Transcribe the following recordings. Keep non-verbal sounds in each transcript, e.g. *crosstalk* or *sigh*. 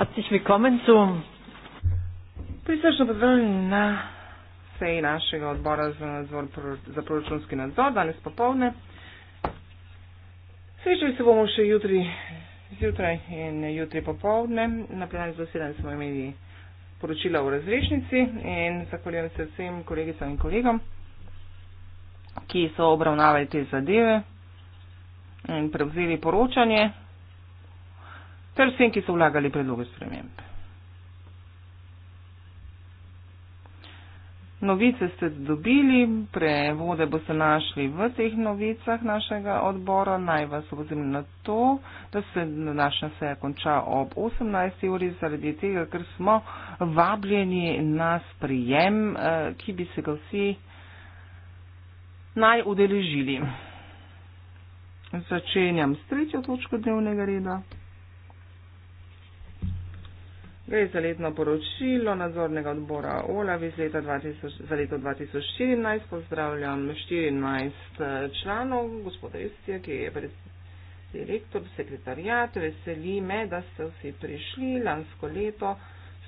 Herzlich willkommen zum Prisrečno pozdravljeni na seji našega odbora za, nadzor, za proračunski nadzor danes popovdne. Srečali se bomo še jutri zjutraj in jutri popovdne. Na plenarni zasedanju smo imeli poročila v razrešnici in zahvaljujem se vsem kolegicam in kolegom, ki so obravnavali te zadeve in prevzeli poročanje kar vsem, ki so vlagali predloge sprememb. Novice ste dobili, prevode boste našli v teh novicah našega odbora. Naj vas vozim na to, da se današnja seja konča ob 18. uri, zaradi tega, ker smo vabljeni na sprijem, eh, ki bi se ga vsi naj udeležili. Začenjam s tretjo točko dnevnega reda. Gre za letno poročilo nadzornega odbora OLAV iz leta 2000, za leto 2014. Pozdravljam 14 eh, članov, gospoda Istija, ki je pred direktor, sekretarjat, veseli me, da ste vsi prišli. Lansko leto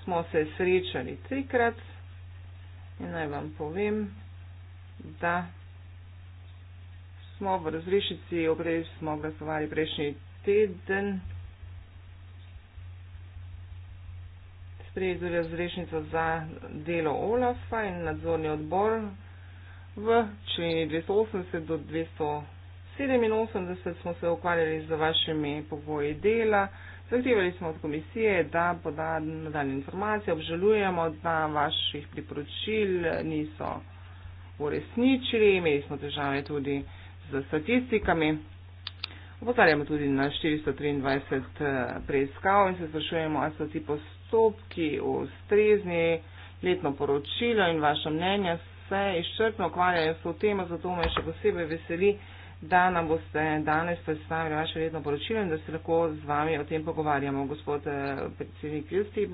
smo se srečali trikrat in naj vam povem, da smo v razrešici, obrej smo glasovali prejšnji teden, sprejeli tudi razrešnico za delo OLAF-a in nadzorni odbor v členi 280 do 287 smo se ukvarjali z vašimi pogoji dela. Zahtevali smo od komisije, da poda nadaljne informacije, obžalujemo, da vaših priporočil niso uresničili, imeli smo težave tudi z statistikami. Opozarjamo tudi na 423 eh, preiskav in se sprašujemo, ali so ti postopki postopki, ustrezni letno poročilo in vaše mnenje se izčrpno ukvarjajo s to temo, zato me še posebej veseli, da nam boste danes predstavili vaše letno poročilo in da se lahko z vami o tem pogovarjamo. Gospod eh, predsednik Justi,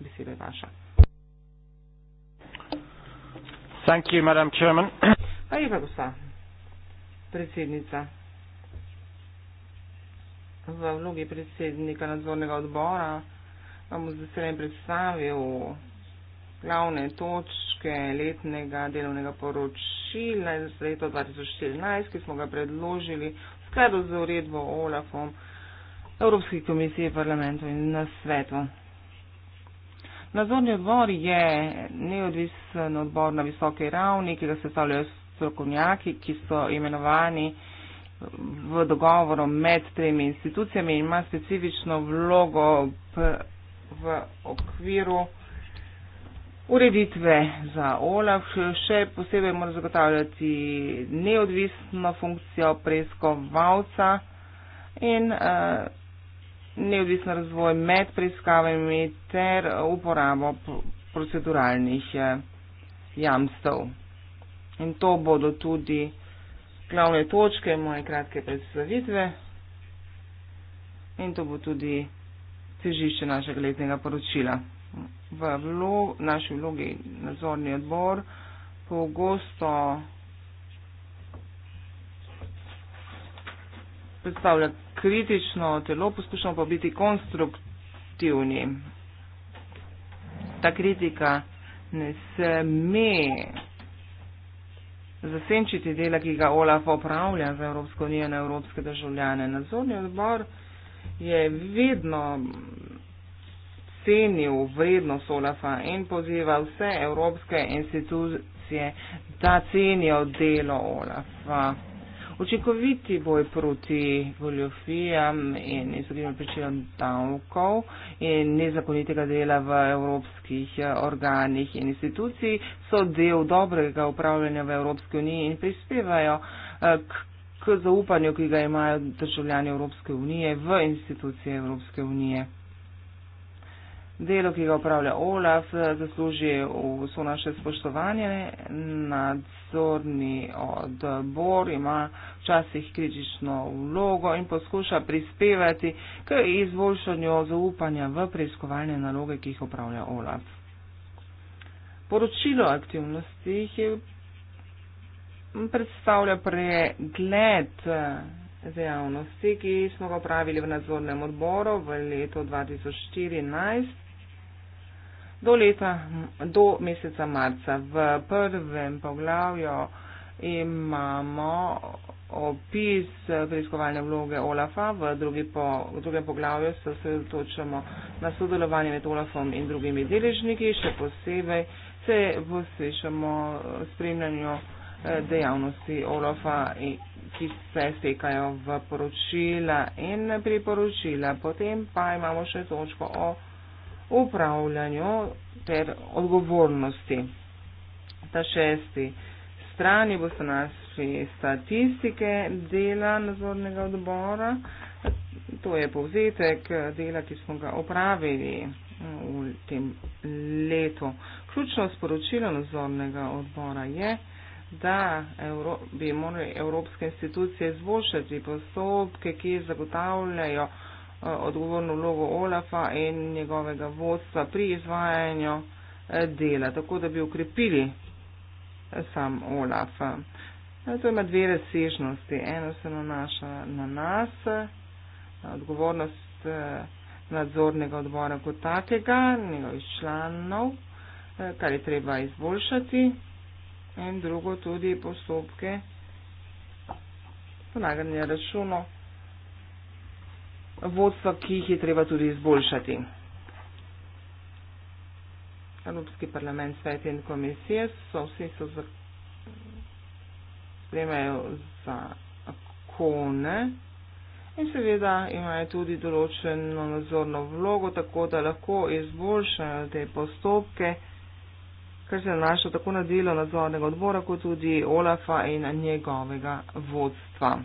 beseda je vaša. Thank you, Madam Chairman. Pa je pa gospa predsednica v vlogi predsednika nadzornega odbora. Vamos zdaj le predstavil glavne točke letnega delovnega poročila za leto 2014, ki smo ga predložili v skladu z uredbo OLAF-om Evropski komisiji, parlamentu in na svetu. Nazorni odbor je neodvisen odbor na visoke ravni, ki ga sestavljajo strokovnjaki, ki so imenovani v dogovoru med tremi institucijami in ima specifično vlogo v okviru ureditve za OLAF. Še posebej mora zagotavljati neodvisno funkcijo preiskovalca in eh, neodvisen razvoj med preiskavami ter uporabo proceduralnih eh, jamstev. In to bodo tudi glavne točke moje kratke predstavitve. In to bo tudi težišče našega letnega poročila. V vlog, naši vlogi nadzorni odbor pogosto predstavlja kritično telo, poskušamo pa biti konstruktivni. Ta kritika ne sme zasenčiti dela, ki ga OLAF opravlja za Evropsko unijo na evropske državljane. Nadzorni odbor je vedno cenil vrednost OLAF-a in pozival vse evropske institucije, da cenijo delo OLAF-a. Učinkoviti boj proti goljofijam in izogibanju plačilom davkov in nezakonitega dela v evropskih eh, organih in institucij so del dobrega upravljanja v Evropski uniji in prispevajo eh, k k zaupanju, ki ga imajo državljani Evropske unije v institucije Evropske unije. Delo, ki ga upravlja OLAF, zasluži vso naše spoštovanje. Nadzorni odbor ima včasih kritično vlogo in poskuša prispevati k izboljšanju zaupanja v preiskovalne naloge, ki jih upravlja OLAF. Poročilo aktivnosti je predstavlja pregled eh, dejavnosti, ki smo ga pravili v nadzornem odboru v letu 2014. Do, leta, do meseca marca v prvem poglavju imamo opis preiskovalne vloge OLAF-a, v, po, v drugem poglavju se osredotočamo na sodelovanje med OLAF-om in drugimi deležniki, še posebej se posvečamo spremljanju dejavnosti OLAF-a, ki se stekajo v poročila in priporočila. Potem pa imamo še točko o upravljanju ter odgovornosti. Ta šesti strani boste našli statistike dela nadzornega odbora. To je povzetek dela, ki smo ga opravili mm, v tem letu. Ključno sporočilo nadzornega odbora je, da Evro, bi morali evropske institucije izboljšati postopke, ki zagotavljajo eh, odgovorno vlogo Olafa in njegovega vodstva pri izvajanju eh, dela, tako da bi ukrepili eh, sam Olaf. Ja, to ima dve razsežnosti. Eno se nanaša na nas, na odgovornost nadzornega odbora kot takega, njegovih članov, kar je treba izboljšati in drugo tudi postopke ponaganja računov, vodstva, ki jih je treba tudi izboljšati. Evropski parlament, svet in komisije so vsi so za, spremajo za akone in seveda imajo tudi določeno nadzorno vlogo, tako da lahko izboljšajo te postopke kar se nanaša tako na delo nadzornega odbora, kot tudi Olafa in njegovega vodstva.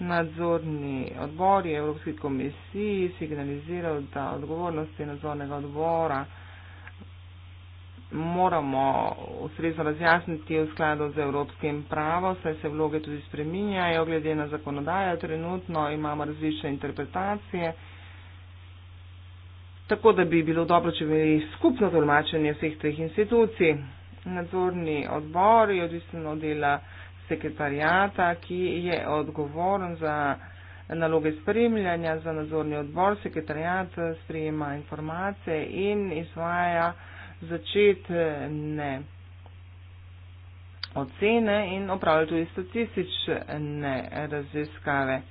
Nadzorni odbor je Evropski komisiji signaliziral, da odgovornosti nadzornega odbora moramo ustrezno razjasniti v skladu z evropskim pravom, saj se vloge tudi spreminjajo glede na zakonodajo. Trenutno imamo različne interpretacije tako da bi bilo dobro, če bi imeli skupno tolmačenje vseh teh institucij. Nadzorni odbor je odvisen od dela sekretarijata, ki je odgovoren za naloge spremljanja, za nadzorni odbor. Sekretarijat sprejema informacije in izvaja začetne ocene in opravlja tudi statistične raziskave.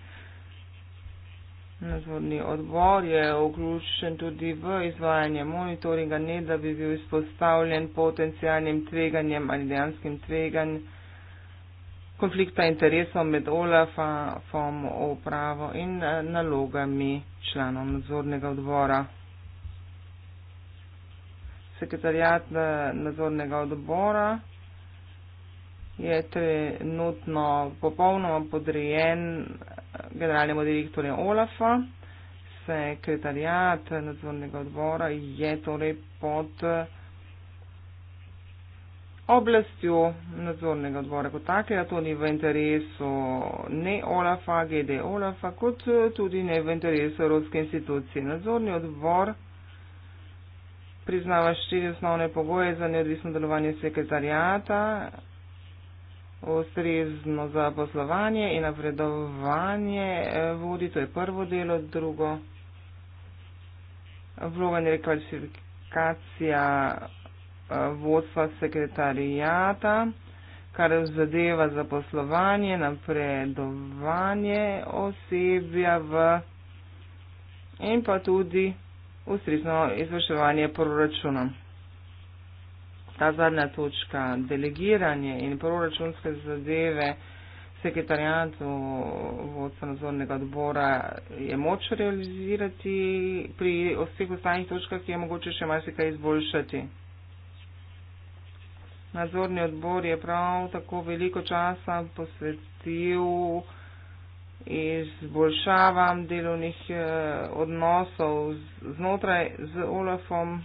Nadzorni odbor je vključen tudi v izvajanje monitoringa, ne da bi bil izpostavljen potencijalnim tveganjem ali dejanskim tveganjem konflikta interesov med OLAF-om, upravo in eh, nalogami članov nadzornega odbora. Sekretarjat eh, nadzornega odbora je trenutno popolnoma podrejen generalnemu direktorju Olafa, sekretarijat nadzornega odbora je torej pod eh, oblastjo nadzornega odbora kot takega, to ni v interesu ne Olafa, GD Olafa, kot eh, tudi ne v interesu Evropske institucije. Nadzorni odbor priznava štiri osnovne pogoje za neodvisno delovanje sekretarijata, ustrezno zaposlovanje in napredovanje eh, vodi, to je prvo delo, drugo vloga in rekvalifikacija eh, vodstva sekretarijata, kar zadeva zaposlovanje, napredovanje osebja v in pa tudi ustrezno izvrševanje proračuna ta zadnja točka, delegiranje in proračunske zadeve sekretarijatu vodstva nadzornega odbora je moč realizirati pri vseh ostalih točkah, ki je mogoče še marsikaj izboljšati. Nadzorni odbor je prav tako veliko časa posvetil izboljšavam delovnih eh, odnosov znotraj z Olafom,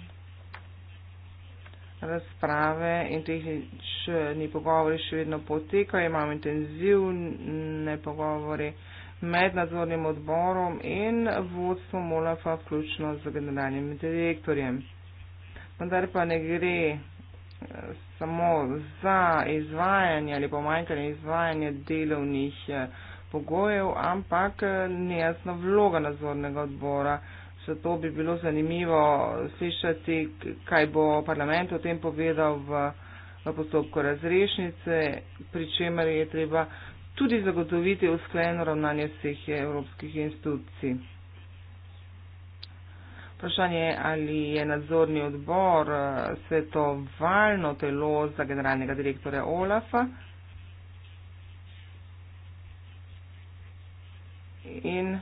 razprave in tehnični pogovori še vedno potekajo. Imamo intenzivne pogovori med nadzornim odborom in vodstvom OLAF-a, vključno z generalnim direktorjem. Vendar pa ne gre eh, samo za izvajanje ali pomanjkanje izvajanja delovnih eh, pogojev, ampak eh, nejasna vloga nadzornega odbora zato bi bilo zanimivo slišati, kaj bo parlament o tem povedal v, v postopku razrešnice, pri čemer je treba tudi zagotoviti uskleno ravnanje vseh evropskih institucij. Vprašanje je, ali je nadzorni odbor eh, svetovalno telo za generalnega direktorja Olafa. In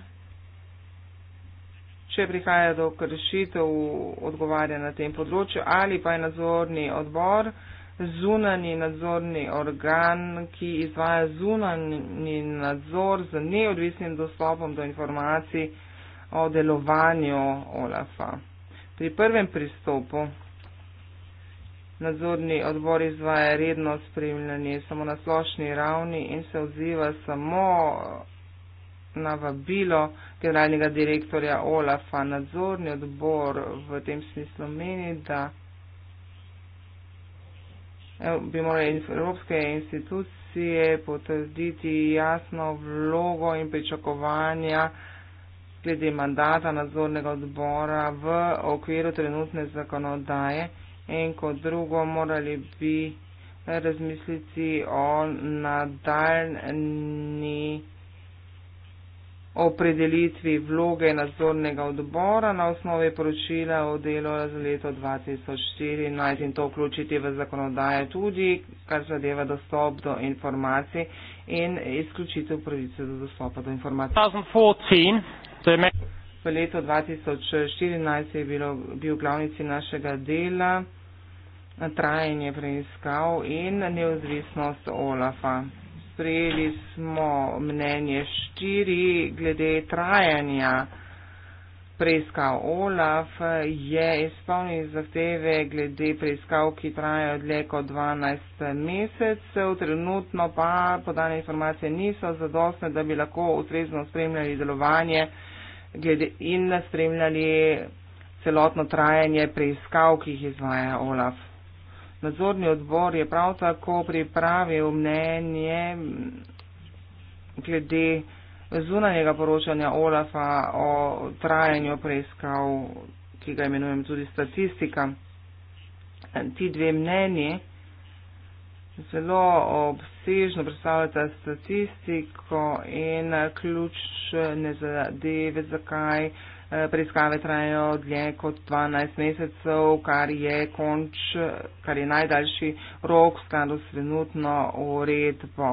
Če prihaja do kršitev, odgovarja na tem področju ali pa je nadzorni odbor zunani nadzorni organ, ki izvaja zunani nadzor z neodvisnim dostopom do informacij o delovanju OLAF-a. Pri prvem pristopu nadzorni odbor izvaja redno spremljanje samo na splošni ravni in se odziva samo na vabilo, generalnega direktorja Olafa. Nadzorni odbor v tem smislu meni, da eh, bi morali evropske institucije potrditi jasno vlogo in pričakovanja glede mandata nadzornega odbora v okviru trenutne zakonodaje. In kot drugo, morali bi razmisliti o nadaljni o predelitvi vloge nadzornega odbora na osnovi poročila o delu za leto 2014 in to vključiti v zakonodaje tudi, kar zadeva dostop do informacij in izključitev pravice do dostopa do informacij. 2014, v letu 2014 je bilo, bil glavnici našega dela trajanje preiskav in neozvisnost OLAFA sprejeli smo mnenje štiri glede trajanja preiskav. Olaf je izpolnil zahteve glede preiskav, ki trajajo dlje kot 12 mesecev. Trenutno pa podane informacije niso zadostne, da bi lahko ustrezno spremljali delovanje in spremljali celotno trajanje preiskav, ki jih izvaja Olaf. Nadzorni odbor je prav tako pripravil mnenje glede zunanjega poročanja OLAFA o trajanju preiskav, ki ga imenujem tudi statistika. Ti dve mnenji zelo obsežno predstavljata statistiko in ključne zadeve, zakaj. Eh, preiskave trajajo dlje kot 12 mesecev, kar je, konč, kar je najdaljši rok v skladu s trenutno uredbo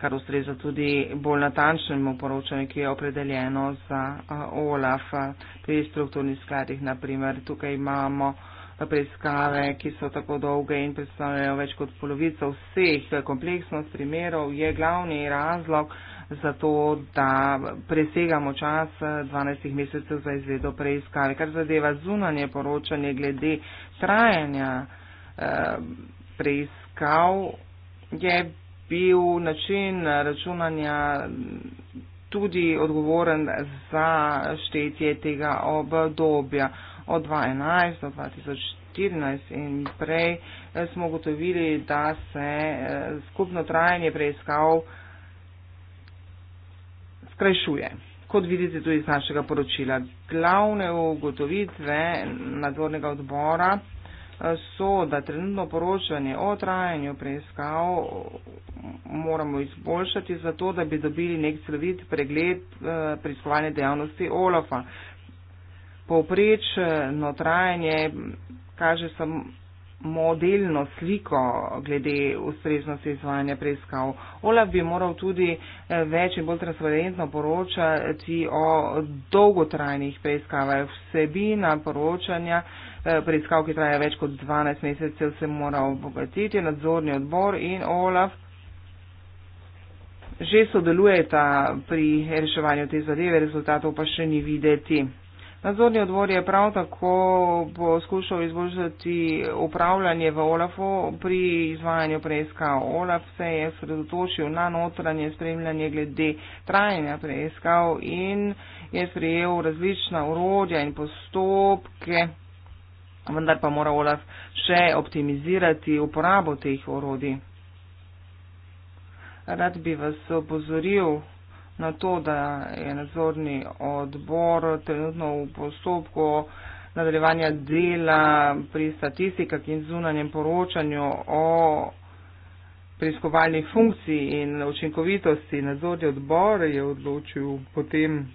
kar ustreza tudi bolj natančnemu poročanju, ki je opredeljeno za eh, OLAF pri strukturnih skladih. Naprimer, tukaj imamo eh, preiskave, ki so tako dolge in predstavljajo več kot polovico vseh kompleksnost primerov, je glavni razlog uh, za to, da presegamo čas 12 eh, mesecev za izvedo preiskave, kar zadeva zunanje poročanje glede trajanja eh, preiskav, je bil način računanja tudi odgovoren za štetje tega obdobja od 2011 do 2014 in prej eh, smo gotovili, da se skupno trajanje preiskav eh, skrajšuje. Kot vidite tudi iz našega poročila, glavne ugotovitve nadvornega odbora eh, so, da trenutno poročanje o trajanju preiskav moramo izboljšati zato, da bi dobili nek celovit pregled eh, preiskovalne dejavnosti OLAFA. Povprečno trajanje kaže samo modelno sliko glede ustreznosti izvajanja preiskav. Olaf bi moral tudi eh, več in bolj transparentno poročati o dolgotrajnih preiskavah. Vsebina poročanja eh, preiskav, ki traja več kot 12 mesecev, se mora obogatiti. Nadzorni odbor in Olaf že sodelujeta pri reševanju te zadeve, rezultatov pa še ni videti. Nadzorni odbor je prav tako poskušal izboljšati upravljanje v OLAF-u pri izvajanju preiskav. OLAF se je sredotočil na notranje spremljanje glede trajanja preiskav in je sprejel različna urodja in postopke, vendar pa mora OLAF še optimizirati uporabo teh urodij. Rad bi vas opozoril na to, da je nadzorni odbor trenutno v postopku nadaljevanja dela pri statistikah in zunanjem poročanju o preiskovalnih funkciji in učinkovitosti nadzorni odbor je odločil potem,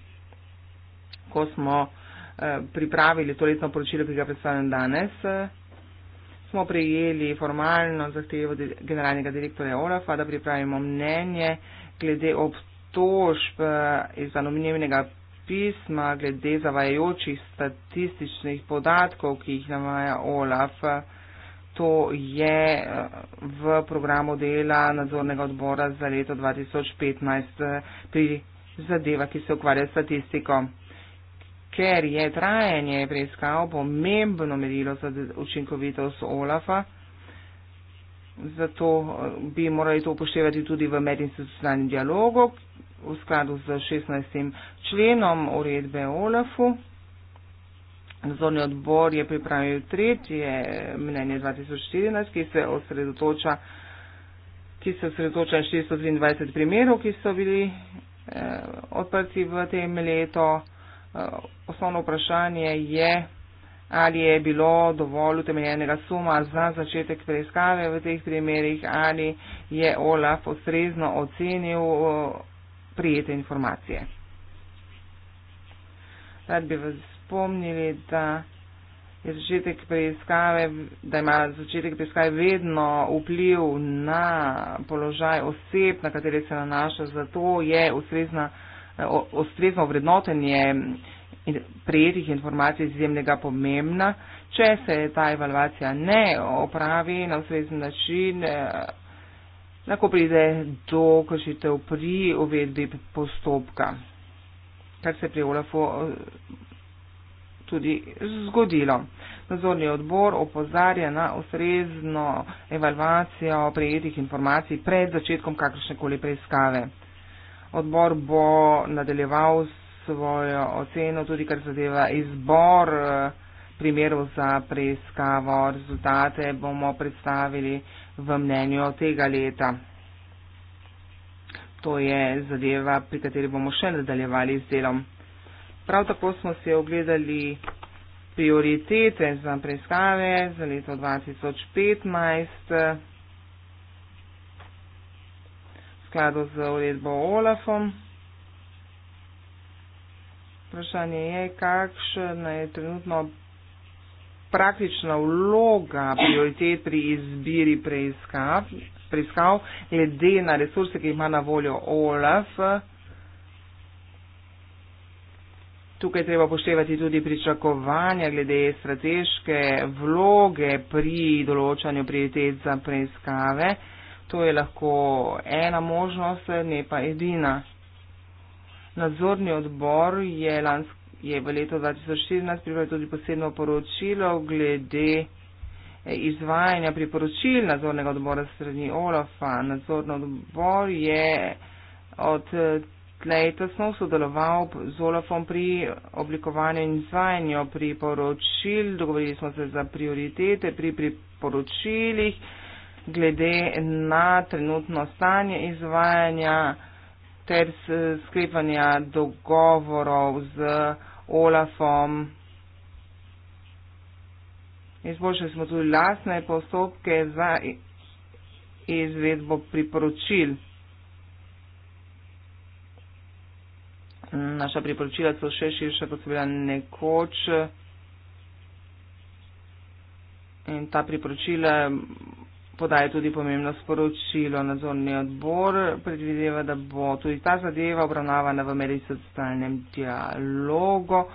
ko smo eh, pripravili to letno poročilo, ki ga predstavljam danes, smo prejeli formalno zahtevo generalnega direktorja Olafa, da pripravimo mnenje glede obtožb obtožb eh, iz anonimnega pisma glede zavajajočih statističnih podatkov, ki jih namaja OLAF. To je eh, v programu dela nadzornega odbora za leto 2015 eh, pri zadeva, ki se ukvarja s statistiko. Ker je trajanje preiskav pomembno merilo za učinkovitost OLAFA, zato bi morali to upoštevati tudi v medinstitucionalnem dialogu, v skladu z 16. členom uredbe OLAF-u. Nadzorni odbor je pripravil tretje mnenje 2014, ki se osredotoča ki se osredotoča na 423 primerov, ki so bili eh, odprti v tem letu. Eh, osnovno vprašanje je, ali je bilo dovolj utemeljenega suma za začetek preiskave v teh primerih, ali je OLAF ustrezno ocenil. Eh, prijete informacije. Rad bi vas spomnili, da je začetek preiskave, da ima začetek preiskave vedno vpliv na položaj oseb, na katere se nanaša, zato je ustrezna, ustrezno vrednotenje prijetih informacij izjemnega pomembna. Če se ta evalvacija ne opravi na ustrezen način, eh, lahko pride do kršitev pri uvedbi postopka, kar se je pri Olafu eh, tudi zgodilo. Nazorni odbor opozarja na ustrezno evalvacijo prejetih informacij pred začetkom kakršnekoli preiskave. Odbor bo nadaljeval svojo oceno tudi kar zadeva izbor eh, primerov za preiskavo. Rezultate bomo predstavili v mnenju tega leta. To je zadeva, pri kateri bomo še nadaljevali z delom. Prav tako smo si ogledali prioritete za preiskave za leto 2015 v skladu z uredbo OLAFom. Vprašanje je, kakšna je trenutno praktična vloga prioritet pri izbiri preiskav, preiskav glede na resurse, ki jih ima na voljo OLAF. Tukaj treba poštevati tudi pričakovanja glede strateške vloge pri določanju prioritet za preiskave. To je lahko ena možnost, ne pa edina. Nadzorni odbor je lansko je v letu 2014 pripravil tudi posebno poročilo glede eh, izvajanja priporočil nadzornega odbora strani OLAF-a. Nadzorni odbor je od tlej tesno sodeloval z OLAF-om pri oblikovanju in izvajanju priporočil. Dogovorili smo se za prioritete pri priporočilih glede na trenutno stanje izvajanja ter sklepanja dogovorov z Olafom. Izboljšali smo tudi lasne postopke za izvedbo priporočil. Naša priporočila so še širša, kot so bila nekoč. In ta priporočila podaja tudi pomembno sporočilo. Nadzorni odbor predvideva, da bo tudi ta zadeva obravnavana v medisocialnem dialogu.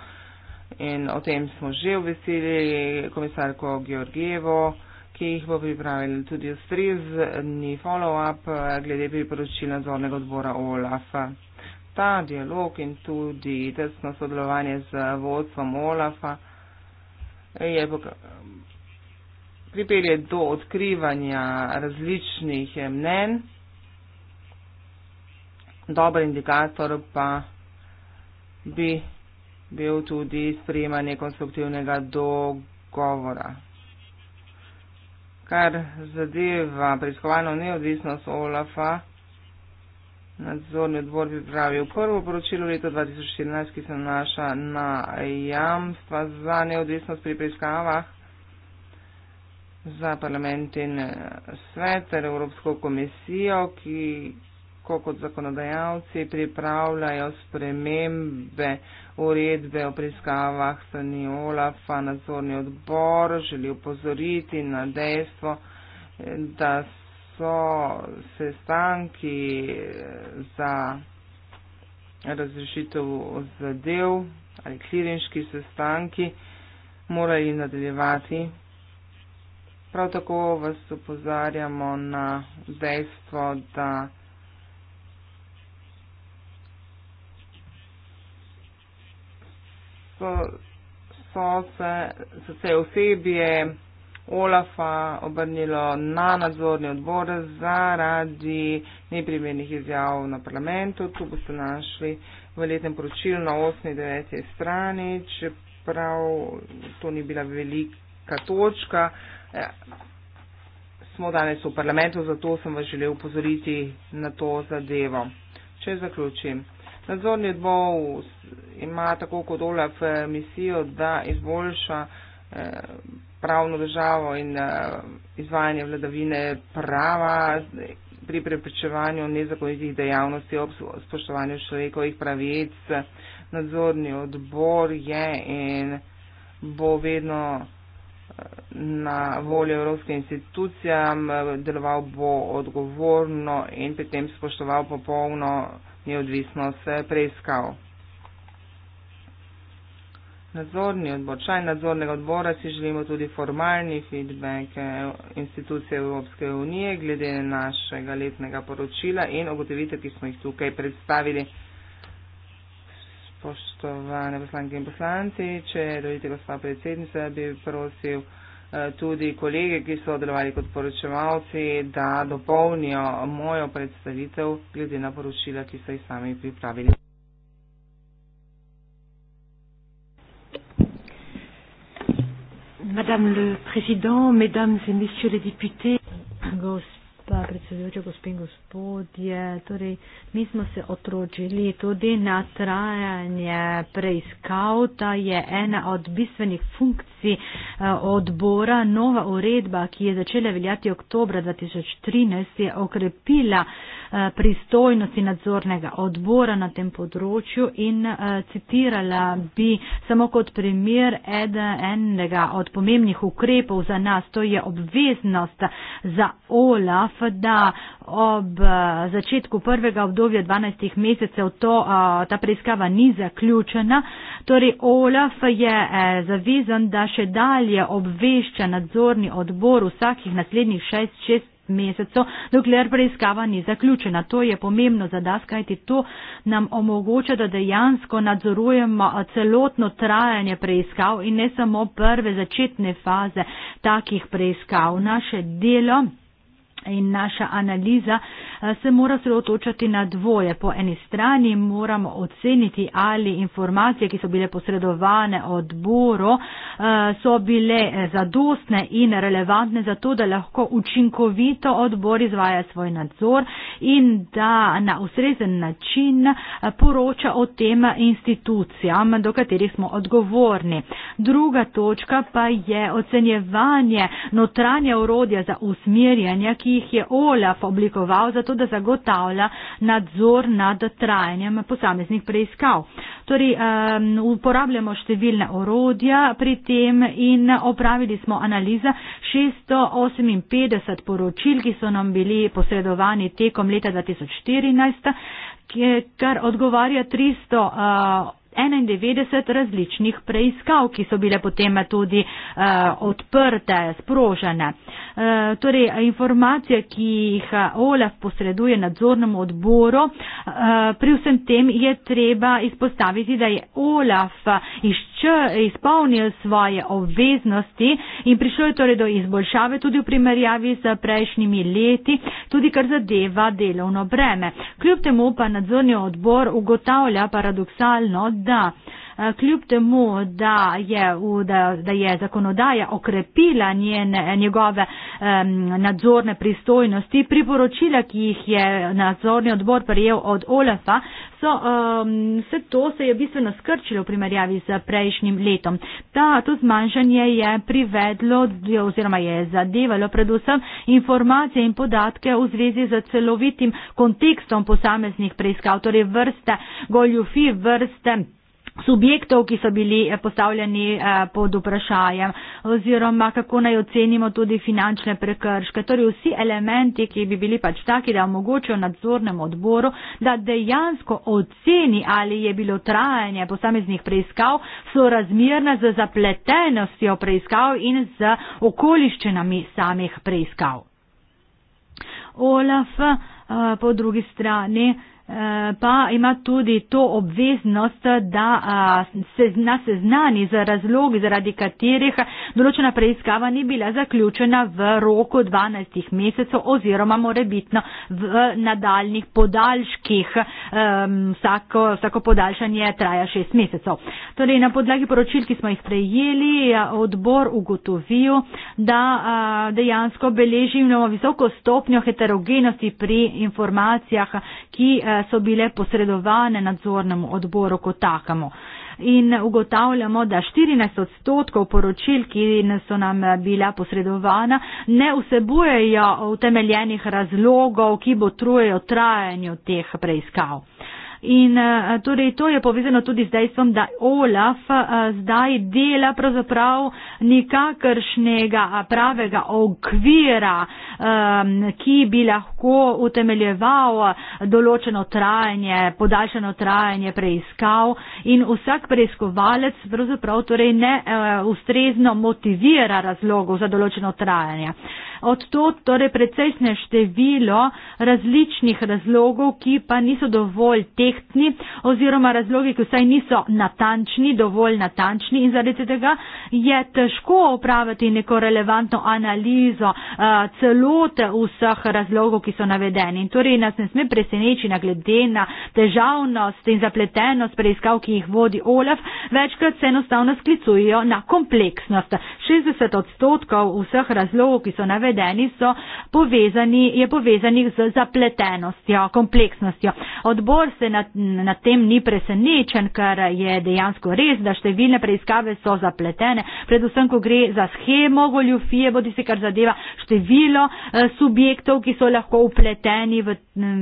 In o tem smo že obveselili komisarko Georgijevo, ki jih bo pripravili tudi ustrezni follow-up eh, glede priporočil nadzornega odbora OLAF-a. Ta dialog in tudi tesno sodelovanje z vodstvom OLAF-a je pripelje do odkrivanja različnih mnen, dober indikator pa bi bil tudi sprejemanje konstruktivnega dogovora. Kar zadeva preiskovalno neodvisnost OLAF-a, nadzorni odbor bi pravil prvo poročilo leta 2014, ki se nanaša na jamstva za neodvisnost pri preiskavah za parlament in eh, svet ter Evropsko komisijo, ki ko kot zakonodajalci pripravljajo spremembe uredbe o preiskavah strani Olafa, nadzorni odbor želi upozoriti na dejstvo, da so sestanki eh, za razrešitev zadev ali klirinški sestanki morali nadaljevati Prav tako vas upozarjamo na dejstvo, da so, so se, so se osebje Olafa obrnilo na nadzorni odbor zaradi neprimernih izjav na parlamentu. Tu boste našli v letnem poročilu na 89. strani, čeprav to ni bila velika točka. Ja. smo danes v parlamentu, zato sem vas želel upozoriti na to zadevo. Če zaključim. Nadzorni odbor ima tako kot Olaf eh, misijo, da izboljša eh, pravno državo in eh, izvajanje vladavine prava pri preprečevanju nezakonitih dejavnosti ob spoštovanju človekovih pravic. Nadzorni odbor je in bo vedno na voljo evropskim institucijam, deloval bo odgovorno in pri tem spoštoval popolno neodvisnost eh, preiskav. Nadzorni odbor, član nadzornega odbora si želimo tudi formalni feedback eh, institucije Evropske unije glede našega letnega poročila in ogotovitev, ki smo jih tukaj predstavili spoštovane poslanke in poslanci, če dojite gospa predsednica, bi prosil eh, tudi kolege, ki so delovali kot poročevalci, da dopolnijo mojo predstavitev glede na poročila, ki so jih sami pripravili. Madame le Président, Mesdames et Messieurs les députés, predsedujoča, gospe in gospodje, torej mi smo se otročili, tudi natrajanje preiskav, ta je ena od bistvenih funkcij eh, odbora. Nova uredba, ki je začela veljati oktobra 2013, je okrepila eh, pristojnosti nadzornega odbora na tem področju in eh, citirala bi samo kot primer enega od pomembnih ukrepov za nas, to je obveznost za OLAF, da ob eh, začetku prvega obdobja 12 mesecev to, eh, ta preiskava ni zaključena. Torej, Olaf je eh, zavezan, da še dalje obvešča nadzorni odbor vsakih naslednjih 6-6 mesecev, dokler preiskava ni zaključena. To je pomembno za das, kajti to nam omogoča, da dejansko nadzorujemo celotno trajanje preiskav in ne samo prve začetne faze takih preiskav. Naše delo In naša analiza eh, se mora sreotočati na dvoje. Po eni strani moramo oceniti, ali informacije, ki so bile posredovane odboru, eh, so bile eh, zadostne in relevantne za to, da lahko učinkovito odbor izvaja svoj nadzor in da na ustrezen način poroča o tem institucijam, do katerih smo odgovorni. Druga točka pa je ocenjevanje notranja urodja za usmerjanje, ki jih je OLAF oblikoval zato, da zagotavlja nadzor nad trajanjem posameznih preiskav. Torej, um, uporabljamo številne orodja pri tem in opravili smo analiza 658 poročil, ki so nam bili posredovani tekom leta 2014, kar odgovarja 300. Uh, 91 različnih preiskav, ki so bile potem tudi uh, odprte, sprožene. Uh, Eh, torej informacije, ki jih eh, OLAF posreduje nadzornemu odboru, eh, pri vsem tem je treba izpostaviti, da je OLAF izpolnil svoje obveznosti in prišlo je torej do izboljšave tudi v primerjavi s prejšnjimi leti, tudi kar zadeva delovno breme. Kljub temu pa nadzorni odbor ugotavlja paradoksalno, da Eh, kljub temu, da je, v, da, da je zakonodaja okrepila njene, njegove um, nadzorne pristojnosti, priporočila, ki jih je nadzorni odbor prejel od OLEF-a, so um, vse to se je bistveno skrčilo v primerjavi z prejšnjim letom. Ta, to zmanjšanje je privedlo oziroma je zadevalo predvsem informacije in podatke v zvezi z celovitim kontekstom posameznih preiskav, torej vrste goljufi, vrste subjektov, ki so bili eh, postavljeni eh, pod vprašajem oziroma kako naj ocenimo tudi finančne prekrške. Torej vsi elementi, ki bi bili pač taki, da omogočijo nadzornem odboru, da dejansko oceni, ali je bilo trajanje posameznih preiskav, so razmerne z zapletenostjo preiskav in z okoliščinami samih preiskav. Olaf eh, po drugi strani. Eh, pa ima tudi to obveznost, da se zna seznani z razlogi, zaradi katerih določena preiskava ni bila zaključena v roku 12 mesecev oziroma morebitno v nadaljnih podaljških. Vsako, vsako podaljšanje traja 6 mesecev. Torej, na podlagi poročil, ki smo jih prejeli, odbor ugotovil, da dejansko beležimo visoko stopnjo heterogenosti pri informacijah, ki Eh, so bile posredovane nadzornemu odboru kot takemu. In ugotavljamo, da 14 odstotkov poročil, ki so nam eh, bila posredovana, ne vsebujejo utemeljenih razlogov, ki bo trujejo trajanju teh preiskav. In uh, torej to je povezano tudi z dejstvom, da Olaf uh, zdaj dela pravzaprav nikakršnega eh, pravega okvira, um, ki bi lahko utemeljeval določeno trajanje, podaljšano trajanje preiskav in vsak preiskovalec pravzaprav torej ne uh, ustrezno motivira razlogov za določeno trajanje. Uh, Od to torej precejšnje število različnih razlogov, ki pa niso dovolj tehtni oziroma razlogi, ki vsaj niso natančni, dovolj natančni in zaradi tega je težko opraviti neko relevantno analizo eh, celote vseh razlogov, ki so navedeni. In torej nas ne sme preseneči na glede na težavnost in zapletenost preiskav, ki jih vodi Olaf, večkrat se enostavno sklicujejo na kompleksnost. 60 odstotkov vseh razlogov, ki so navedeni, navedeni so povezani, je povezanih z zapletenostjo, kompleksnostjo. Odbor se nad, nad tem ni presenečen, ker je dejansko res, da številne preiskave so zapletene, predvsem, ko gre za schemo goljufije, bodi se kar zadeva število eh, subjektov, ki so lahko upleteni v,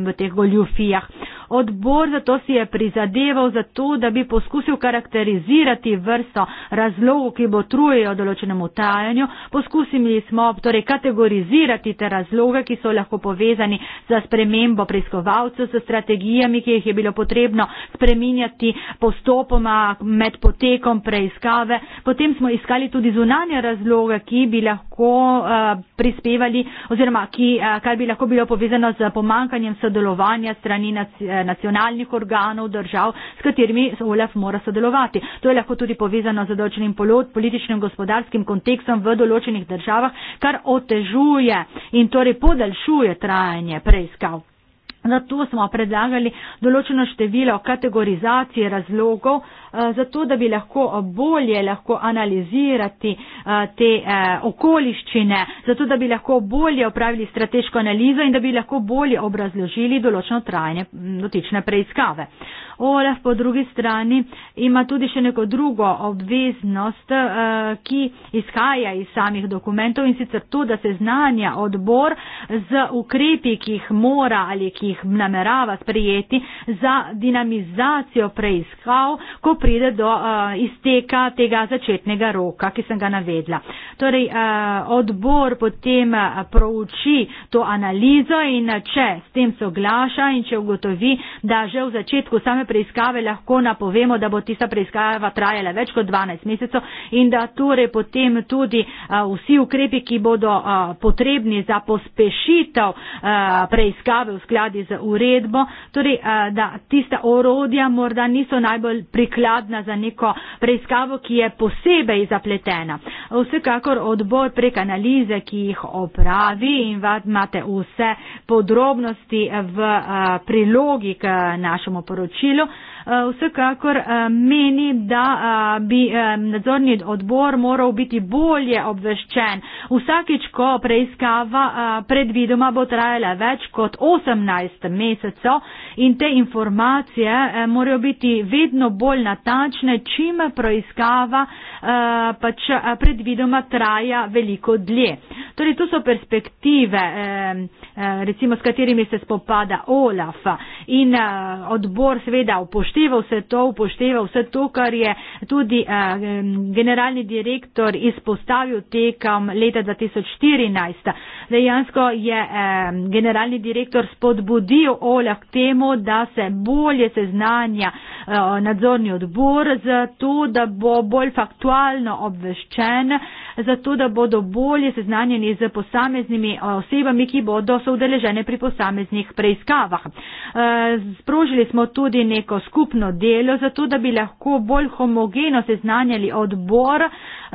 v teh goljufijah. Odbor zato si je prizadeval za to, da bi poskusil karakterizirati vrsto razlogov, ki botrujejo določenemu trajanju. Poskusili smo torej kategorizirati te razloge, ki so lahko povezani za spremembo preiskovalcev s strategijami, ki jih je bilo potrebno spreminjati postopoma med potekom preiskave. Potem smo iskali tudi zunanje razloge, ki bi lahko uh, prispevali oziroma ki, uh, eh, kar bi lahko bilo povezano z pomankanjem sodelovanja strani nacionalnosti. Uh, eh, nacionalnih organov držav, s katerimi OLAF mora sodelovati. To je lahko tudi povezano z določenim političnim gospodarskim kontekstom v določenih državah, kar otežuje in torej podaljšuje trajanje preiskav. Zato smo predlagali določeno število kategorizacije razlogov, Eh, zato da bi lahko bolje lahko analizirati eh, te eh, okoliščine, zato da bi lahko bolje opravili strateško analizo in da bi lahko bolje obrazložili določeno trajanje dotične preiskave. OLAF po drugi strani ima tudi še neko drugo obveznost, ki izhaja iz samih dokumentov in sicer to, da se znanja odbor z ukrepi, ki jih mora ali ki jih namerava sprejeti za dinamizacijo preiskav, ko pride do uh, izteka tega začetnega roka, ki sem ga navedla. Torej, uh, odbor potem eh, prouči to analizo in če s tem soglaša in če ugotovi, da že v začetku same preiskave lahko napovemo, da bo tista preiskava trajala več kot 12 mesecev in da torej potem tudi uh, vsi ukrepi, ki bodo uh, potrebni za pospešitev uh, preiskave v skladi z uredbo, torej, uh, da tista orodja morda niso najbolj priklada zadnja za neko preiskavo, ki je posebej zapletena. Vsekakor odbor prek analize, ki jih opravi in imate vse podrobnosti v eh, prilogi k našemu poročilu, Eh, vsekakor eh, meni, da eh, bi nadzorni odbor moral biti bolje obveščen. Vsakič, ko preiskava predvidoma bo trajala več kot 18 mesecev in te informacije morajo biti vedno bolj natačne, čim preiskava pač predvidoma traja veliko dlje. Torej, to so perspektive. Eh, recimo s katerimi se spopada Olaf. In eh, odbor seveda upošteva vse to, upošteva vse to, kar je tudi eh, generalni direktor izpostavil tekom leta 2014. Dejansko je generalni direktor spodbudil Olaf k temu, da se bolje seznanja nadzorni odbor, zato da bo bolj faktualno obveščen, zato da bodo bolje seznanjeni z posameznimi osebami, ki bodo so udeležene pri posameznih preiskavah. Eh, sprožili smo tudi neko skupno delo, zato da bi lahko bolj homogeno seznanjali odbor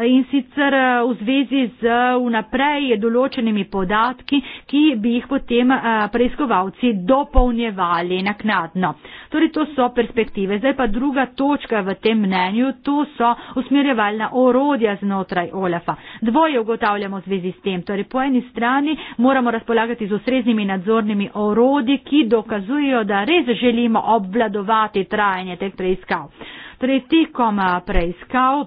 in sicer eh, v zvezi z vnaprej določenimi podatki, ki bi jih potem eh, preiskovalci dopolnjevali naknadno. Torej, to so perspektive. Zdaj pa druga točka v tem mnenju, to so usmerjevalna orodja znotraj OLAF-a. Dvoje ugotavljamo v zvezi s tem. Torej, po eni strani moramo razpolagati z osreznimi nadzornimi orodji, ki dokazujejo, da res želimo obvladovati trajanje teh preiskav. Torej, tekom eh, preiskav.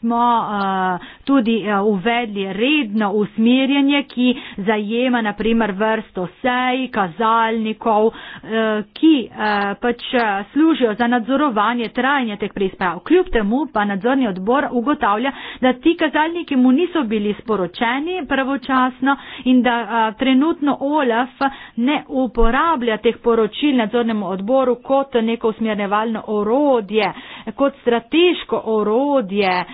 smo uh, tudi uh, uvedli redno usmerjanje, ki zajema naprimer vrsto sej, kazalnikov, uh, ki uh, pač služijo za nadzorovanje trajanja teh preizprav. Kljub temu pa nadzorni odbor ugotavlja, da ti kazalniki mu niso bili sporočeni pravočasno in da uh, trenutno OLAF ne uporablja teh poročil nadzornemu odboru kot neko usmerjevalno orodje, kot strateško orodje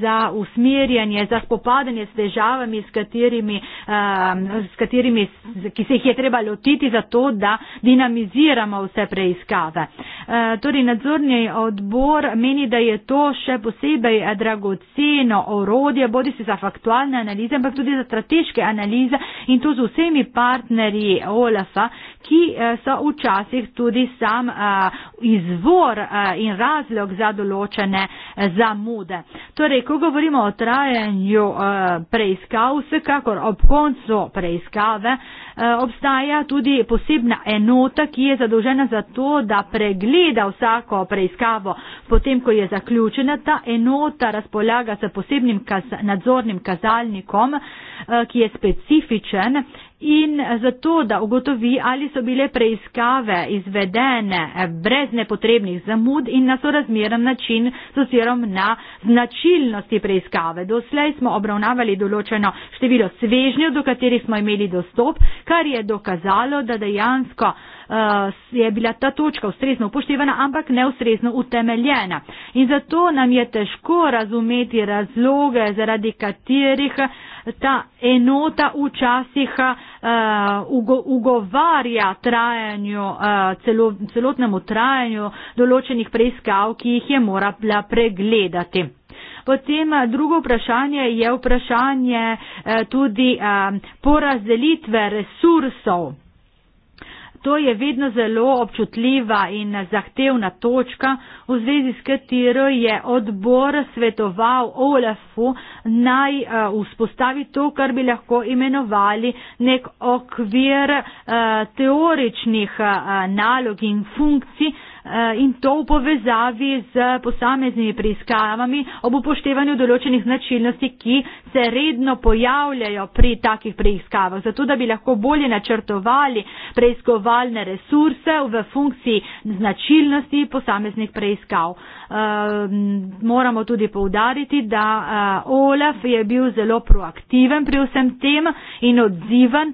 za usmirjanje, za spopadanje s težavami, s katerimi, um, s katerimi, ki se jih je treba lotiti za to, da dinamiziramo vse preiskave. Uh, torej, nadzorni odbor meni, da je to še posebej dragoceno orodje, bodi si za faktualne analize, ampak tudi za strateške analize in to z vsemi partnerji OLAF-a, ki eh, so včasih tudi sam eh, izvor eh, in razlog za določene zamude. Torej, ko govorimo o trajanju eh, preiskav, vsekakor ob koncu preiskave eh, obstaja tudi posebna enota, ki je zadolžena za to, da pregleda vsako preiskavo. Potem, ko je zaključena, ta enota razpolaga s posebnim kaz nadzornim kazalnikom, eh, ki je specifičen in zato, da ugotovi, ali so bile preiskave izvedene eh, brez nepotrebnih zamud in na sorazmeren način s osirom na značilnosti preiskave. Doslej smo obravnavali določeno število svežnjev, do katerih smo imeli dostop, kar je dokazalo, da dejansko Eh, je bila ta točka ustrezno upoštevana, ampak neustrezno utemeljena. In zato nam je težko razumeti razloge, zaradi katerih ta enota včasih eh, ugovarja trajanju, eh, celo, celotnemu trajanju določenih preiskav, ki jih je morala pregledati. Potem drugo vprašanje je vprašanje tudi porazdelitve resursov to je vedno zelo občutljiva in zahtevna točka, v zvezi s katero je odbor svetoval OLF Rafu naj eh, vzpostavi to, kar bi lahko imenovali nek okvir eh, teoričnih eh, nalog in funkcij in to v povezavi z posameznimi preiskavami ob upoštevanju določenih značilnosti, ki se redno pojavljajo pri takih preiskavah, zato da bi lahko bolje načrtovali preiskovalne resurse v funkciji značilnosti posameznih preiskav. Moramo tudi poudariti, da Olaf je bil zelo proaktiven pri vsem tem in odziven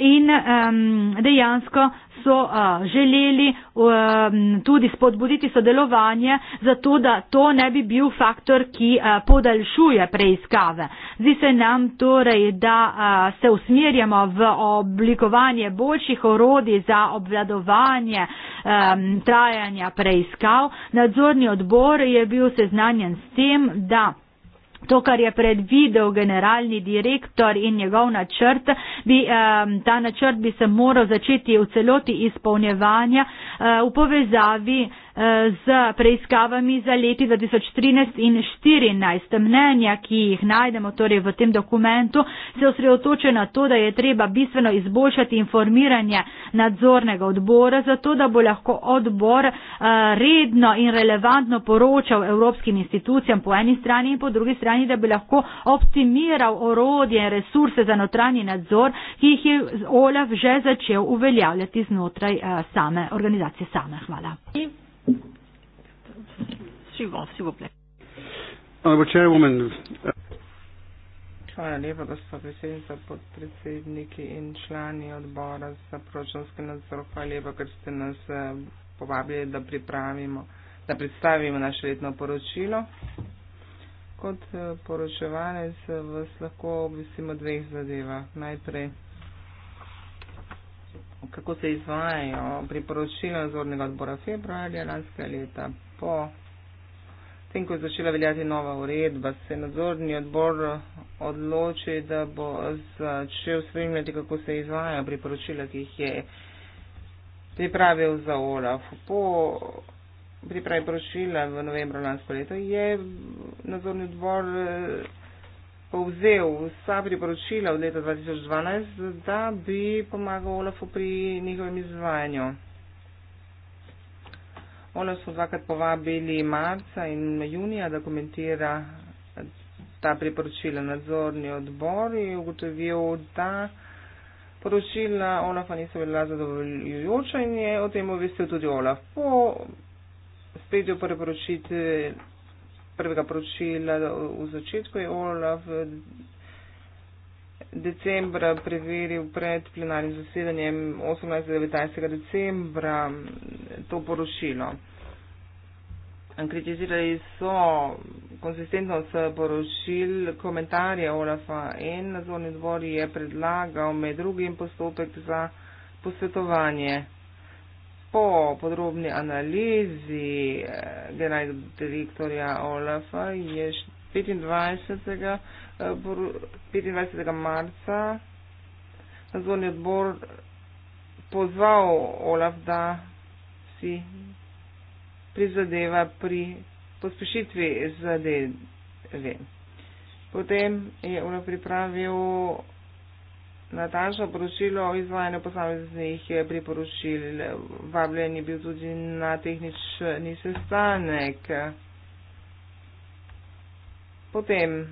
in um, dejansko so uh, želeli um, tudi spodbuditi sodelovanje, zato da to ne bi bil faktor, ki uh, podaljšuje preiskave. Zdi se nam torej, da uh, se usmerjamo v oblikovanje boljših orodij za obvladovanje um, trajanja preiskav. Nadzorni odbor je bil seznanjen s tem, da To, kar je predvidel generalni direktor in njegov načrt, bi, eh, ta načrt bi se moral začeti v celoti izpolnjevanja eh, v povezavi eh, Eh, z preiskavami za leti 2013 in 2014. Mnenja, ki jih najdemo torej v tem dokumentu, se osredotoče na to, da je treba bistveno izboljšati informiranje nadzornega odbora, zato da bo lahko odbor eh, redno in relevantno poročal evropskim institucijam po eni strani in po drugi strani, da bi lahko optimiral orodje in resurse za notranji nadzor, ki jih je Olaf že začel uveljavljati znotraj eh, same organizacije same. Hvala suivant, s'il vous plaît. Honorable Chairwoman. Hvala lepa, gospod predsednica, podpredsedniki in člani odbora za proračunski nadzor. Hvala lepa, ker ste nas eh, povabili, da, pripravimo, da predstavimo naše letno poročilo. Kot eh, poročevalec eh, vas lahko obvestimo dveh zadevah. Najprej, kako se izvajajo priporočila nadzornega odbora februarja lanskega leta po Tem, ko je začela veljati nova uredba, se je nadzorni odbor odločil, da bo začel spremljati, kako se izvajajo priporočila, ki jih je pripravil za OLAF. Po pripravi poročila v novembru lansko leto je nadzorni odbor eh, povzel vsa priporočila od leta 2012, da bi pomagal OLAFu pri njihovem izvajanju. Ono smo dvakrat povabili marca in junija, da komentira ta priporočila nadzorni odbor in ugotovil, da poročila Olafa niso bila zadovoljujoča in je o tem obvestil tudi Olaf. Po spredju prvega poročila v začetku je Olaf decembra preveril pred plenarnim zasedanjem 18.19. decembra to poročilo. Kritizirali so konsistentnost poročil komentarje Olafa N. Nazorni dvor je predlagal med drugim postopek za posvetovanje. Po podrobni analizi eh, generalnega direktorja Olafa je 25. 25. Eh, marca nadzorni odbor pozval Olaf, da si prizadeva pri pospešitvi zadeve. Potem je Olaf pripravil natančno poročilo o izvajanju posameznih priporočil. Vabljen je bil tudi na tehnični sestanek. Potem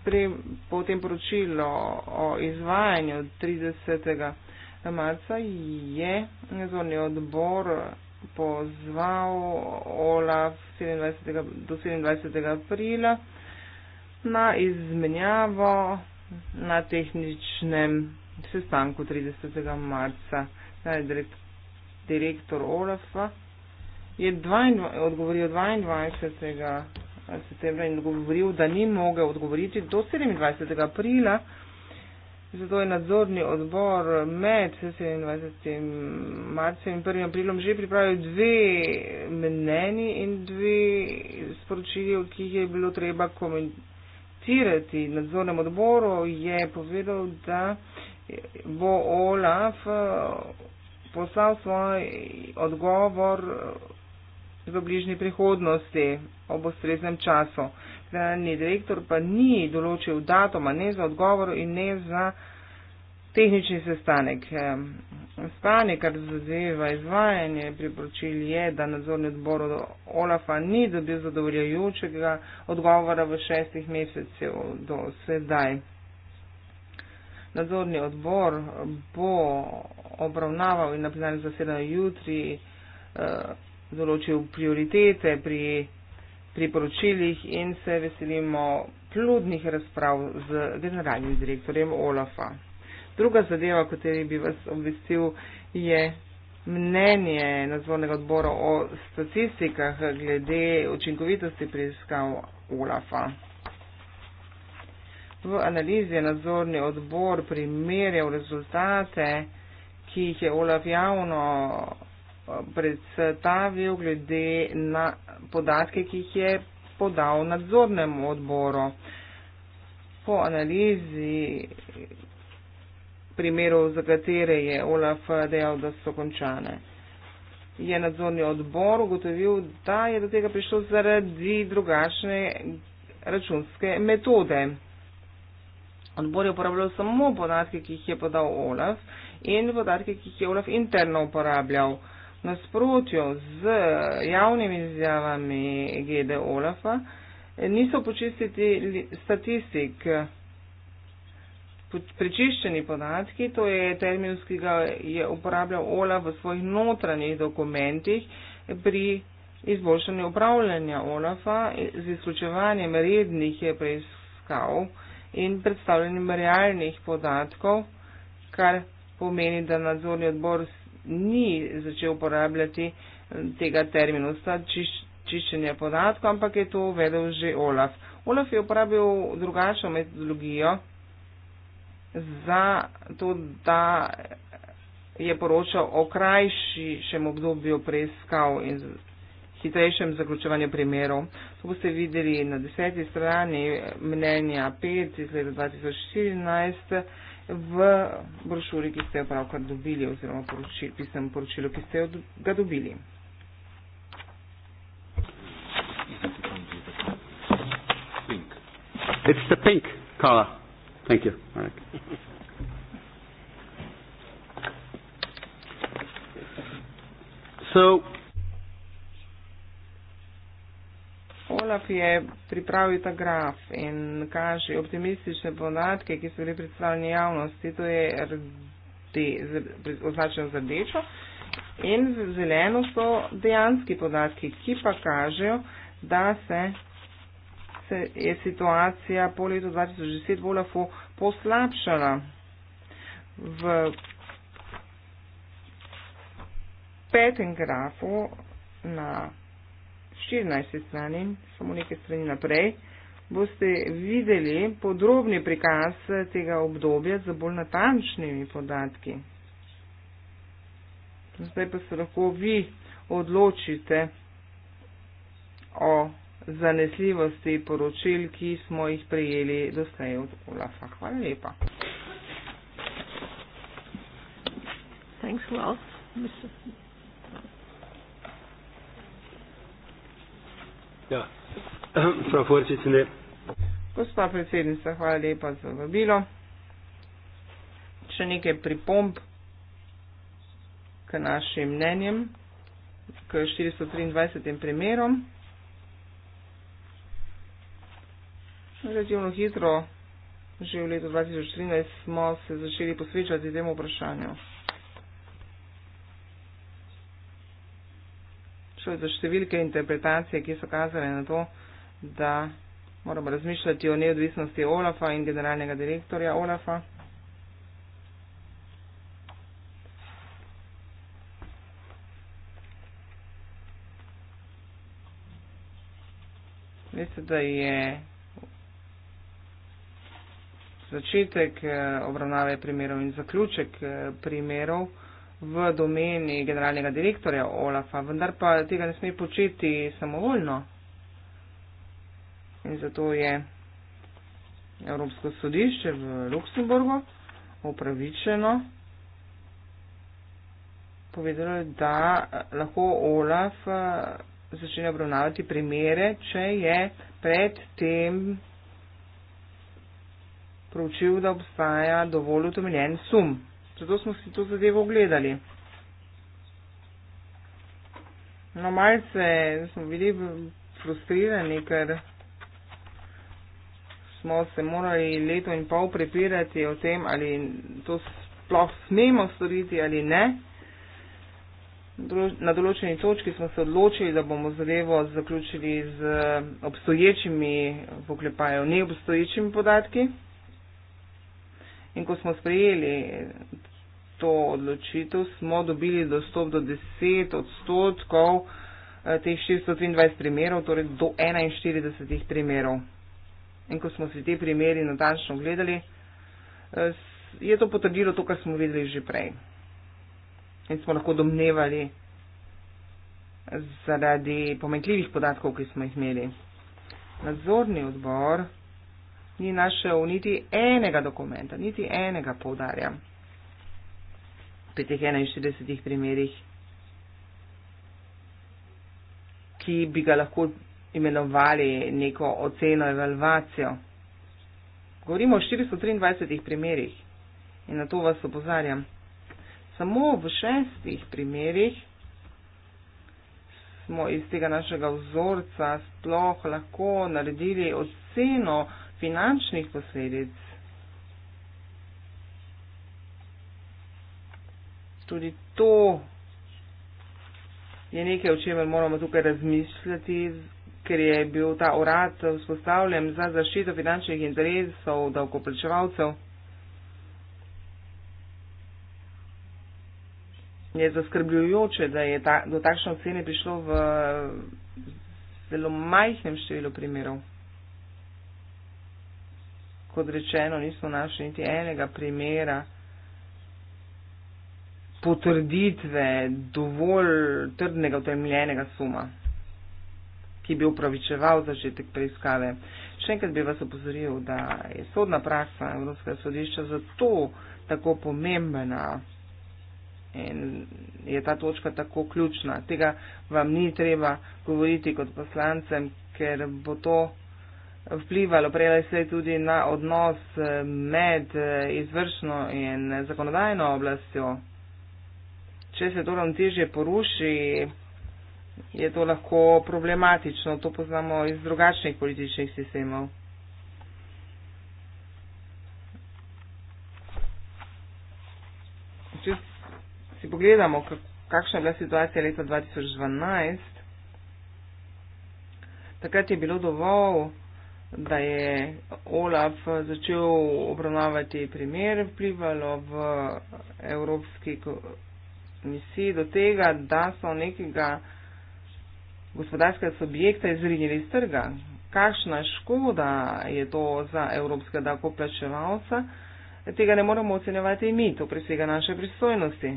sprem, potem poročilo o izvajanju 30. marca je nadzorni odbor pozval OLAF 27. do 27. aprila na izmenjavo na tehničnem sestanku 30. marca. Direktor OLAF je 22, odgovoril 22 septembra in govoril, da ni mogel odgovoriti do 27. aprila. Zato je nadzorni odbor med 27. marcem in 1. aprilom že pripravil dve mneni in dve sporočili, v ki jih je bilo treba komentirati. Nadzornem odboru je povedal, da bo Olaf poslal svoj odgovor v bližnji prihodnosti ob ustreznem času. Generalni direktor pa ni določil datuma ne za odgovor in ne za tehnični sestanek. Stanje, kar zazeva izvajanje priporočil, je, da nadzorni odbor od Olafa ni dobil zadovoljajočega odgovora v šestih mesecev do sedaj. Nadzorni odbor bo obravnaval in na plenarnem zasedanju jutri eh, določil prioritete pri priporočilih in se veselimo pludnih razprav z generalnim direktorjem Olafa. Druga zadeva, kateri bi vas obvestil, je mnenje nadzornega odbora o statistikah glede učinkovitosti preiskav Olafa. V analizi je nadzorni odbor primerjal rezultate, ki jih je Olaf javno predstavil glede na podatke, ki jih je podal nadzornemu odboru. Po analizi primerov, za katere je Olaf dejal, da so končane, je nadzorni odbor ugotovil, da je do tega prišlo zaradi drugačne računske metode. Odbor je uporabljal samo podatke, ki jih je podal Olaf in podatke, ki jih je Olaf interno uporabljal. Uh, nasprotju z javnimi izjavami GD Olafa, niso počistiti statistik. Prečiščeni podatki, to je termin, ki ga je uporabljal Olaf v svojih notranjih dokumentih pri izboljšanju upravljanja Olafa z izključevanjem rednih preiskav in predstavljanjem realnih podatkov, kar pomeni, da nadzorni odbor ni začel uporabljati tega terminusa čiščenja podatkov, ampak je to uvedel že Olaf. Olaf je uporabil drugačno metodologijo za to, da je poročal o krajšem obdobju preiskav in hitrejšem zaključevanju primerov. To boste videli na deseti strani mnenja 5 iz leta 2014 v brošuri, ki ste jo pravkar dobili, oziroma poročil, pisem poročilu, ki ste jo ga dobili. It's the pink color. Thank you. All right. So Olaf je pripravil ta graf in kaže optimistične podatke, ki so bili predstavljeni javnosti, to je označeno za rdečo in zeleno so dejanski podatki, ki pa kažejo, da se, se je situacija po letu 2010 v Olafu poslabšala v petem grafu na 14. strani, samo nekaj strani naprej, boste videli podrobni prikaz tega obdobja z bolj natančnimi podatki. Zdaj pa se lahko vi odločite o zanesljivosti poročil, ki smo jih prejeli do zdaj od Olafa. Hvala lepa. Thanks a lot, Mr. Ja, prav, *clears throat* predsednik. Gospa predsednica, hvala lepa za vabilo. Še nekaj pripomb k našim mnenjem, k 423. primerom. Relativno hitro, že v letu 2013, smo se začeli posvečati temu vprašanju. šlo je za številke interpretacije, ki so kazale na to, da moramo razmišljati o neodvisnosti Olafa in generalnega direktorja Olafa. Veste, da je začetek eh, obravnave primerov in zaključek eh, primerov v domeni generalnega direktorja Olafa, vendar pa tega ne sme početi samovoljno. In zato je Evropsko sodišče v Luksemburgu upravičeno povedalo, da lahko Olaf eh, začne obravnavati primere, če je pred tem proučil, da obstaja dovolj utemeljen sum zato smo si to zadevo ogledali. No, malce smo bili frustrirani, ker smo se morali leto in pol prepirati o tem, ali to sploh smemo storiti ali ne. Na določeni točki smo se odločili, da bomo zadevo zaključili z obstoječimi, v oklepaju neobstoječimi podatki. In ko smo sprejeli to odločitev, smo dobili dostop do 10 odstotkov eh, teh 423 primerov, torej do 41 primerov. In ko smo si te primeri natančno gledali, eh, je to potrdilo to, kar smo videli že prej. In smo lahko domnevali zaradi pomenkljivih podatkov, ki smo jih imeli. Nadzorni odbor ni našel niti enega dokumenta, niti enega poudarja pri teh 41 primerih, ki bi ga lahko imenovali neko oceno, evalvacijo. Govorimo o 423 primerih in na to vas opozarjam. Samo v šestih primerih smo iz tega našega vzorca sploh lahko naredili oceno finančnih posledic tudi to je nekaj, o čemer moramo tukaj razmišljati, ker je bil ta urad vzpostavljen za zaščito finančnih interesov davkoplačevalcev. Je zaskrbljujoče, da je ta, do takšne ocene prišlo v zelo majhnem številu primerov. Kot rečeno, nismo našli niti enega primera potrditve dovolj trdnega, utemljenega suma, ki bi upravičeval začetek preiskave. Še enkrat bi vas opozoril, da je sodna praksa Evropskega sodišča zato tako pomembna in je ta točka tako ključna. Tega vam ni treba govoriti kot poslancem, ker bo to vplivalo prej se tudi na odnos med izvršno in zakonodajno oblastjo če se to ravnotežje poruši, je to lahko problematično. To poznamo iz drugačnih političnih sistemov. Če si pogledamo, kakšna je bila situacija leta 2012, takrat je bilo dovolj, da je Olaf začel obravnavati primer, vplivalo v Evropski misij do tega, da so nekega gospodarskega subjekta izrinili iz trga. Kakšna škoda je to za evropskega dakoplačevalca, tega ne moramo ocenjevati mi, to presega naše pristojnosti.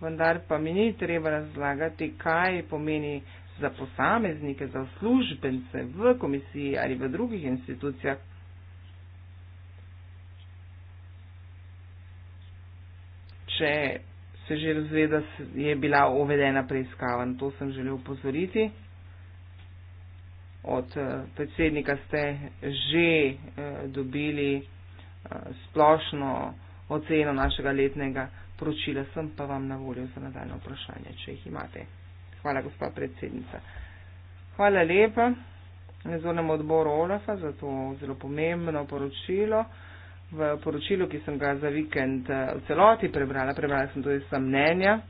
Vendar pa mi ni treba razlagati, kaj pomeni za posameznike, za službence v komisiji ali v drugih institucijah če se že razve, da je bila uvedena preiskava. Na to sem želel upozoriti. Od eh, predsednika ste že eh, dobili eh, splošno oceno našega letnega poročila, sem pa vam na voljo za nadaljne vprašanje, če jih imate. Hvala, gospa predsednica. Hvala lepa nadzornemu odboru OLAF-a za to zelo pomembno poročilo v poročilu, ki sem ga za vikend eh, v celoti prebrala, prebrala sem tudi sam mnenja,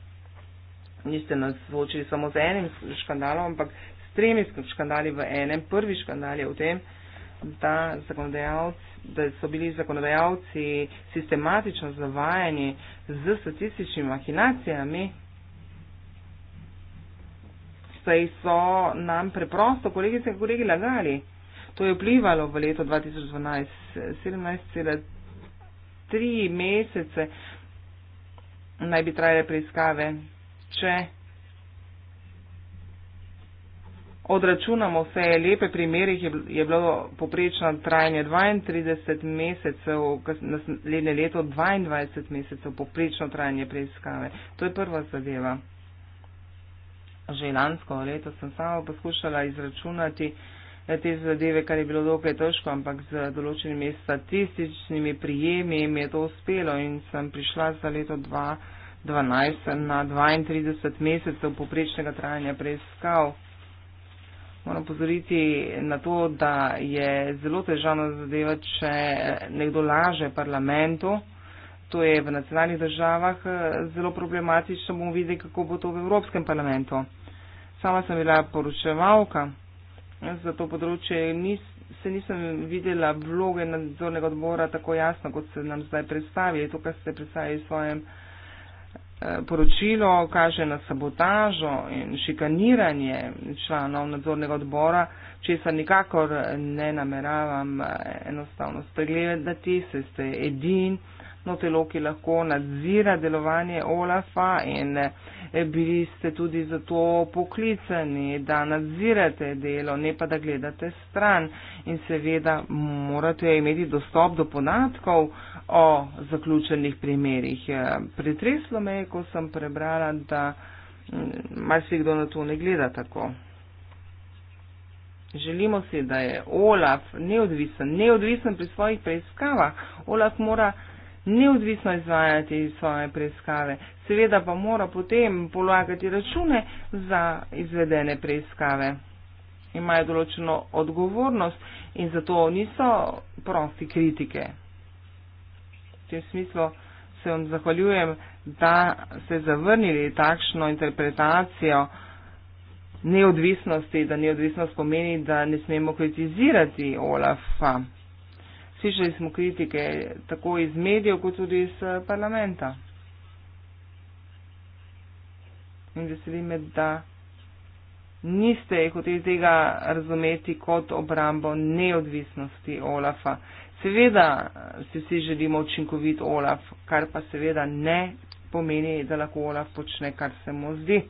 niste nas zvočili samo z enim škandalom, ampak s tremi škandali v enem. Prvi škandal je v tem, da, da so bili zakonodajalci sistematično zavajeni z statističnimi mahinacijami. Saj so nam preprosto, kolegice in kolegi, lagali. To je vplivalo v leto 2012. 17,3 mesece naj bi trajale preiskave, če odračunamo vse lepe primere, je bilo poprečno trajanje 32 mesecev, naslednje leto 22 mesecev poprečno trajanje preiskave. To je prva zadeva. Že lansko leto sem samo poskušala izračunati, uh, te zadeve, kar je bilo dokaj težko, ampak z določenimi statističnimi prijemi mi je to uspelo in sem prišla za leto 2012 na 32 mesecev poprečnega trajanja preiskav. Moram pozoriti na to, da je zelo težavna zadeva, če nekdo laže parlamentu. To je v nacionalnih državah eh, zelo problematično. Bomo videli, kako bo to v Evropskem parlamentu. Sama sem bila poročevalka za to področje. Nis, se nisem videla vloge nadzornega odbora tako jasno, kot ste nam zdaj predstavili. To, kar ste predstavili v svojem eh, poročilu, kaže na sabotažo in šikaniranje članov nadzornega odbora, česar nikakor ne nameravam eh, enostavno spregledati, se ste edini no telo, ki lahko nadzira delovanje OLAF-a in eh, bili ste tudi zato poklicani, da nadzirate delo, ne pa da gledate stran in seveda morate imeti dostop do podatkov o zaključenih primerih. Eh, pretreslo me je, ko sem prebrala, da mm, marsikdo na to ne gleda tako. Želimo si, da je OLAF neodvisen, neodvisen pri svojih preiskavah. OLAF mora neodvisno izvajati svoje preiskave. Seveda pa mora potem polagati račune za izvedene preiskave. Imajo določeno odgovornost in zato niso prosti kritike. V tem smislu se vam zahvaljujem, da ste zavrnili takšno interpretacijo neodvisnosti, da neodvisnost pomeni, da ne smemo kritizirati Olafa. Slišali smo kritike tako iz medijev, kot tudi iz eh, parlamenta. In veseli me, da niste hoteli tega razumeti kot obrambo neodvisnosti Olafa. Seveda si vsi želimo učinkovit Olaf, kar pa seveda ne pomeni, da lahko Olaf počne, kar se mu zdi.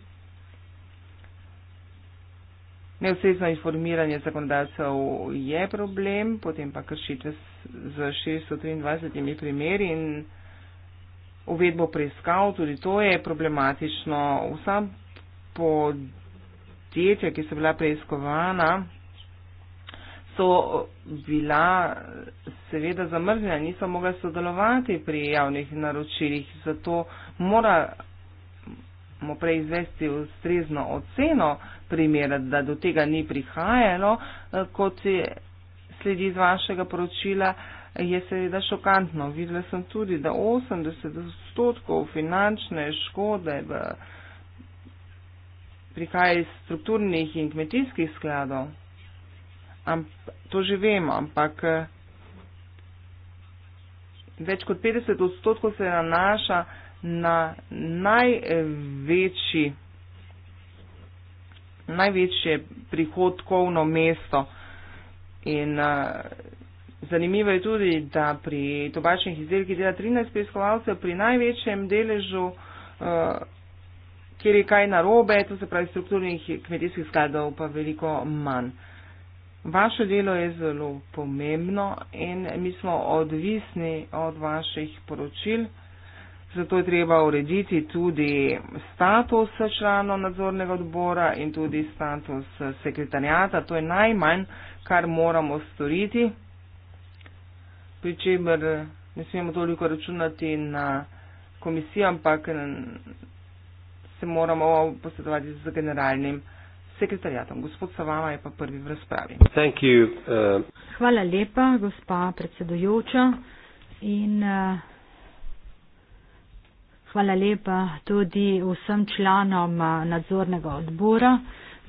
Neustrezno informiranje zakonodajcev je problem, potem pa kršitve z 623 primeri in uvedbo preiskav, tudi to je problematično. Vsa podjetja, ki so bila preiskovana, so bila seveda zamrznjena, niso mogla sodelovati pri javnih naročilih, zato mora mu prej izvesti ustrezno oceno primera, da do tega ni prihajalo, eh, kot je sledi iz vašega poročila, je seveda šokantno. Videla sem tudi, da 80 odstotkov finančne škode v, prihaja iz strukturnih in kmetijskih skladov. Am, to že vemo, ampak eh, več kot 50 odstotkov se nanaša na na največji, največje prihodkovno mesto. In uh, zanimivo je tudi, da pri tobačnih izdelkih dela 13 preiskovalcev pri največjem deležu, uh, kjer je kaj narobe, to se pravi strukturnih kmetijskih skladov, pa veliko manj. Vaše delo je zelo pomembno in mi smo odvisni od vaših poročil zato je treba urediti tudi status članov nadzornega odbora in tudi status sekretarjata. To je najmanj, kar moramo storiti, pri čemer ne smemo toliko računati na komisijo, ampak se moramo posvetovati z generalnim. Sekretarjatom, gospod Savama je pa prvi v razpravi. Uh, Hvala lepa, gospa predsedujoča. In, uh... Hvala lepa tudi vsem članom eh, nadzornega odbora.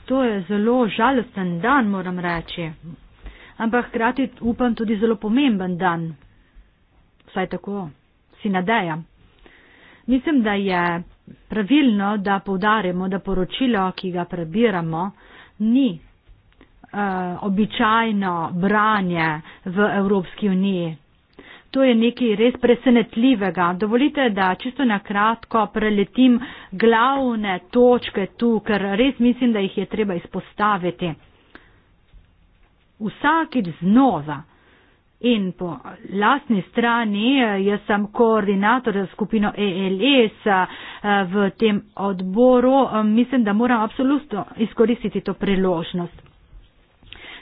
To je zelo žalosten dan, moram reči, ampak hkrati upam tudi zelo pomemben dan. Vsaj tako si nadejam. Mislim, da je pravilno, da povdarimo, da poročilo, ki ga prebiramo, ni uh, običajno branje v Evropski uniji. To je nekaj res presenetljivega. Dovolite, da čisto na kratko preletim glavne točke tu, ker res mislim, da jih je treba izpostaviti. Vsakič znova in po lastni strani, eh, jaz sem koordinator za skupino ELS eh, v tem odboru, eh, mislim, da moram absolutno izkoristiti to priložnost.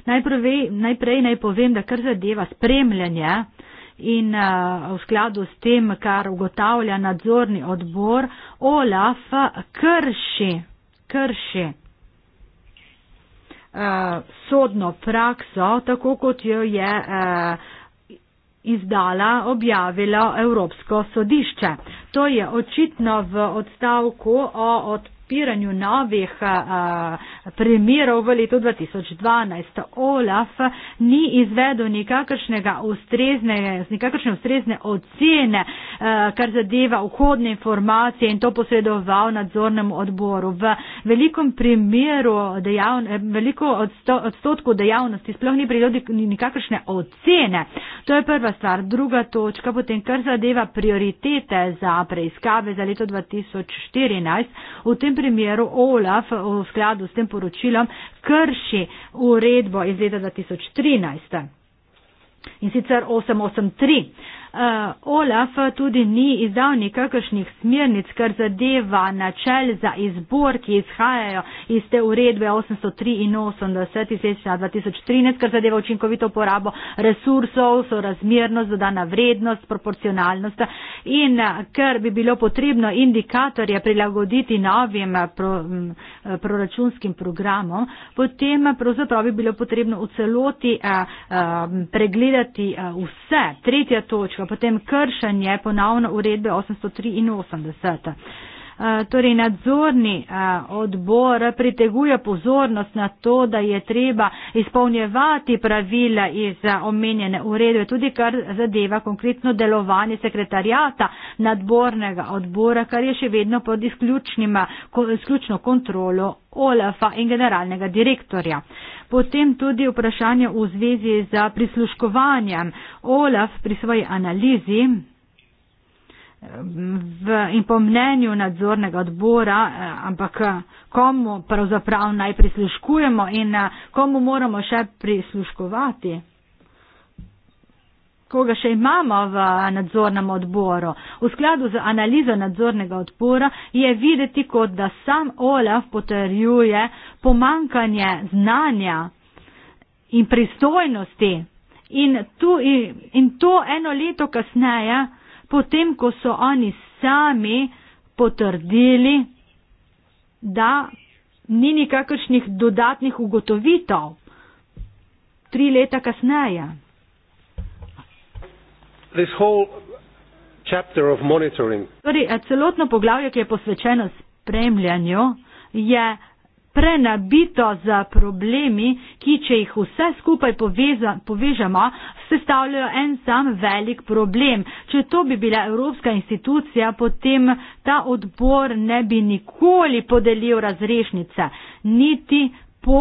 Najprej, najprej naj povem, da kar zadeva spremljanje, in eh, v skladu s tem, kar ugotavlja nadzorni odbor, Olaf krši, krši eh, sodno prakso, tako kot jo je eh, izdala, objavila Evropsko sodišče. To je očitno v odstavku o odpravljanju odpiranju novih primerov v letu 2012. Olaf ni izvedel ustrezne, nikakršne ustrezne ocene, kar zadeva vhodne informacije in to posredoval nadzornemu odboru. V velikem primeru dejavn, veliko odstotkov dejavnosti sploh ni prišlo nikakršne ocene. To je prva stvar. Druga točka potem, kar zadeva prioritete za preiskave za leto 2014. V tem primeru OLAF v skladu s tem poročilom krši uredbo iz leta 2013 in sicer 883 uh, Olaf tudi ni izdal nikakršnih smernic, kar zadeva načel za izbor, ki izhajajo iz te uredbe 883 iz leta 2013, kar zadeva učinkovito porabo resursov, so razmernost, dodana vrednost, proporcionalnost in eh, ker bi bilo potrebno indikatorje prilagoditi novim eh, pro, m, proračunskim programom, potem pravzaprav bi bilo potrebno v celoti a, a, pregledati a, vse. Tretja točka, potem kršenje ponovno uredbe 883. Eh, torej, nadzorni eh, odbor priteguje pozornost na to, da je treba izpolnjevati pravila iz eh, omenjene uredbe, tudi kar zadeva konkretno delovanje sekretarjata nadbornega odbora, kar je še vedno pod izključno kontrolo Olafa in generalnega direktorja. Potem tudi vprašanje v zvezi z prisluškovanjem. Olaf pri svoji analizi v, in po mnenju nadzornega odbora, eh, ampak eh, komu pravzaprav naj prisluškujemo in eh, komu moramo še prisluškovati? Koga še imamo v nadzornem odboru? V skladu z analizo nadzornega odbora je videti, kot da sam Olaf potrjuje pomankanje znanja in pristojnosti. In, tu, in, in to eno leto kasneje potem ko so oni sami potrdili, da ni nikakršnih dodatnih ugotovitev tri leta kasneje. Torej, celotno poglavje, ki je posvečeno spremljanju, je prenabito z problemi, ki če jih vse skupaj poveza, povežemo, sestavljajo en sam velik problem. Če to bi bila Evropska institucija, potem ta odbor ne bi nikoli podelil razrešnice, niti po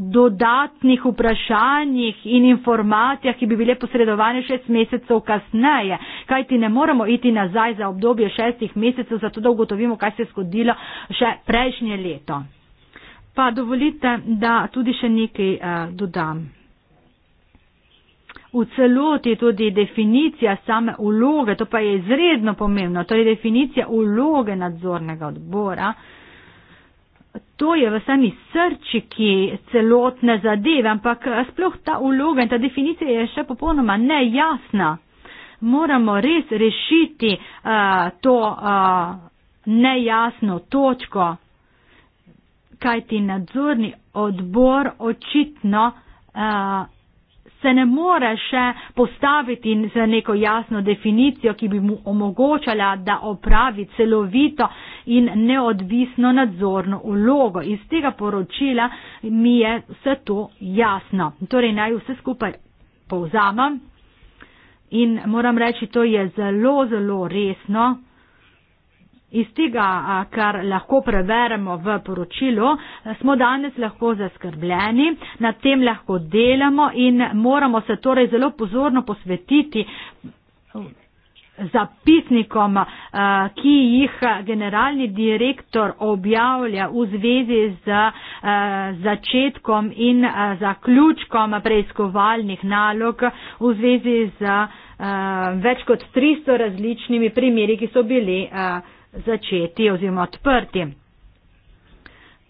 dodatnih vprašanjih in informacijah, ki bi bile posredovane šest mesecev kasneje. Kaj ti ne moremo iti nazaj za obdobje šestih mesecev, zato da ugotovimo, kaj se je zgodilo še prejšnje leto pa dovolite, da tudi še nekaj uh, dodam. V celoti tudi definicija same uloge, to pa je izredno pomembno, torej definicija uloge nadzornega odbora, to je v sami srčiki celotne zadeve, ampak eh, sploh ta uloga in ta definicija je še popolnoma nejasna. Moramo res rešiti uh, to uh, nejasno točko kaj ti nadzorni odbor očitno uh, se ne more še postaviti za neko jasno definicijo, ki bi mu omogočala, da opravi celovito in neodvisno nadzorno ulogo. Iz tega poročila mi je vse to jasno. Torej naj vse skupaj povzamem. In moram reči, to je zelo, zelo resno. Iz tega, kar lahko preveremo v poročilu, smo danes lahko zaskrbljeni, nad tem lahko delamo in moramo se torej zelo pozorno posvetiti zapisnikom, ki jih generalni direktor objavlja v zvezi z začetkom in zaključkom preiskovalnih nalog v zvezi z več kot 300 različnimi primeri, ki so bili začeti oziroma odprti.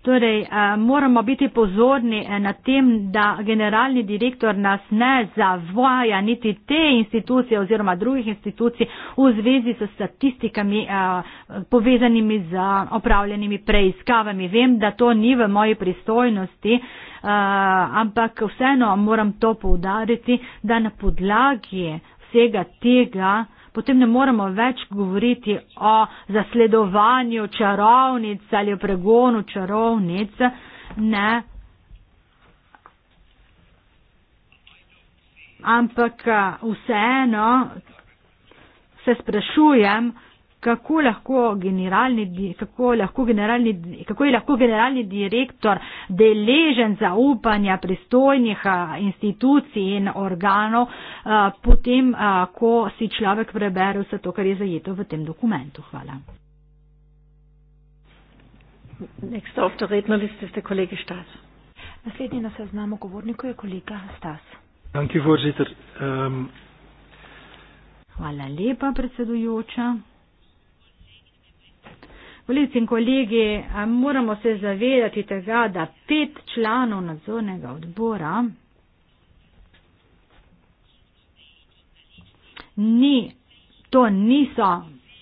Torej, eh, moramo biti pozorni eh, na tem, da generalni direktor nas ne zavaja niti te institucije oziroma drugih institucij v zvezi s statistikami eh, povezanimi z opravljenimi preiskavami. Vem, da to ni v moji pristojnosti, ampak vseeno moram to poudariti, da na podlagi vsega tega potem ne moremo več govoriti o zasledovanju čarovnic ali o pregonu čarovnic. Ne. Ampak eh, vseeno se sprašujem, kako lahko generalni, kako lahko generalni, kako je lahko generalni direktor deležen zaupanja pristojnih institucij in organov, potem, ko si človek prebere vse to, kar je zajeto v tem dokumentu. Hvala. Naslednji na seznamu govorniku je kolega Stas. Thank you, um... Hvala lepa, predsedujoča. Kolegice in kolegi, moramo se zavedati tega, da pet članov nadzornega odbora ni, to niso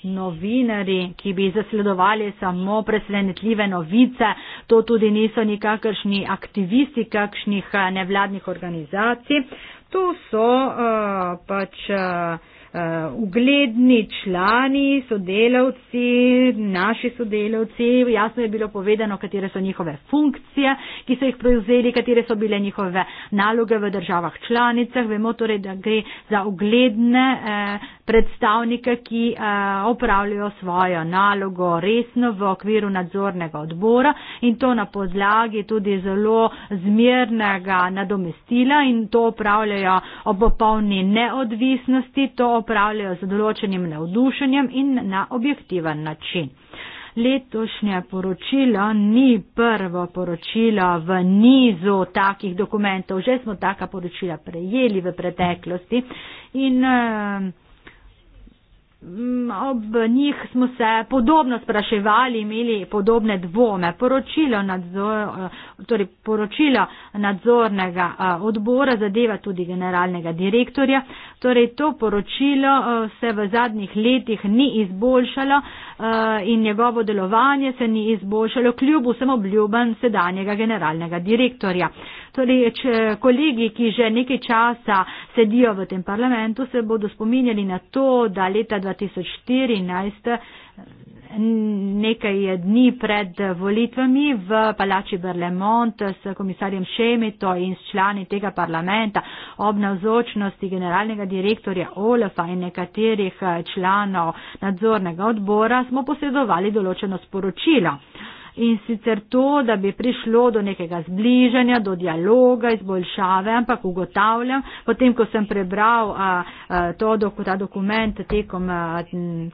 novinari, ki bi zasledovali samo presenetljive novice, to tudi niso nikakršni aktivisti kakšnih eh, nevladnih organizacij. To so uh, pač. Uh, uh, ugledni člani, sodelavci, naši sodelavci. Jasno je bilo povedano, katere so njihove funkcije, ki so jih prevzeli, katere so bile njihove naloge v državah članicah. Vemo torej, da gre za ugledne. Uh, predstavnike, ki eh, opravljajo svojo nalogo resno v okviru nadzornega odbora in to na podlagi tudi zelo zmernega nadomestila in to opravljajo ob popolni neodvisnosti, to opravljajo z določenim navdušenjem in na objektivan način. Letošnje poročilo ni prvo poročilo v nizu takih dokumentov, že smo taka poročila prejeli v preteklosti in eh, Mm, ob njih smo se podobno spraševali, imeli podobne dvome. Poročilo, nadzor, eh, torej poročilo nadzornega eh, odbora zadeva tudi generalnega direktorja. Torej, to poročilo eh, se v zadnjih letih ni izboljšalo in njegovo delovanje se ni izboljšalo kljub vsem obljubam sedanjega generalnega direktorja torej, če kolegi, ki že nekaj časa sedijo v tem parlamentu, se bodo spominjali na to, da leta 2014 nekaj dni pred volitvami v palači Berlemont s komisarjem Šemito in s člani tega parlamenta ob navzočnosti generalnega direktorja Olafa in nekaterih eh, članov nadzornega odbora smo posedovali določeno sporočilo in sicer to, da bi prišlo do nekega zbližanja, do dialoga, izboljšave, ampak ugotavljam, potem ko sem prebral a, a, to, dok, ta dokument tekom a,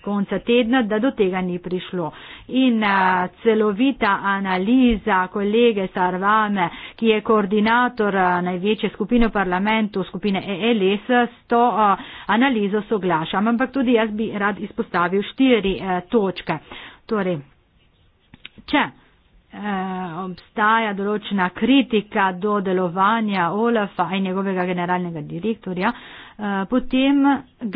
konca tedna, da do tega ni prišlo. In a, celovita analiza kolege Sarvame, ki je koordinator a, največje skupine v parlamentu, skupine ELS, s to a, analizo soglašam, ampak tudi jaz bi rad izpostavil štiri a, e, točke. Torej, če eh, obstaja določena kritika do delovanja Olafa in njegovega generalnega direktorja, eh, potem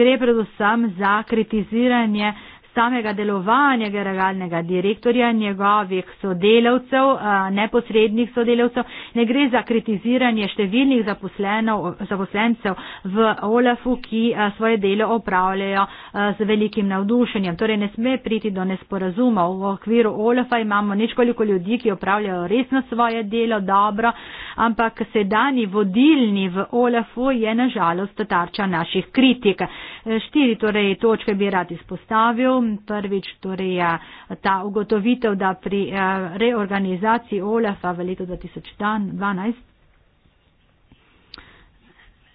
gre predvsem za kritiziranje eh, samega delovanja generalnega direktorja in njegovih sodelavcev, eh, neposrednih sodelavcev. Ne gre za kritiziranje številnih zaposlencev v OLAF-u, ki eh, svoje delo opravljajo eh, z velikim navdušenjem. Torej ne sme priti do nesporazumov. V okviru OLAF-a imamo nečkoliko ljudi, ki opravljajo resno svoje delo dobro, ampak sedani vodilni v OLAF-u je nažalost tarča naših kritik. Štiri torej, točke bi rad izpostavil prvič torej, ja, ta ugotovitev, da pri eh, reorganizaciji OLAF-a v letu 2012.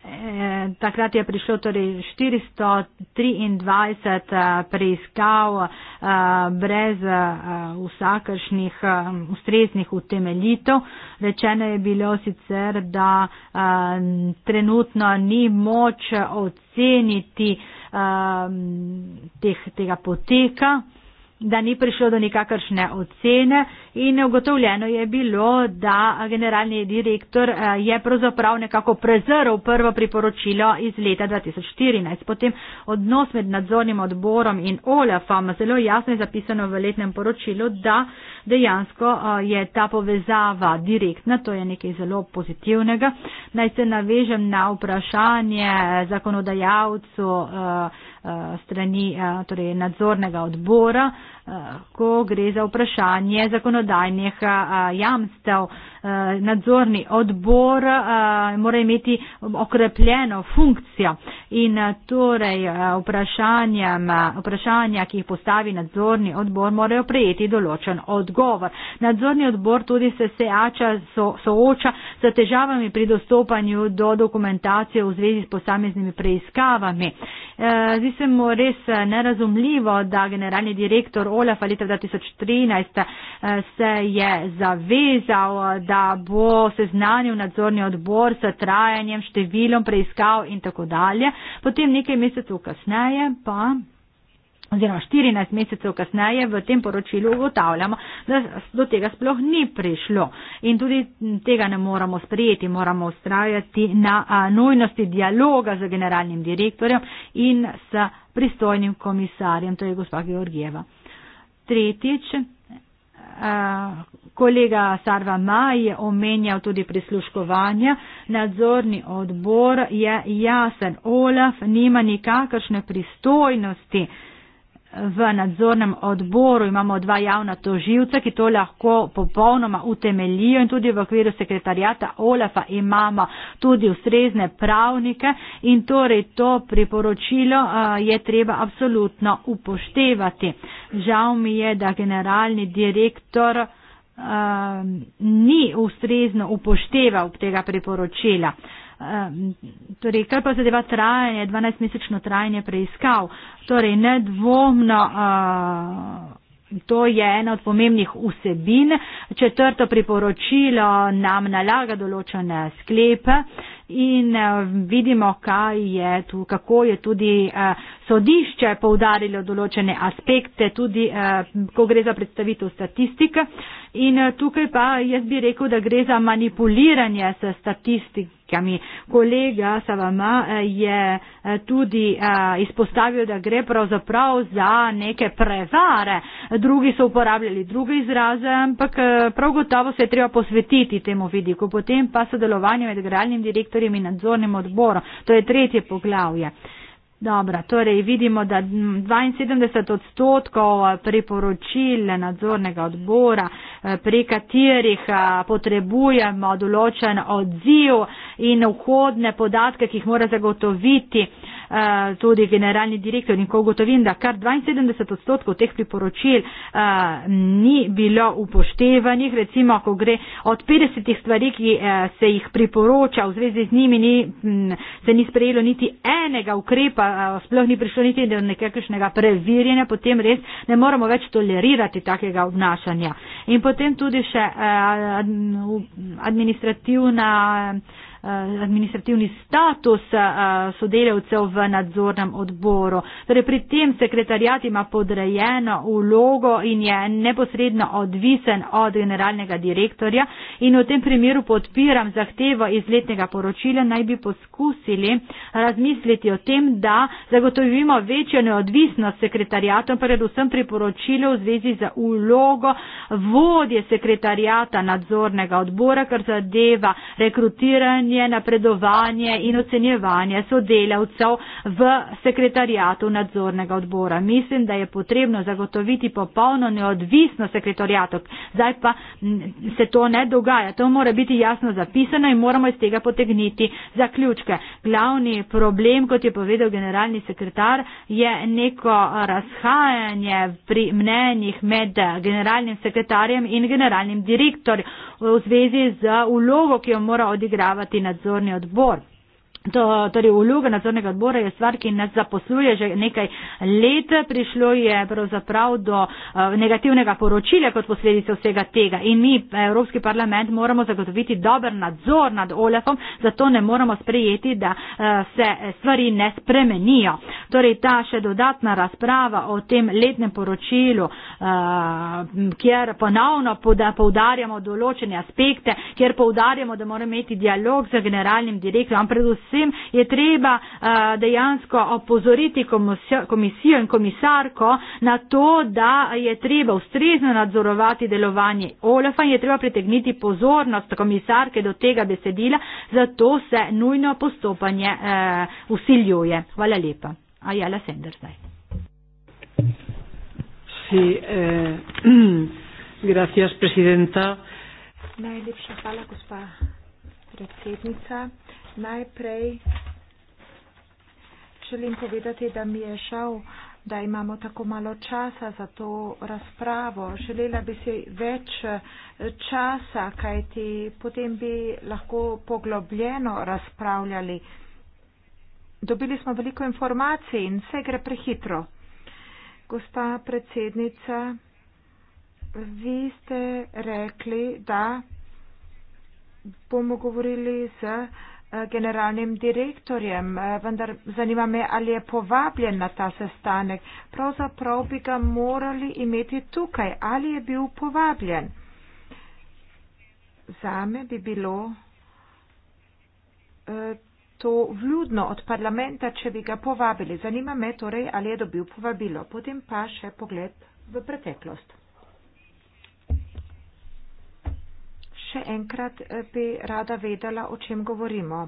Eh, takrat je prišlo torej 423 eh, preiskav brez vsakršnih ustreznih utemeljitev. Rečeno je bilo sicer, da trenutno ni moč oceniti, um, teh, tega poteka da ni prišlo do nikakršne ocene in ugotovljeno je bilo, da generalni direktor eh, je pravzaprav nekako prezrl prvo priporočilo iz leta 2014. Potem odnos med nadzornim odborom in OLAF-om zelo jasno je zapisano v letnem poročilu, da dejansko eh, je ta povezava direktna, to je nekaj zelo pozitivnega. Naj se navežem na vprašanje eh, zakonodajalcu Eh, strani eh, torej nadzornega odbora, eh, ko gre za vprašanje zakonodajnih jamstev. Eh, nadzorni odbor eh, mora imeti okrepljeno funkcijo in eh, torej vprašanja, ki jih postavi nadzorni odbor, morajo prejeti določen odgovor. Nadzorni odbor tudi se seača, so, sooča s težavami pri dostopanju do dokumentacije v zvezi s posameznimi preiskavami. Zdi se mu res nerazumljivo, da generalni direktor Olaf leta 2013 se je zavezal, da da bo seznanil nadzorni odbor s trajanjem, številom preiskav in tako dalje. Potem nekaj mesecev kasneje pa oziroma 14 mesecev kasneje v tem poročilu ugotavljamo, da do tega sploh ni prišlo. In tudi tega ne moramo sprejeti, moramo ustrajati na nujnosti dialoga z generalnim direktorjem in s pristojnim komisarjem, to je gospa Georgieva. Tretjič, Kolega Sarva Maj je omenjal tudi prisluškovanja. Nadzorni odbor je jasen. Olaf nima nikakršne pristojnosti. V nadzornem odboru imamo dva javna toživca, ki to lahko popolnoma utemelijo in tudi v okviru sekretarjata Olafa imamo tudi ustrezne pravnike in torej to priporočilo je treba absolutno upoštevati. Žal mi je, da generalni direktor um, ni ustrezno upošteval tega priporočila. Um, torej, kar pa zadeva trajanje, 12-mesečno trajanje preiskav, torej nedvomno. Uh, To je ena od pomembnih vsebin. Četrto priporočilo nam nalaga določene sklepe in eh, vidimo, je tu, kako je tudi eh, sodišče poudarilo določene aspekte, tudi eh, ko gre za predstavitev statistike. In tukaj pa jaz bi rekel, da gre za manipuliranje s statistiko razlikami. Kolega Savama eh, je eh, tudi eh, izpostavil, da gre pravzaprav za neke prevare. Drugi so uporabljali druge izraze, ampak prav gotovo se je treba posvetiti temu vidiku. Potem pa sodelovanje med generalnim direktorjem in nadzornim odborom. To je tretje poglavje. Dobro, torej vidimo, da 72 odstotkov eh, priporočil nadzornega odbora, eh, pri katerih eh, potrebujemo določen odziv in vhodne podatke, ki jih mora zagotoviti Eh, tudi generalni direktor in ko ugotovim, da kar 72 odstotkov teh priporočil a, eh, ni bilo upoštevanih, recimo, ko gre od 50 stvari, ki a, eh, se jih priporoča v zvezi z njimi, ni, m, se ni sprejelo niti enega ukrepa, a, sploh ni prišlo niti do nekakšnega preverjanja, potem res ne moramo več tolerirati takega obnašanja. In potem tudi še a, administrativna. A, Eh, administrativni status eh, sodelavcev v nadzornem odboru. Torej, pri tem sekretarjat ima podrejeno vlogo in je neposredno odvisen od generalnega direktorja in v tem primeru podpiram zahtevo iz letnega poročila, naj bi poskusili razmisliti o tem, da zagotovimo večjo neodvisnost sekretarjatom, predvsem pri poročilu v zvezi za vlogo vodje sekretarjata nadzornega odbora, kar zadeva rekrutiranje ocenjevanje, napredovanje in ocenjevanje sodelavcev v sekretarijatu nadzornega odbora. Mislim, da je potrebno zagotoviti popolno neodvisno sekretarijato. Zdaj pa se to ne dogaja. To mora biti jasno zapisano in moramo iz tega potegniti zaključke. Glavni problem, kot je povedal generalni sekretar, je neko razhajanje pri mnenjih med generalnim sekretarjem in generalnim direktorjem v zvezi z ulogo, ki jo mora odigravati nadzorni odbor To, torej, vloga nadzornega odbora je stvar, ki nas zaposluje že nekaj let. Prišlo je pravzaprav do eh, negativnega poročila kot posledice vsega tega. In mi, Evropski parlament, moramo zagotoviti dober nadzor nad OLEF-om, zato ne moremo sprejeti, da eh, se stvari ne spremenijo. Torej, ta še dodatna razprava o tem letnem poročilu, eh, kjer ponovno poudarjamo določene aspekte, kjer poudarjamo, da moramo imeti dialog z generalnim direktorjem, predvsem vsem je treba eh, dejansko opozoriti komisijo in komisarko na to, da je treba ustrezno nadzorovati delovanje OLAF-a in je treba pritegniti pozornost komisarke do tega besedila, zato se nujno postopanje eh, usiljuje. Hvala lepa. Ajala Sender zdaj. Sí, eh, *clears throat* gracias, presidenta. Najlepša hvala, gospa predsednica. Eh, Najprej želim povedati, da mi je žal, da imamo tako malo časa za to razpravo. Želela bi si več eh, časa, kajti potem bi lahko poglobljeno razpravljali. Dobili smo veliko informacij in vse gre prehitro. Gospa predsednica, vi ste rekli, da bomo govorili z uh, Eh, generalnim direktorjem, eh, vendar zanima me, ali je povabljen na ta sestanek. Pravzaprav bi ga morali imeti tukaj. Ali je bil povabljen? Zame bi bilo eh, to vljudno od parlamenta, če bi ga povabili. Zanima me torej, ali je dobil povabilo. Potem pa še pogled v preteklost. še enkrat eh, bi rada vedela, o čem govorimo.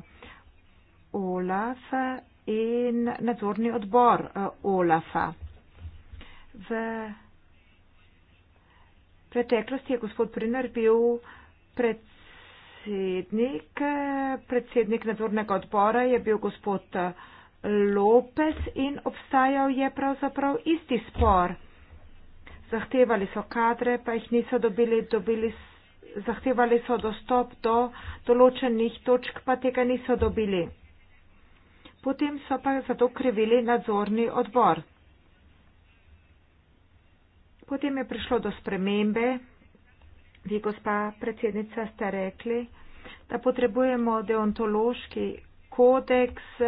Olaf eh, in nadzorni odbor eh, Olafa. V preteklosti je gospod Priner bil predsednik, predsednik nadzornega odbora je bil gospod Lopez in obstajal je pravzaprav isti spor. Zahtevali so kadre, pa jih niso dobili, dobili so zahtevali so dostop do določenih točk, pa tega niso dobili. Potem so pa zato krivili nadzorni odbor. Potem je prišlo do spremembe. Vi, gospa predsednica, ste rekli, da potrebujemo deontološki kodeks,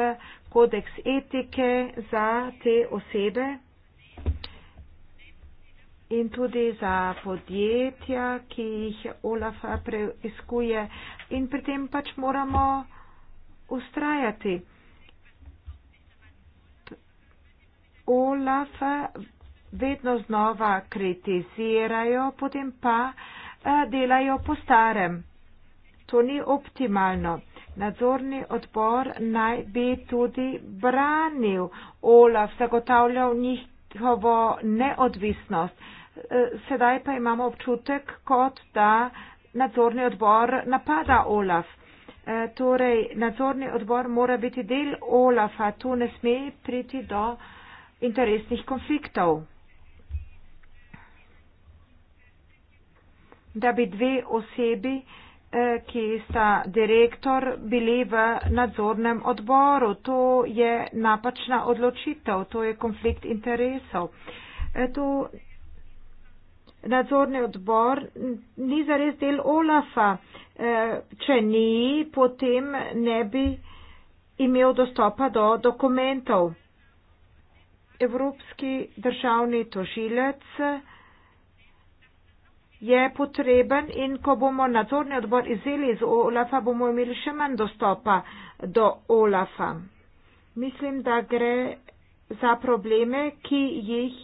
kodeks etike za te osebe in tudi za podjetja, ki jih Olaf preiskuje. In pri tem pač moramo ustrajati. Olaf vedno znova kritizirajo, potem pa eh, delajo po starem. To ni optimalno. Nadzorni odbor naj bi tudi branil Olaf, zagotavljal njihovo neodvisnost. Eh, sedaj pa imamo občutek, kot da nadzorni odbor napada Olaf. Eh, torej, nadzorni odbor mora biti del Olafa, tu ne sme priti do interesnih konfliktov. Da bi dve osebi, eh, ki sta direktor, bili v nadzornem odboru, to je napačna odločitev, to je konflikt interesov. To nadzorni odbor ni zares del Olafa. E, če ni, potem ne bi imel dostopa do dokumentov. Evropski državni tožilec je potreben in ko bomo nadzorni odbor izeli iz Olafa, bomo imeli še manj dostopa do Olafa. Mislim, da gre za probleme, ki jih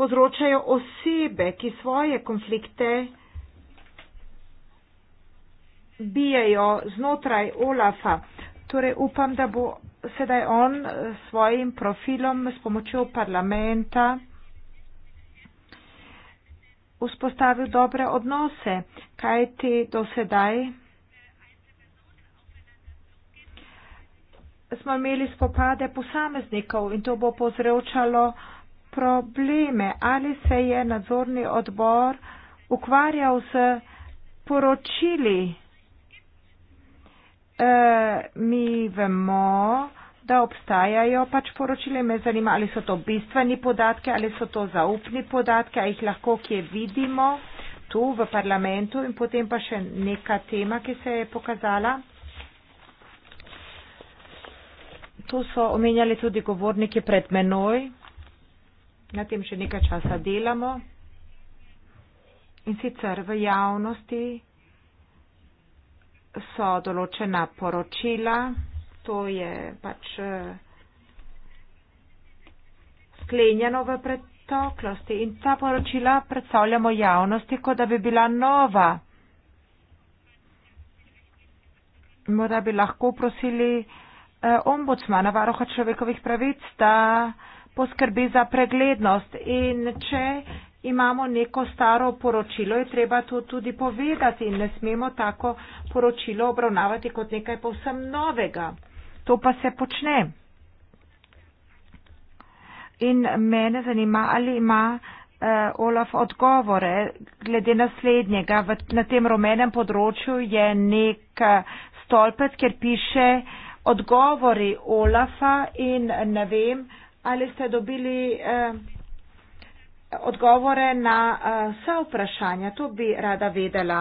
povzročajo osebe, ki svoje konflikte bijajo znotraj Olafa. Torej upam, da bo sedaj on s svojim profilom s pomočjo parlamenta vzpostavil dobre odnose, kaj ti do sedaj smo imeli spopade posameznikov in to bo povzročalo probleme, ali se je nadzorni odbor ukvarjal s poročili. E, mi vemo, da obstajajo pač poročile, me zanima, ali so to bistveni podatke, ali so to zaupni podatke, ali jih lahko kje vidimo tu v parlamentu in potem pa še neka tema, ki se je pokazala. To so omenjali tudi govorniki pred menoj na tem še nekaj časa delamo in sicer v javnosti so določena poročila, to je pač eh, sklenjeno v pretoklosti in ta poročila predstavljamo javnosti, kot da bi bila nova. Morda bi lahko prosili eh, ombudsmana varoha človekovih pravic, da poskrbi za preglednost in če imamo neko staro poročilo, je treba to tudi povedati in ne smemo tako poročilo obravnavati kot nekaj povsem novega. To pa se počne. In mene zanima, ali ima uh, Olaf odgovore glede naslednjega. V, na tem rumenem področju je nek eh, stolpec, kjer piše odgovori Olafa in ne vem, ali ste dobili eh, odgovore na eh, vse vprašanja. To bi rada vedela.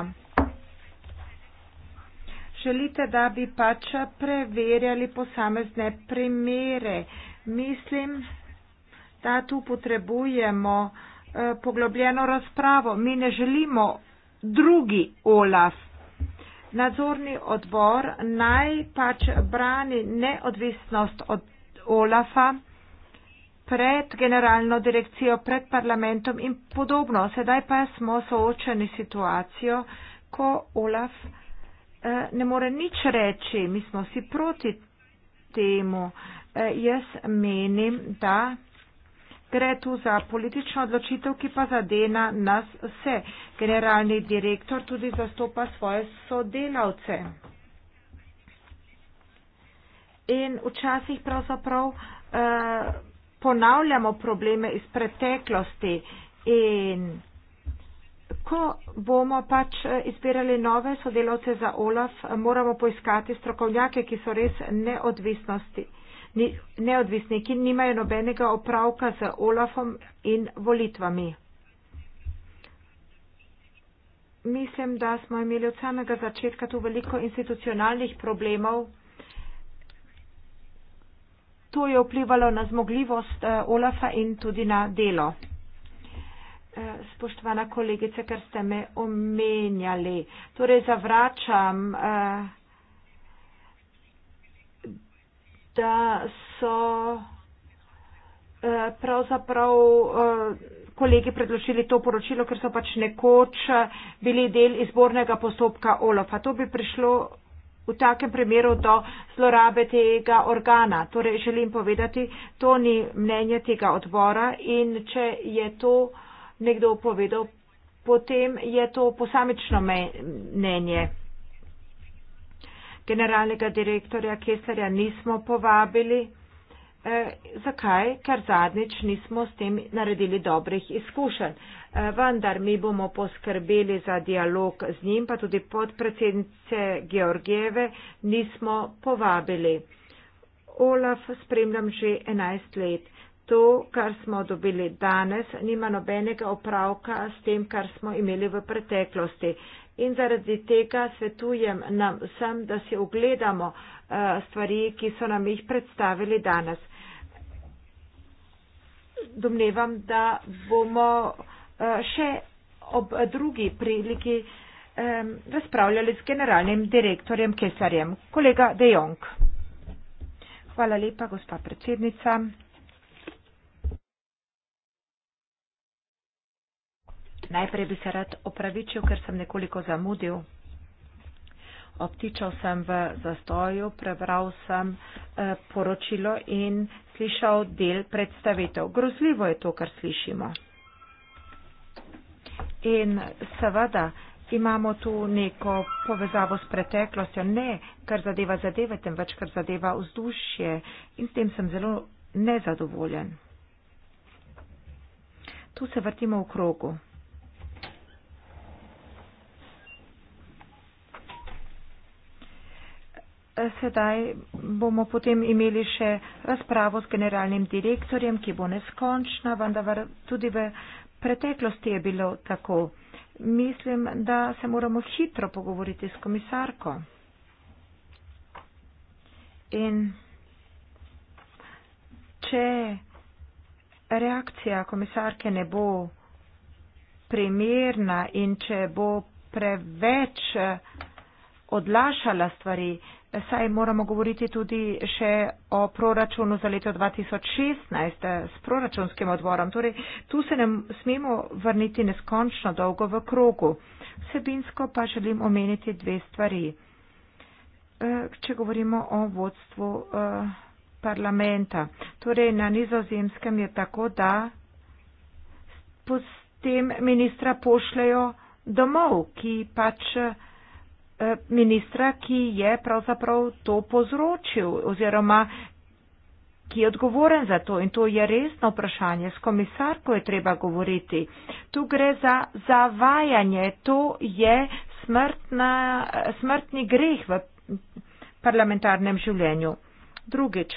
Želite, da bi pač preverjali posamezne primere. Mislim, da tu potrebujemo eh, poglobljeno razpravo. Mi ne želimo drugi OLAF. Nadzorni odbor naj pač brani neodvisnost od OLAFA pred generalno direkcijo, pred parlamentom in podobno. Sedaj pa smo soočeni s situacijo, ko Olaf eh, ne more nič reči. Mi smo vsi proti temu. Eh, jaz menim, da gre tu za politično odločitev, ki pa zadena nas vse. Generalni direktor tudi zastopa svoje sodelavce. In včasih pravzaprav. Eh, ponavljamo probleme iz preteklosti in ko bomo pač eh, izbirali nove sodelavce za OLAF, eh, moramo poiskati strokovnjake, ki so res neodvisnosti, ni, neodvisni, ki nimajo nobenega opravka z OLAFom in volitvami. Mislim, da smo imeli od samega začetka tu veliko institucionalnih problemov. To je vplivalo na zmogljivost eh, Olafa in tudi na delo. Eh, spoštovana kolegica, ker ste me omenjali, torej zavračam, eh, da so pravzaprav kolegi predložili to poročilo, ker so pač nekoč bili del izbornega postopka Olafa. To bi prišlo v takem primeru do zlorabe tega organa. Torej, želim povedati, to ni mnenje tega odbora in če je to nekdo povedal, potem je to posamično mnenje. Generalnega direktorja Kesarja nismo povabili. E, zakaj? Ker zadnjič nismo s tem naredili dobrih izkušenj. Eh, vendar mi bomo poskrbeli za dialog z njim, pa tudi podpredsednice Georgijeve nismo povabili. Olaf spremljam že 11 let. To, kar smo dobili danes, nima nobenega opravka s tem, kar smo imeli v preteklosti. In zaradi tega svetujem nam vsem, da si ogledamo eh, stvari, ki so nam jih predstavili danes. Domnevam, da bomo. Eh, še ob drugi priliki razpravljali s generalnim direktorjem Kesarjem, kolega De Jong. Hvala lepa, gospa predsednica. Najprej bi se rad opravičil, ker sem nekoliko zamudil. Obtičal sem v zastoju, prebral sem eh, poročilo in slišal del predstavitev. Grozljivo je to, kar slišimo. In seveda imamo tu neko povezavo s preteklostjo, ne kar zadeva zadeve, temveč kar zadeva vzdušje in s tem sem zelo nezadovoljen. Tu se vrtimo v krogu. Sedaj bomo potem imeli še razpravo s generalnim direktorjem, ki bo neskončna, vendar tudi v preteklosti je bilo tako. Mislim, da se moramo hitro pogovoriti s komisarko. In če reakcija komisarke ne bo primerna in če bo preveč eh, odlašala stvari, Saj moramo govoriti tudi še o proračunu za leto 2016 eh, s proračunskim odborom. Torej, tu se ne smemo vrniti neskončno dolgo v krogu. Vsebinsko pa želim omeniti dve stvari. Eh, če govorimo o vodstvu eh, parlamenta. Torej, na nizozemskem je tako, da s tem ministra pošljajo domov, ki pač Eh, ministra, ki je pravzaprav to povzročil oziroma ki je odgovoren za to in to je resno vprašanje. S komisarko je treba govoriti. Tu gre za zavajanje, to je smrtna, eh, smrtni greh v parlamentarnem življenju. Drugič,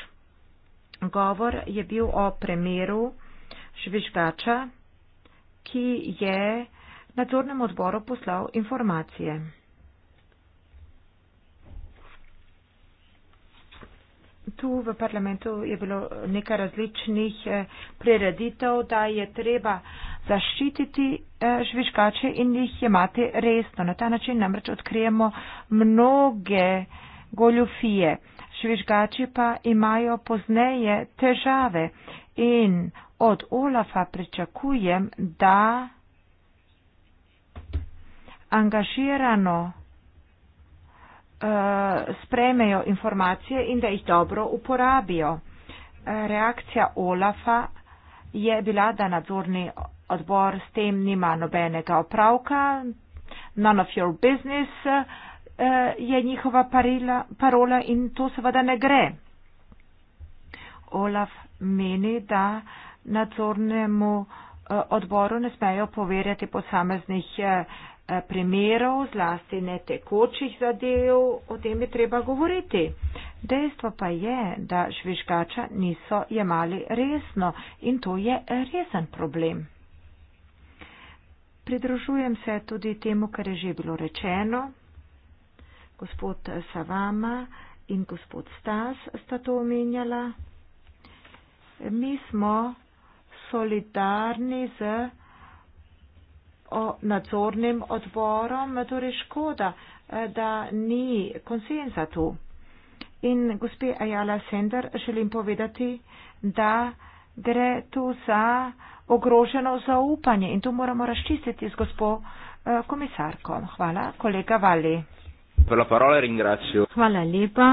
govor je bil o premjeru žvižgača, ki je nadzornemu odboru poslal informacije. tu v parlamentu je bilo nekaj različnih eh, prereditev, da je treba zaščititi eh, žvižgače in jih imate resno. Na ta način namreč odkrijemo mnoge goljufije. Žvižgači pa imajo pozneje težave in od Olafa pričakujem, da angažirano Eh, sprejmejo informacije in da jih dobro uporabijo. Reakcija Olafa je bila, da nadzorni odbor s tem nima nobenega opravka, none of your business eh, je njihova parila, parola in to seveda ne gre. Olaf meni, da nadzornemu eh, odboru ne smejo poverjati posameznih Eh, primerov, zlasti ne tekočih zadev, o tem je treba govoriti. Dejstvo pa je, da žvižgača niso jemali resno in to je resen problem. Pridružujem se tudi temu, kar je že bilo rečeno. Gospod Savama in gospod Stas sta to omenjala. Mi smo solidarni z o nadzornim odborom, torej škoda, eh, da ni konsenza tu. In gospe Ajala Sender, želim povedati, da gre tu za ogroženo zaupanje in to moramo razčistiti z gospo eh, komisarko. Hvala, kolega Vali. Hvala lepa.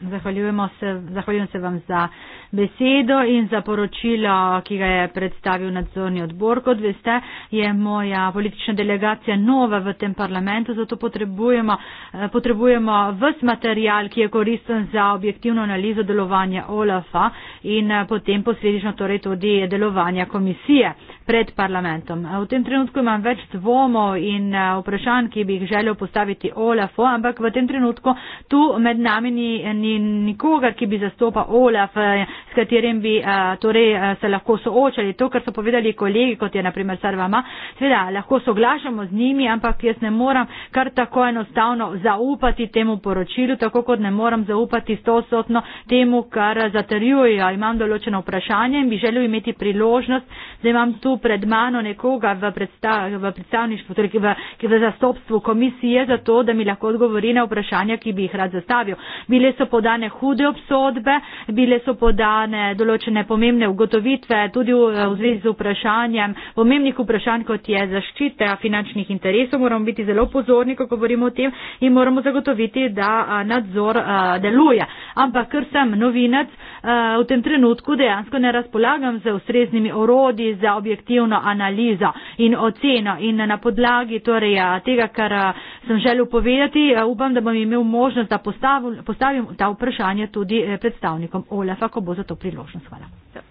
Zahvaljujemo se, zahvaljujem se vam za besedo in za poročilo, ki ga je predstavil nadzorni odbor. Kot veste, je moja politična delegacija nova v tem parlamentu, zato potrebujemo, eh, potrebujemo vs material, ki je koristen za objektivno analizo delovanja OLAF-a in eh, potem posledično torej tudi delovanja komisije pred parlamentom. V tem trenutku imam več dvomov in eh, vprašanj, ki bi jih želel postaviti Olafu, ampak v tem trenutku tu med nami ni, ni nikoga, ki bi zastopa Olaf, eh, s katerim bi eh, torej, se lahko soočali. To, kar so povedali kolegi, kot je naprimer Sarvama, seveda lahko soglašamo z njimi, ampak jaz ne moram kar tako enostavno zaupati temu poročilu, tako kot ne moram zaupati stosotno temu, kar zaterjujejo. Imam določeno vprašanje in bi želel imeti priložnost, da imam tu pred mano nekoga v, predstav, v predstavništvu, torej v, v zastopstvu komisije, zato da mi lahko odgovori na vprašanja, ki bi jih rad zastavil. Bile so podane hude obsodbe, bile so podane določene pomembne ugotovitve, tudi v, v zvezi z vprašanjem, pomembnih vprašanj, kot je zaščita finančnih interesov. Moramo biti zelo pozorni, ko govorimo o tem in moramo zagotoviti, da a, nadzor a, deluje. Ampak, ker sem novinec, a, v tem trenutku dejansko ne razpolagam z ustreznimi orodji za objektivnost objektivno analizo in oceno. In na podlagi torej, tega, kar sem želel povedati, upam, da bom imel možnost, da postavim, postavim ta vprašanja tudi eh, predstavnikom OLAF-a, ko bo za to priložnost. Hvala. Ja.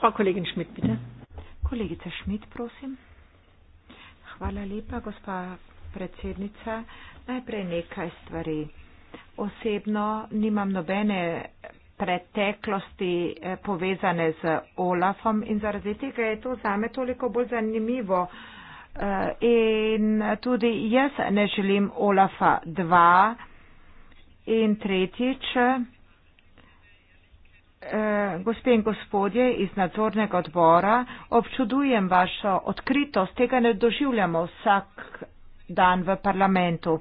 Frau Kollegin Schmidt, bitte. Kolegica Schmidt, prosim. Hvala lepa, gospa predsednica. Najprej nekaj stvari. Osebno nimam nobene preteklosti eh, povezane z Olafom in zaradi tega je to zame toliko bolj zanimivo. Eh, in tudi jaz ne želim Olafa 2 in tretjič. Eh, gospe in gospodje iz nadzornega odbora, občudujem vašo odkritost, tega ne doživljamo vsak dan v parlamentu.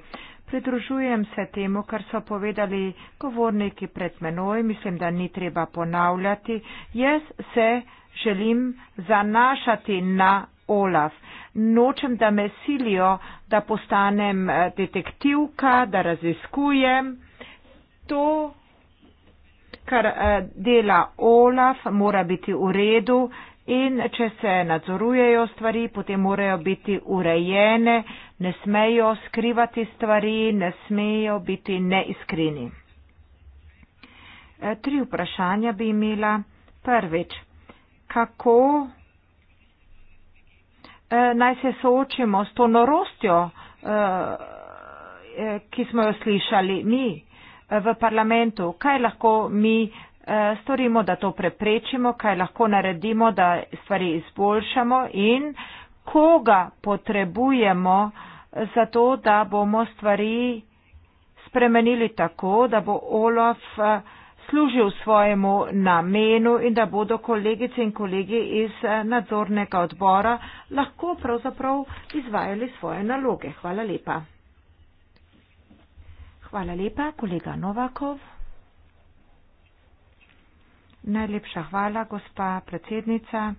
Pridružujem se temu, kar so povedali govorniki pred menoj, mislim, da ni treba ponavljati. Jaz se želim zanašati na Olaf. Nočem, da me silijo, da postanem eh, detektivka, da raziskujem. To, kar eh, dela Olaf, mora biti v redu, In če se nadzorujejo stvari, potem morajo biti urejene, ne smejo skrivati stvari, ne smejo biti neiskreni. E, tri vprašanja bi imela. Prvič, kako e, naj se soočimo s to norostjo, e, ki smo jo slišali mi v parlamentu? Kaj lahko mi Eh, storimo, da to preprečimo, kaj lahko naredimo, da stvari izboljšamo in koga potrebujemo za to, da bomo stvari spremenili tako, da bo Olaf eh, služil svojemu namenu in da bodo kolegice in kolegi iz eh, nadzornega odbora lahko pravzaprav izvajali svoje naloge. Hvala lepa. Hvala lepa, kolega Novakov. Najlepša hvala, gospa predsednica.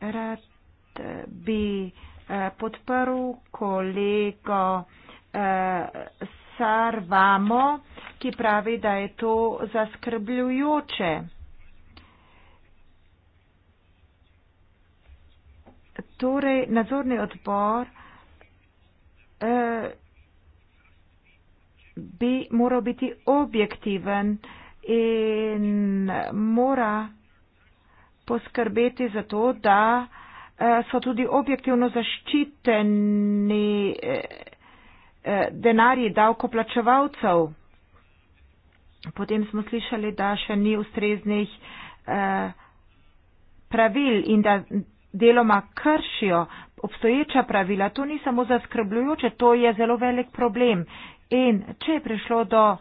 Rad eh, bi eh, podprl kolego eh, Sarvamo, ki pravi, da je to zaskrbljujoče. Torej, nadzorni odbor bi moral biti objektiven in mora poskrbeti za to, da eh, so tudi objektivno zaščiteni eh, eh, denarji davkoplačevalcev. Potem smo slišali, da še ni ustreznih pravil in da deloma kršijo obstoječa pravila. To ni samo zaskrbljujoče, to je zelo velik problem. In če je prišlo do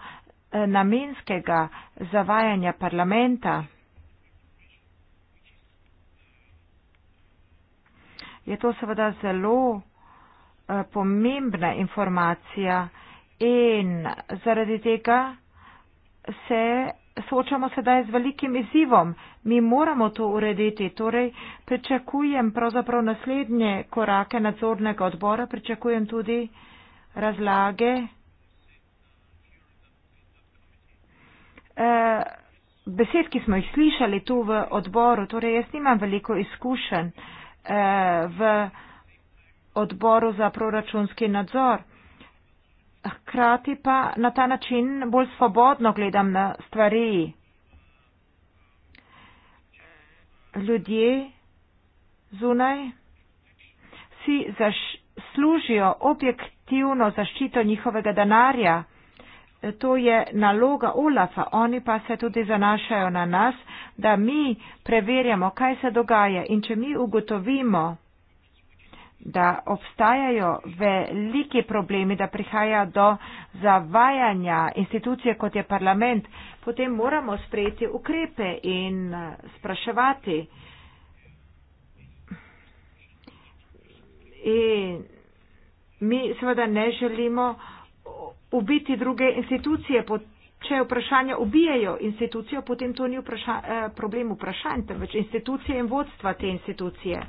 Eh, namenskega zavajanja parlamenta, je to seveda zelo eh, pomembna informacija in zaradi tega se soočamo sedaj z velikim izzivom. Mi moramo to urediti, torej pričakujem pravzaprav naslednje korake nadzornega odbora, pričakujem tudi razlage. eh, besed, ki smo jih slišali tu v odboru, torej jaz nimam veliko izkušenj eh, v odboru za proračunski nadzor. Hkrati pa na ta način bolj svobodno gledam na stvari. Ljudje zunaj si zaslužijo objektivno zaščito njihovega denarja to je naloga Olafa, oni pa se tudi zanašajo na nas, da mi preverjamo, kaj se dogaja in če mi ugotovimo, da obstajajo veliki problemi, da prihaja do zavajanja institucije, kot je parlament, potem moramo sprejeti ukrepe in eh, spraševati. In mi seveda ne želimo uh, ubiti druge institucije, če vprašanja ubijajo institucijo, potem to ni vpraša, eh, problem vprašanj, temveč institucije in vodstva te institucije.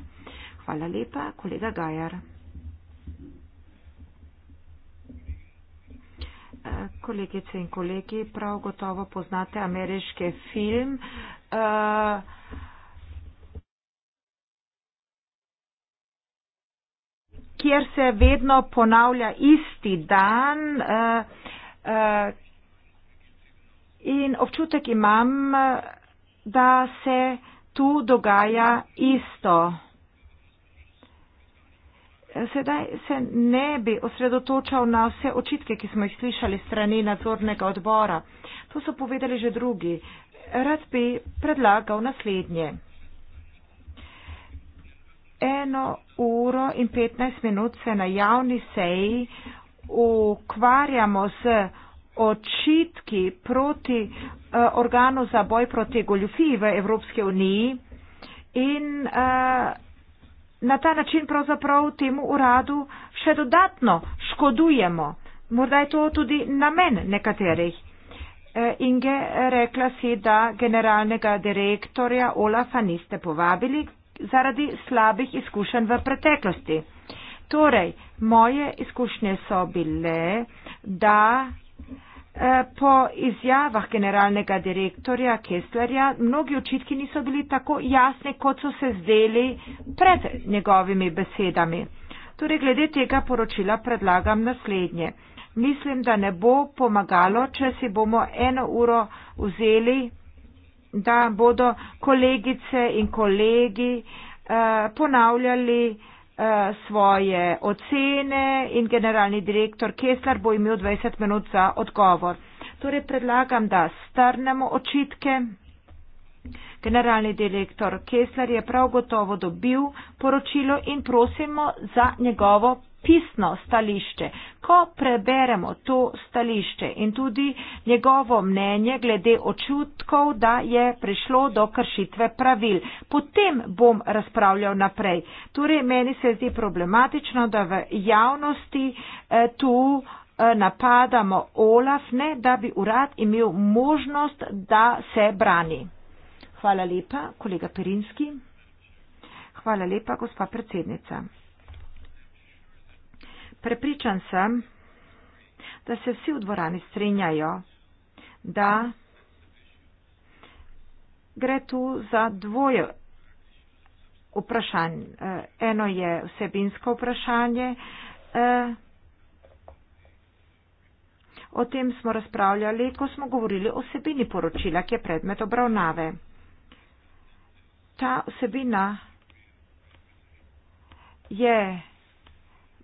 Hvala lepa, kolega Gajar. Eh, kolegice in kolegi, prav gotovo poznate ameriški film. Uh, kjer se vedno ponavlja isti dan. Eh, eh, in občutek imam, da se tu dogaja isto. Sedaj se ne bi osredotočal na vse očitke, ki smo jih slišali strani nadzornega odbora. To so povedali že drugi. Rad bi predlagal naslednje eno uro in 15 minut se na javni seji ukvarjamo z očitki proti eh, organu za boj proti goljufiji v Evropske uniji in eh, na ta način pravzaprav temu uradu še dodatno škodujemo. Morda je to tudi namen nekaterih. Eh, Inge, rekla si, da generalnega direktorja Olafa niste povabili zaradi slabih izkušenj v preteklosti. Torej, moje izkušnje so bile, da eh, po izjavah generalnega direktorja Kesslerja mnogi očitki niso bili tako jasni, kot so se zdeli pred njegovimi besedami. Torej, glede tega poročila predlagam naslednje. Mislim, da ne bo pomagalo, če si bomo eno uro vzeli da bodo kolegice in kolegi eh, ponavljali eh, svoje ocene in generalni direktor Kesler bo imel 20 minut za odgovor. Torej predlagam, da strnemo očitke. Generalni direktor Kesler je prav gotovo dobil poročilo in prosimo za njegovo pisno stališče. Ko preberemo to stališče in tudi njegovo mnenje glede očutkov, da je prišlo do kršitve pravil, potem bom razpravljal naprej. Torej, meni se zdi problematično, da v javnosti eh, tu eh, napadamo Olaf, ne da bi urad imel možnost, da se brani. Hvala lepa, kolega Perinski. Hvala lepa, gospa predsednica. Prepričan sem, da se vsi v dvorani strinjajo, da gre tu za dvoje vprašanj. Eh, eno je vsebinsko vprašanje. Eh, o tem smo razpravljali, ko smo govorili o vsebini poročila, ki je predmet obravnave. Ta vsebina je. Yeah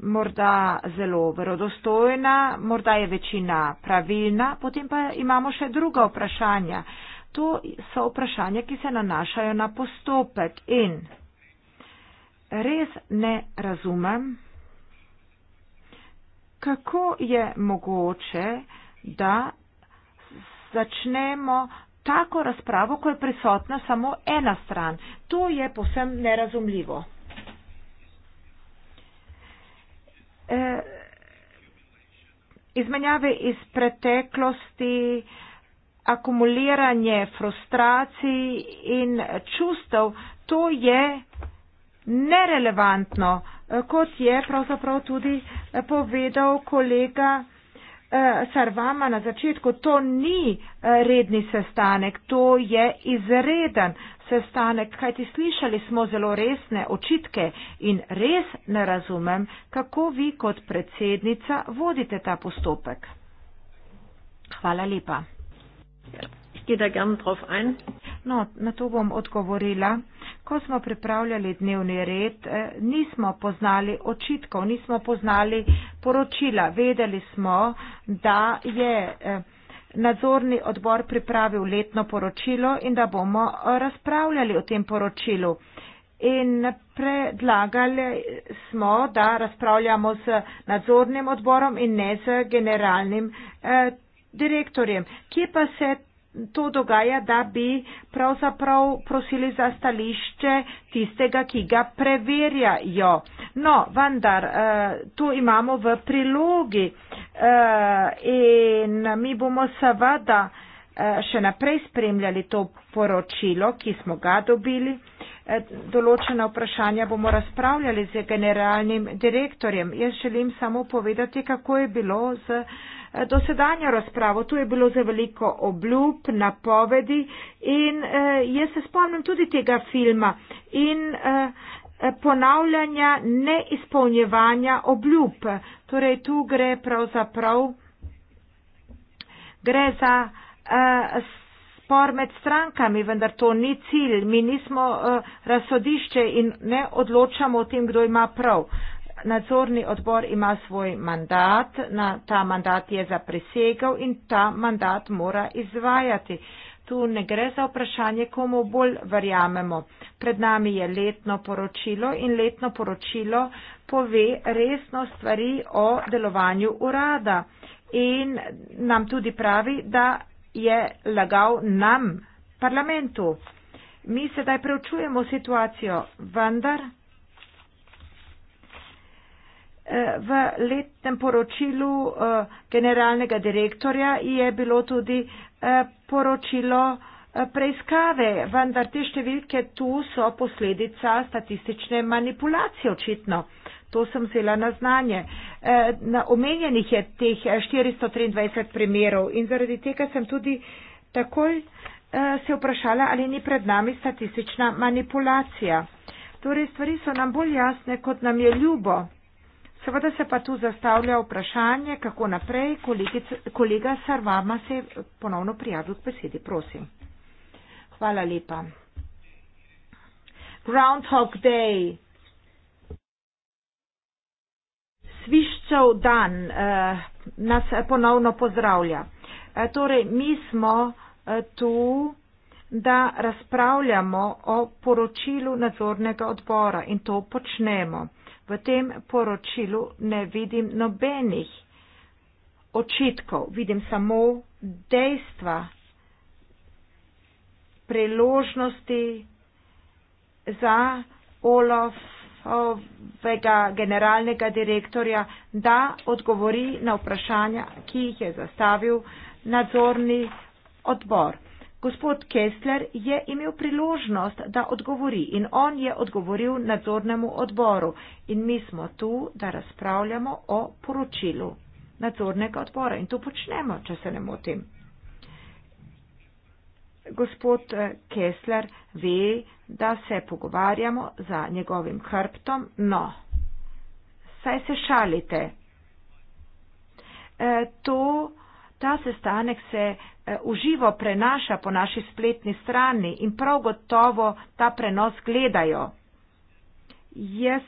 morda zelo verodostojna, morda je večina pravilna, potem pa imamo še druga vprašanja. To so vprašanja, ki se nanašajo na postopek in res ne razumem, kako je mogoče, da začnemo tako razpravo, ko je prisotna samo ena stran. To je posem nerazumljivo. Eh, izmenjave iz preteklosti, akumuliranje frustracij in čustev, to je nerelevantno, eh, kot je pravzaprav tudi eh, povedal kolega Sarvama na začetku. To ni redni sestanek, to je izreden sestanek, kajti slišali smo zelo resne očitke in res ne razumem, kako vi kot predsednica vodite ta postopek. Hvala lepa. No, na to bom odgovorila. Ko smo pripravljali dnevni red, eh, nismo poznali očitkov, nismo poznali poročila. Vedeli smo, da je. Eh, nadzorni odbor pripravil letno poročilo in da bomo razpravljali o tem poročilu. In predlagali smo, da razpravljamo z nadzornim odborom in ne z generalnim eh, direktorjem. Kje pa se to dogaja, da bi pravzaprav prosili za stališče tistega, ki ga preverjajo. No, vendar, eh, to imamo v prilogi eh, in mi bomo seveda eh, še naprej spremljali to poročilo, ki smo ga dobili. Določena vprašanja bomo razpravljali z generalnim direktorjem. Jaz želim samo povedati, kako je bilo z. Eh, dosedanjo razpravo. Tu je bilo zelo veliko obljub, napovedi in eh, jaz se spomnim tudi tega filma in eh, ponavljanja neizpolnjevanja obljub. Torej, tu gre pravzaprav gre za eh, spor med strankami, vendar to ni cilj. Mi nismo eh, razsodišče in ne odločamo o tem, kdo ima prav. Eh, nadzorni odbor ima svoj mandat, na ta mandat je zaprisegal in ta mandat mora izvajati. Tu ne gre za vprašanje, komu bolj verjamemo. Pred nami je letno poročilo in letno poročilo pove resno stvari o delovanju urada in nam tudi pravi, da je lagal nam parlamentu. Mi sedaj preučujemo situacijo, vendar v letnem poročilu eh, generalnega direktorja je bilo tudi eh, poročilo eh, preiskave, vendar te številke tu so posledica statistične manipulacije očitno. To sem vzela na znanje. Na omenjenih je teh 423 primerov in zaradi tega sem tudi takoj se vprašala, ali ni pred nami statistična manipulacija. Torej, stvari so nam bolj jasne, kot nam je ljubo. Seveda se pa tu zastavlja vprašanje, kako naprej. Kolegic, kolega Sarvama se je ponovno prijavil k besedi, prosim. Hvala lepa. Groundhog Day. Sviščev dan eh, nas ponovno pozdravlja. Eh, torej, mi smo eh, tu, da razpravljamo o poročilu nadzornega odbora in to počnemo v tem poročilu ne vidim nobenih očitkov, vidim samo dejstva, priložnosti za Olofovega generalnega direktorja, da odgovori na vprašanja, ki jih je zastavil nadzorni odbor. Gospod Kessler je imel priložnost, da odgovori in on je odgovoril nadzornemu odboru in mi smo tu, da razpravljamo o poročilu nadzornega odbora in to počnemo, če se ne motim. Gospod eh, Kessler ve, da se pogovarjamo za njegovim hrbtom, no, saj se šalite. E, to ta sestanek se uživo eh, prenaša po naši spletni strani in prav gotovo ta prenos gledajo. Jaz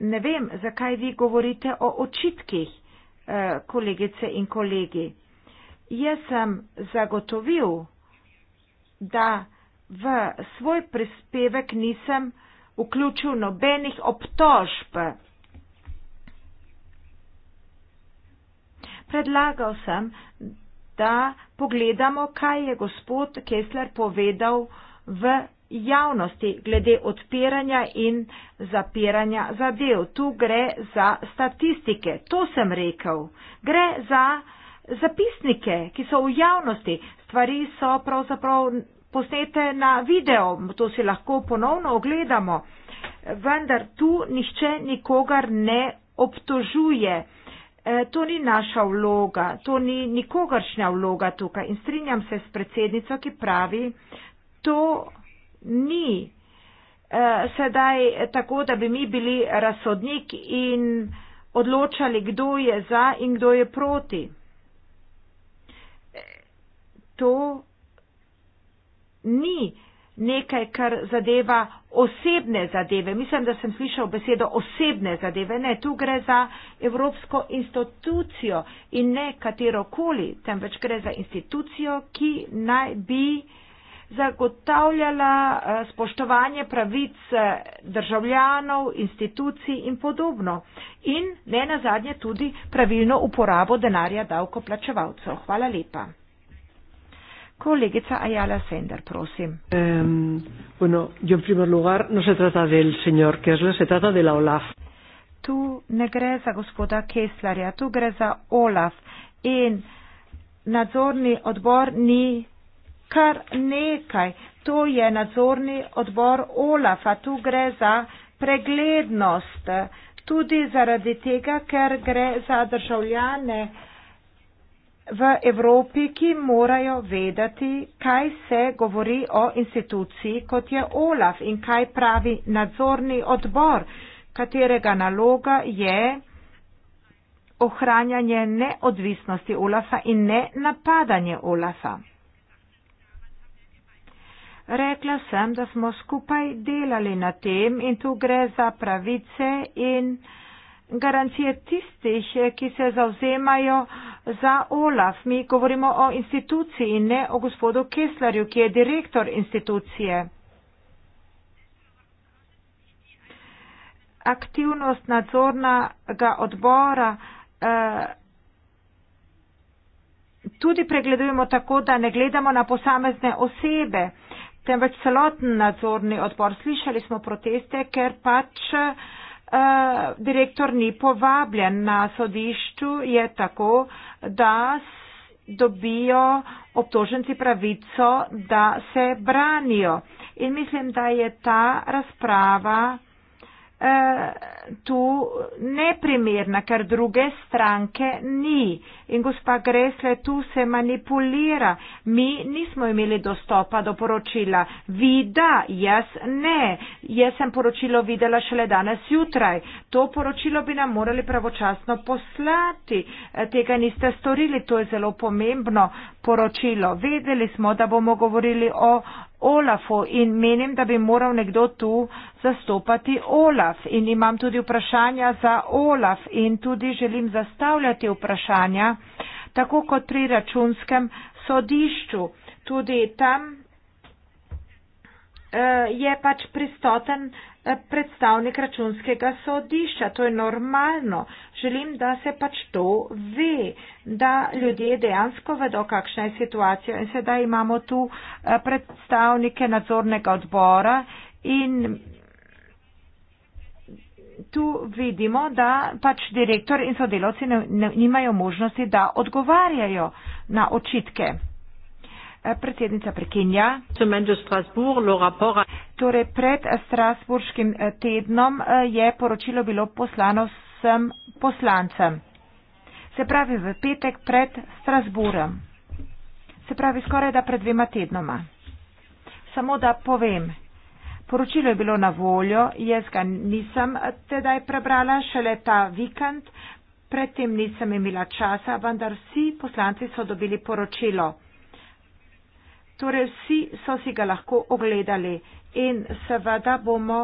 ne vem, zakaj vi govorite o očitkih, eh, kolegice in kolegi. Jaz sem zagotovil, da v svoj prispevek nisem vključil nobenih obtožb. predlagal sem, da pogledamo, kaj je gospod Kessler povedal v javnosti glede odpiranja in zapiranja zadev. Tu gre za statistike, to sem rekel. Gre za zapisnike, ki so v javnosti. Stvari so pravzaprav posnete na video, to si lahko ponovno ogledamo. Vendar tu nihče nikogar ne obtožuje. Eh, to ni naša vloga, to ni nikogaršnja vloga tukaj. In strinjam se s predsednico, ki pravi, to ni eh, sedaj tako, da bi mi bili razsodnik in odločali, kdo je za in kdo je proti. Eh, to ni eh, nekaj, kar zadeva osebne zadeve. Mislim, da sem slišal besedo osebne zadeve. Ne, tu gre za evropsko institucijo in ne katerokoli, temveč gre za institucijo, ki naj bi zagotavljala eh, spoštovanje pravic eh, državljanov, institucij in podobno. In ne na zadnje tudi pravilno uporabo denarja davkoplačevalcev. Hvala lepa. Colegica Ayala Sender, prosim. Um, bueno, yo en primer lugar no se trata del señor Kessler, se trata de la OLAF. Tu ne gre za gospoda Kesslerja, tu gre za OLAF. In nadzorni odbor ni kar nekaj. To je nadzorni odbor OLAF, a tu gre za preglednost. Tudi zaradi tega, ker gre za državljane v Evropi, ki morajo vedeti, kaj se govori o instituciji, kot je OLAF in kaj pravi nadzorni odbor, katerega naloga je ohranjanje neodvisnosti OLAFA in ne napadanje OLAFA. Rekla sem, da smo skupaj delali na tem in tu gre za pravice in uh, garancije tistih, eh, ki se zauzemajo za OLAF. Mi govorimo o instituciji in ne o gospodu Keslarju, ki je direktor institucije. Aktivnost nadzornega odbora eh, tudi pregledujemo tako, da ne gledamo na posamezne osebe, temveč celoten nadzorni odbor. Slišali smo proteste, ker pač uh, Eh, direktor ni povabljen na sodišču, je tako, da dobijo obtoženci pravico, da se branijo. In mislim, da je ta razprava tu neprimerna, ker druge stranke ni. In gospa Gresle, tu se manipulira. Mi nismo imeli dostopa do poročila. Vi da, jaz ne. Jaz sem poročilo videla šele danes jutraj. To poročilo bi nam morali pravočasno poslati. E, tega niste storili. To je zelo pomembno poročilo. Vedeli smo, da bomo govorili o Olafu in menim, da bi moral nekdo tu zastopati Olaf in imam tudi vprašanja za Olaf in tudi želim zastavljati vprašanja, tako kot pri računskem sodišču. Tudi tam Eh, je pač pristoten eh, predstavnik računskega sodišča. To je normalno. Želim, da se pač to ve, da ljudje dejansko vedo, kakšna je situacija. In sedaj imamo tu eh, predstavnike nadzornega odbora in tu vidimo, da pač direktor in sodelovci nimajo možnosti, da odgovarjajo na očitke. Eh, predsednica prekinja. Torej, pred Strasburškim eh, tednom eh, je poročilo bilo poslano vsem poslancem. Se pravi, v petek pred Strasburem. Se pravi, skoraj da pred dvema tednoma. Samo da povem. Poročilo je bilo na voljo, jaz ga nisem tedaj prebrala, šele ta vikend, predtem nisem imela časa, vendar vsi poslanci so dobili poročilo. Torej, vsi so si ga lahko ogledali in seveda bomo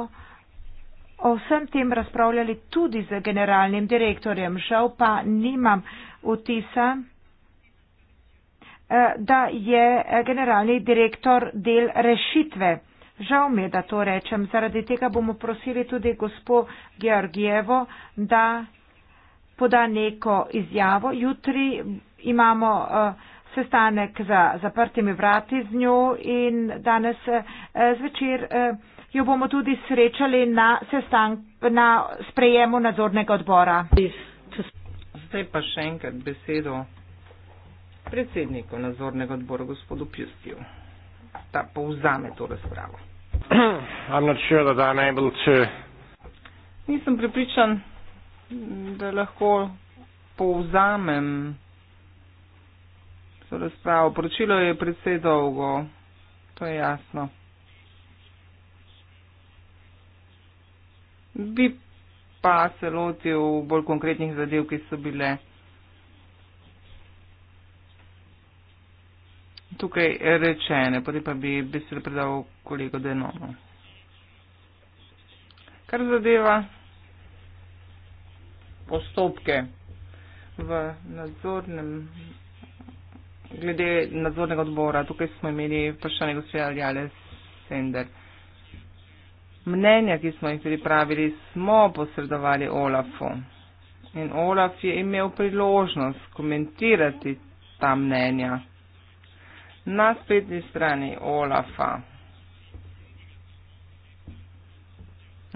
o vsem tem razpravljali tudi z generalnim direktorjem. Žal pa nimam vtisa, eh, da je eh, generalni direktor del rešitve. Žal mi je, da to rečem. Zaradi tega bomo prosili tudi gospod Georgijevo, da poda neko izjavo. Jutri imamo. Uh, sestanek za zaprtimi vrati z njo in danes eh, zvečer eh, jo bomo tudi srečali na, sestank, na sprejemu nadzornega odbora. Zdaj pa še enkrat besedo predsedniku nadzornega odbora, gospodu Pjustiju, da povzame to razpravo. Nisem pripričan, da lahko povzamem razpravo. Poročilo je predvsej dolgo, to je jasno. Bi pa se lotil bolj konkretnih zadev, ki so bile. Tukaj je rečene, potem pa bi besedo predal kolego Denomu. Kar zadeva postopke v nadzornem glede nadzornega odbora, tukaj smo imeli vprašanje gospoda Aljale Sender. Mnenja, ki smo jih pripravili, smo posredovali Olafu. In Olaf je imel priložnost komentirati ta mnenja. Na spletni strani Olafa.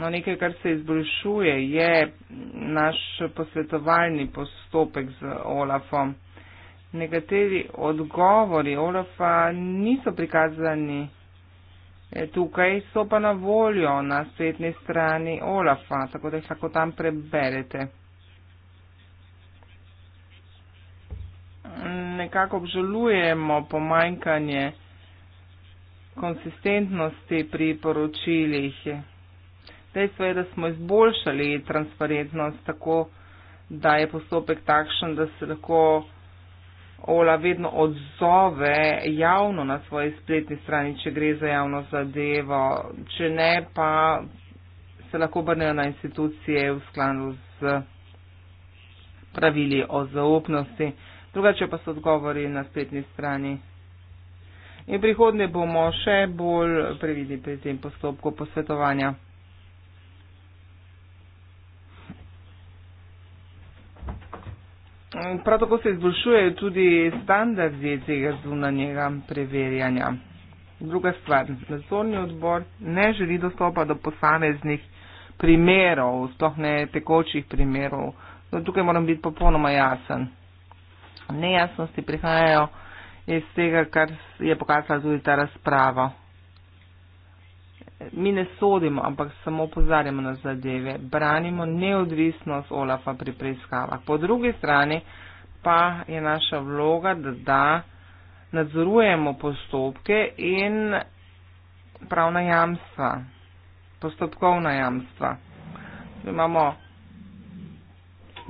No, nekaj, kar se izboljšuje, je naš posvetovalni postopek z Olafom nekateri odgovori Olafa niso prikazani e, tukaj, so pa na voljo na spletni strani Olafa, tako da jih lahko tam preberete. Nekako obžalujemo pomanjkanje konsistentnosti pri poročilih. Dejstvo je, da smo izboljšali transparentnost tako, da je postopek takšen, da se lahko Ola vedno odzove javno na svoji spletni strani, če gre za javno zadevo, če ne pa se lahko obrnejo na institucije v skladu z pravili o zaupnosti. Drugače pa so odgovori na spletni strani. In prihodnje bomo še bolj previdni pri tem postopku posvetovanja. Mm, prav tako se izboljšujejo tudi standardi tega zunanjega preverjanja. Druga stvar, nadzorni odbor ne želi dostopa do posameznih primerov, sploh ne tekočih primerov. No, tukaj moram biti popolnoma jasen. Nejasnosti prihajajo iz tega, kar je pokazala tudi ta razprava mi ne sodimo, ampak samo opozarjamo na zadeve, branimo neodvisnost Olafa pri preiskavah. Po drugi strani pa je naša vloga, da, da nadzorujemo postopke in pravna jamstva, postopkovna jamstva. Imamo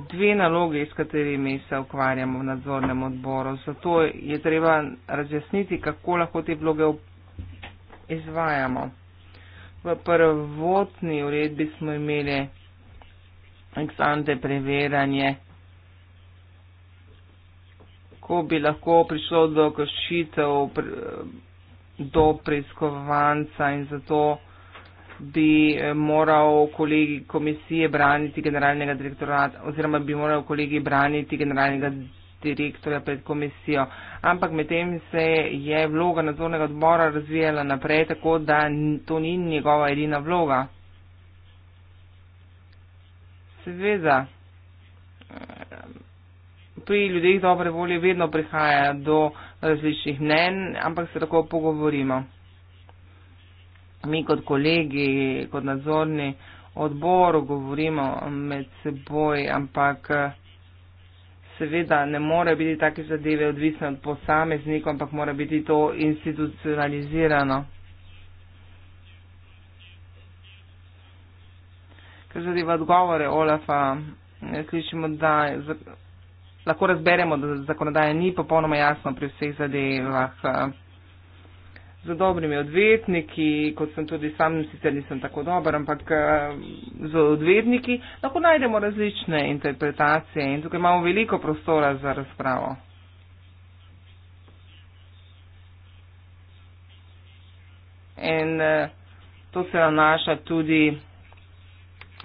dve nalogi, s katerimi se ukvarjamo v nadzornem odboru. Zato je treba razjasniti, kako lahko te vloge izvajamo v prvotni uredbi smo imeli eksante preverjanje, ko bi lahko prišlo do kršitev do preiskovanca in zato bi eh, moral kolegi komisije braniti generalnega direktorata oziroma bi moral kolegi braniti generalnega direktorja pred komisijo ampak medtem se je vloga nadzornega odbora razvijala naprej, tako da to ni njegova edina vloga. Seveda, eh, pri ljudeh dobre volje vedno prihaja do različnih mnen, ampak se tako pogovorimo. Mi kot kolegi, kot nadzorni odbor govorimo med seboj, ampak. Eh, seveda ne more biti take zadeve odvisne od posameznika, ampak mora biti to institucionalizirano. Kar zadeva odgovore Olafa, slišimo, da lahko razberemo, da zakonodaja ni popolnoma jasna pri vseh zadevah z dobrimi odvetniki, kot sem tudi sam, sicer nisem tako dober, ampak eh, z odvetniki lahko najdemo različne interpretacije in tukaj imamo veliko prostora za razpravo. In eh, to se nanaša tudi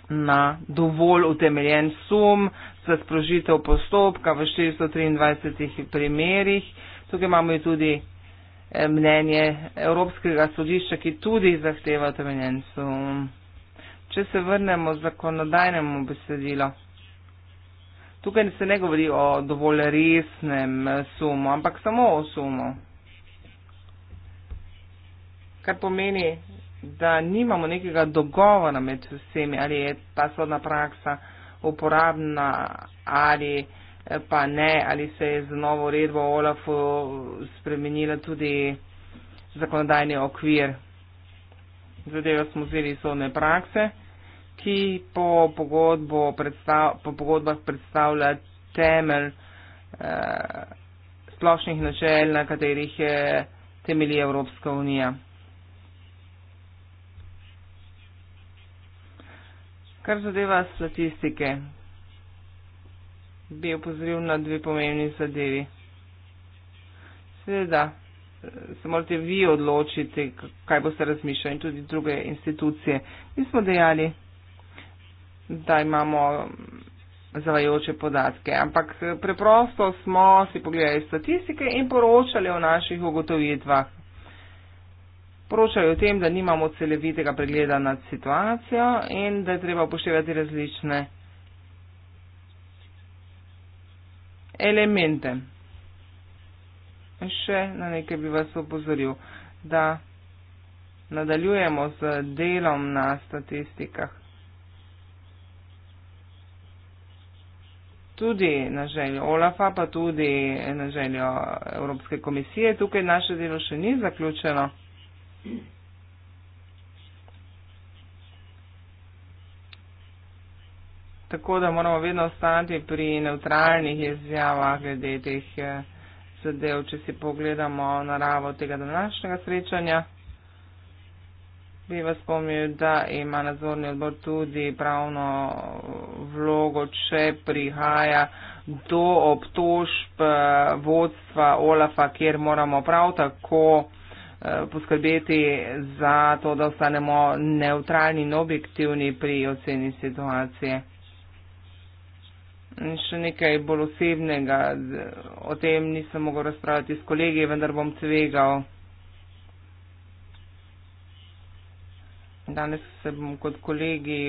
na dovolj utemeljen sum za sprožitev postopka v 423 primerih. Tukaj imamo tudi mnenje Evropskega sodišča, ki tudi zahteva temeljen sum. Če se vrnemo zakonodajnemu besedilo, tukaj se ne govori o dovolj resnem sumu, ampak samo o sumu. Kar pomeni, da nimamo nekega dogovora med vsemi, ali je ta sodna praksa uporabna ali pa ne, ali se je z novo redbo OLAF-u spremenila tudi zakonodajni okvir. Zadeva smo vzeli sodne prakse, ki po, predstav, po pogodbah predstavlja temelj eh, splošnih načel, na katerih je eh, temelji Evropska unija. Kar zadeva statistike, bi opozoril na dve pomembni zadevi. Seveda, se morate vi odločiti, kaj boste razmišljali in tudi druge institucije. Mi smo dejali, da imamo zavajoče podatke, ampak preprosto smo si pogledali statistike in poročali o naših ugotovitvah. Poročali o tem, da nimamo celovitega pregleda nad situacijo in da je treba upoštevati različne. elemente. Še na nekaj bi vas opozoril, da nadaljujemo z delom na statistikah. Tudi na željo OLAF-a, pa tudi na željo Evropske komisije. Tukaj naše delo še ni zaključeno. Tako da moramo vedno ostati pri neutralnih izjavah glede teh eh, zadev, če si pogledamo naravo tega današnjega srečanja. Bi vas spomnil, da ima nadzorni odbor tudi pravno vlogo, če prihaja do obtožb eh, vodstva Olafa, kjer moramo prav tako eh, poskrbeti za to, da ostanemo neutralni in objektivni pri oceni situacije še nekaj bolj osebnega, o tem nisem mogel razpravljati s kolegi, vendar bom tvegal. Danes se bom kot kolegi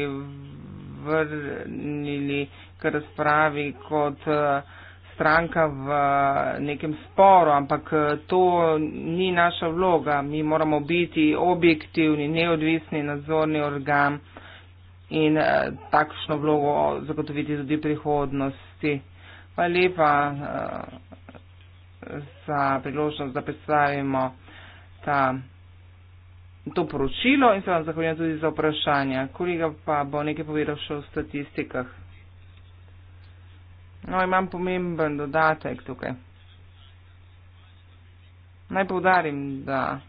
vrnili k razpravi kot eh, stranka v nekem sporu, ampak eh, to ni naša vloga. Mi moramo biti objektivni, neodvisni nadzorni organ in eh, takšno vlogo zagotoviti tudi prihodnosti. Pa lepa eh, za priložnost, da predstavimo ta, to poročilo in se vam zahvaljujem tudi za vprašanja. Kolega pa bo nekaj povedal še o statistikah. No, imam pomemben dodatek tukaj. Naj povdarim, da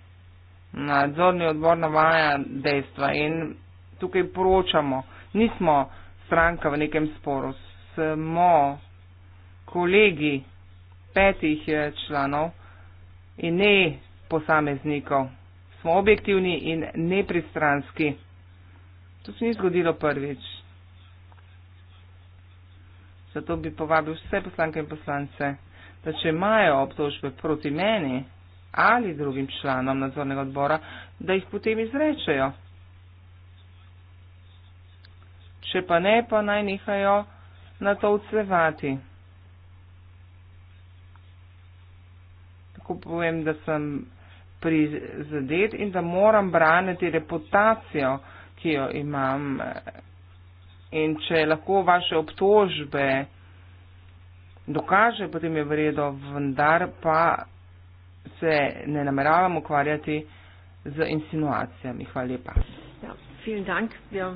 nadzorni odbor navaja dejstva in tukaj poročamo, nismo stranka v nekem sporu, smo kolegi petih eh, članov in ne posameznikov. Smo objektivni in nepristranski. To se ni zgodilo prvič. Zato bi povabil vse poslanke in poslance, da če imajo obtožbe proti meni ali drugim članom nadzornega odbora, da jih potem izrečejo če pa ne, pa naj nehajo na to odsevati. Tako povem, da sem prizadet in da moram braniti reputacijo, ki jo imam. In če lahko vaše obtožbe dokaže, potem je vredo, vendar pa se ne nameravam ukvarjati z insinuacijami. Hvala lepa. Ja,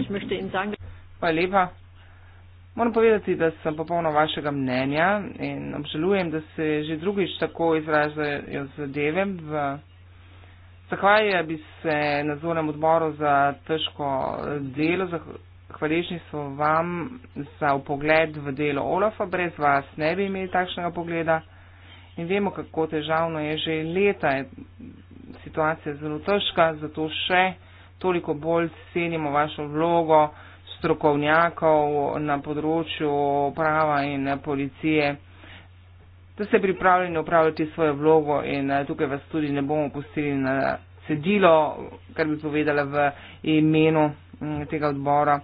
Ich möchte Ihnen sagen, Hvala lepa. Moram povedati, da sem popolno vašega mnenja in obžalujem, da se že drugič tako izražajo zadeve. Zahvaljujem bi se na zornem odboru za težko delo. Hvaležni smo vam za upogled v delo Olafa. Brez vas ne bi imeli takšnega pogleda. In vemo, kako težavno je že leta. Situacija je zelo težka, zato še toliko bolj cenimo vašo vlogo strokovnjakov na področju prava in policije, da ste pripravljeni upravljati svojo vlogo in eh, tukaj vas tudi ne bomo pustili na cedilo, kar bi povedala v imenu mm, tega odbora.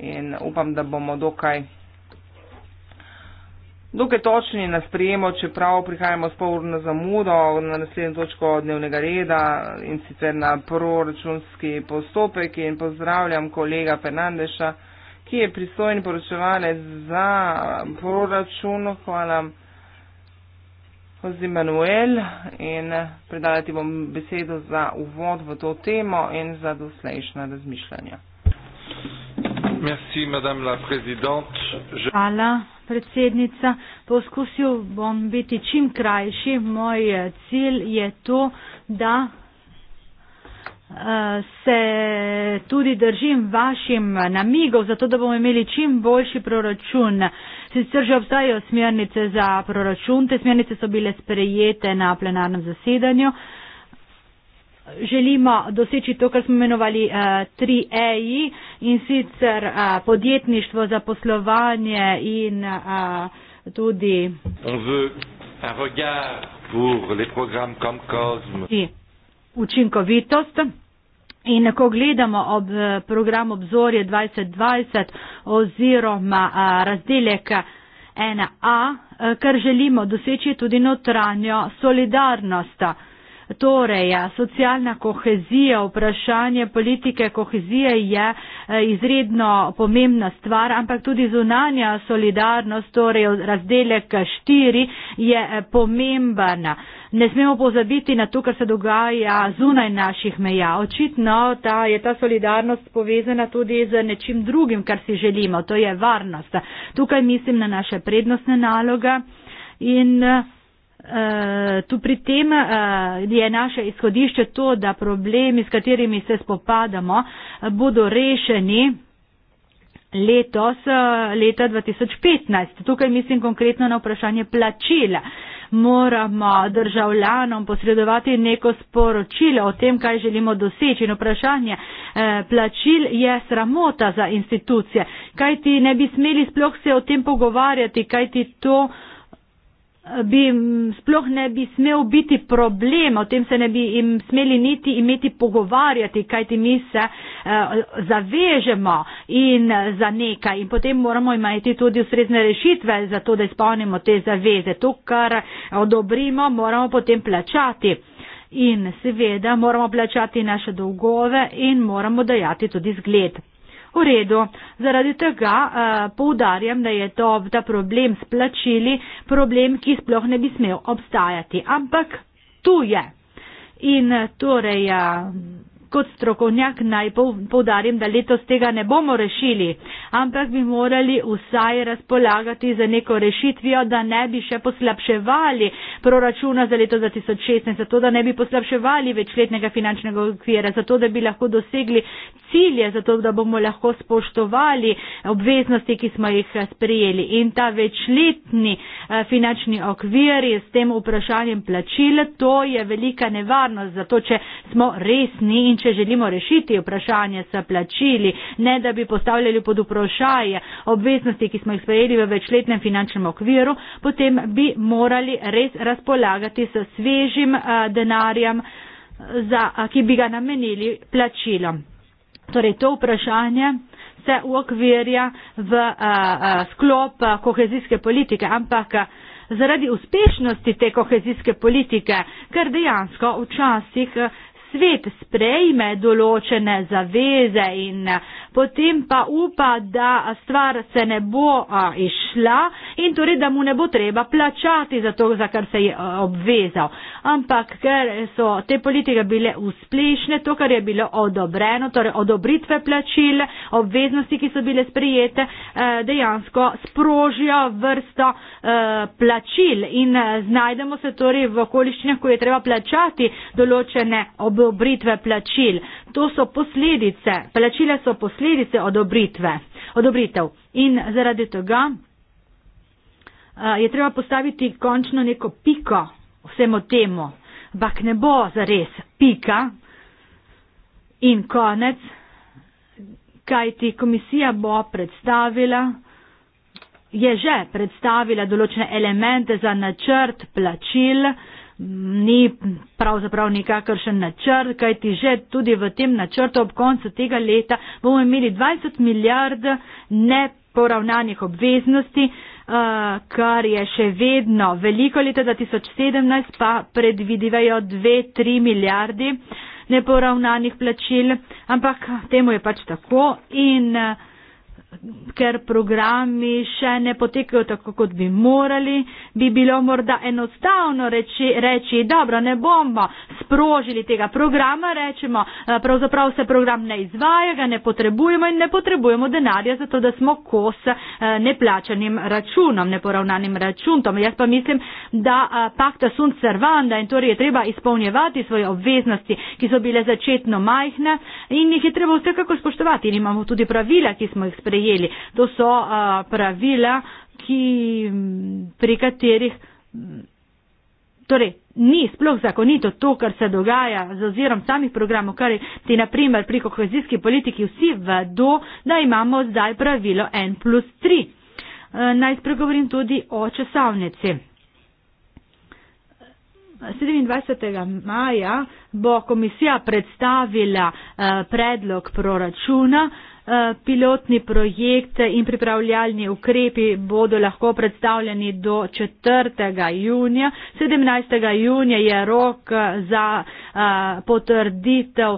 In upam, da bomo dokaj Dokaj točni na sprejemo, čeprav prihajamo s pol urno zamudo na naslednjo točko dnevnega reda in sicer na proračunski postopek in pozdravljam kolega Fernandeša, ki je pristojen poročevalec za proračun. Hvala, Jose Manuel, in predalati bom besedo za uvod v to temo in za doslejšnja razmišljanja. Merci, Hvala, predsednica. Poskusil bom biti čim krajši. Moj eh, cilj je to, da eh, se tudi držim vašim namigov, zato da bomo imeli čim boljši proračun. Sicer že obstajajo smernice za proračun, te smernice so bile sprejete na plenarnem zasedanju želimo doseči to, kar smo imenovali uh, tri EI in sicer uh, podjetništvo, zaposlovanje in uh, tudi. Učinkovitost. In ko gledamo ob program obzorje 2020 oziroma razdelek 1A, kar želimo doseči tudi notranjo solidarnost. Torej, ja, socialna kohezija, vprašanje politike kohezije je eh, izredno pomembna stvar, ampak tudi zunanja solidarnost, torej razdelek eh, štiri je eh, pomemben. Ne smemo pozabiti na to, kar se dogaja zunaj naših meja. Očitno ta, je ta solidarnost povezana tudi z nečim drugim, kar si želimo, to je varnost. Tukaj mislim na naše prednostne naloge in Eh, tu pri tem uh, je naše izhodišče to, da problemi, s katerimi se spopadamo, bodo rešeni letos, eh, leta 2015. Tukaj mislim konkretno na vprašanje plačila. Moramo državljanom posredovati neko sporočilo o tem, kaj želimo doseči. In vprašanje eh, plačil je sramota za institucije. Kaj ti ne bi smeli sploh se o tem pogovarjati, kaj ti to. Eh, bi sploh ne bi smel biti problem, o tem se ne bi jim smeli niti imeti pogovarjati, kajti mi se eh, zavežemo in eh, za nekaj in potem moramo imeti tudi ustrezne rešitve za to, da izpolnimo te zaveze. To, kar odobrimo, moramo potem plačati. In seveda moramo plačati naše dolgove in moramo dajati tudi zgled. V redu, zaradi tega uh, poudarjam, da je to, da problem s plačili, problem, ki sploh ne bi smel obstajati, ampak tu je. In eh, torej. Uh, kot strokovnjak naj povdarim, da letos tega ne bomo rešili, ampak bi morali vsaj razpolagati za neko rešitvijo, da ne bi še poslabševali proračuna za leto 2016, zato da ne bi poslabševali večletnega finančnega okvira, zato da bi lahko dosegli cilje, zato da bomo lahko spoštovali obveznosti, ki smo jih eh, sprejeli. In ta večletni eh, finančni okvir je s tem vprašanjem plačil, to je velika nevarnost, zato če smo resni in če želimo rešiti vprašanje s plačili, ne da bi postavljali pod vprašanje obveznosti, ki smo jih sprejeli v večletnem finančnem okviru, potem bi morali res razpolagati s svežim denarjem, za, ki bi ga namenili plačilom. Torej, to vprašanje se uokvirja v a, a, sklop a, kohezijske politike, ampak zaradi uspešnosti te kohezijske politike, ker dejansko včasih a, svet sprejme določene zaveze in eh, potem pa upa, da stvar se ne bo a, išla in torej, da mu ne bo treba plačati za to, za kar se je a, eh, obvezal. Ampak, ker so te politike bile uspešne, to, kar je bilo odobreno, torej odobritve plačil, obveznosti, ki so bile sprijete, a, eh, dejansko sprožijo vrsto a, plačil in a, znajdemo se torej v okoliščinah, ko je treba plačati določene obveznosti odobritve plačil. To so posledice. Plačile so posledice odobritve, odobritev. In zaradi tega je treba postaviti končno neko piko vsemu temu. Bak ne bo zares pika in konec, kaj ti komisija bo predstavila, je že predstavila določene elemente za načrt plačil ni pravzaprav nikakršen načrt, kajti že tudi v tem načrtu ob koncu tega leta bomo imeli 20 milijard neporavnanih obveznosti, eh, kar je še vedno veliko leta 2017, pa predvidivajo 2-3 milijardi neporavnanih plačil, ampak temu je pač tako in eh, ker programi še ne potekajo tako, kot bi morali, bi bilo morda enostavno reči, reči dobro, ne bomo sprožili tega programa, rečemo, pravzaprav se program ne izvaja, ga ne potrebujemo in ne potrebujemo denarja, zato da smo kos neplačanim računom, neporavnanim računom. Jaz pa mislim, da pakta sunt servanda in torej je treba izpolnjevati svoje obveznosti, ki so bile začetno majhne in jih je treba vsekako spoštovati in imamo tudi pravila, ki smo jih sprejeli sprejeli. To so a, pravila, ki, pri katerih torej, ni sploh zakonito to, kar se dogaja z ozirom samih programov, kar ti naprimer pri kohezijski politiki vsi vedo, da imamo zdaj pravilo N plus 3. E, naj spregovorim tudi o časovnici. 27. maja bo komisija predstavila e, predlog proračuna, Eh, pilotni projekt in pripravljalni ukrepi bodo lahko predstavljeni do 4. junija. 17. junija je rok eh, za eh, potrditev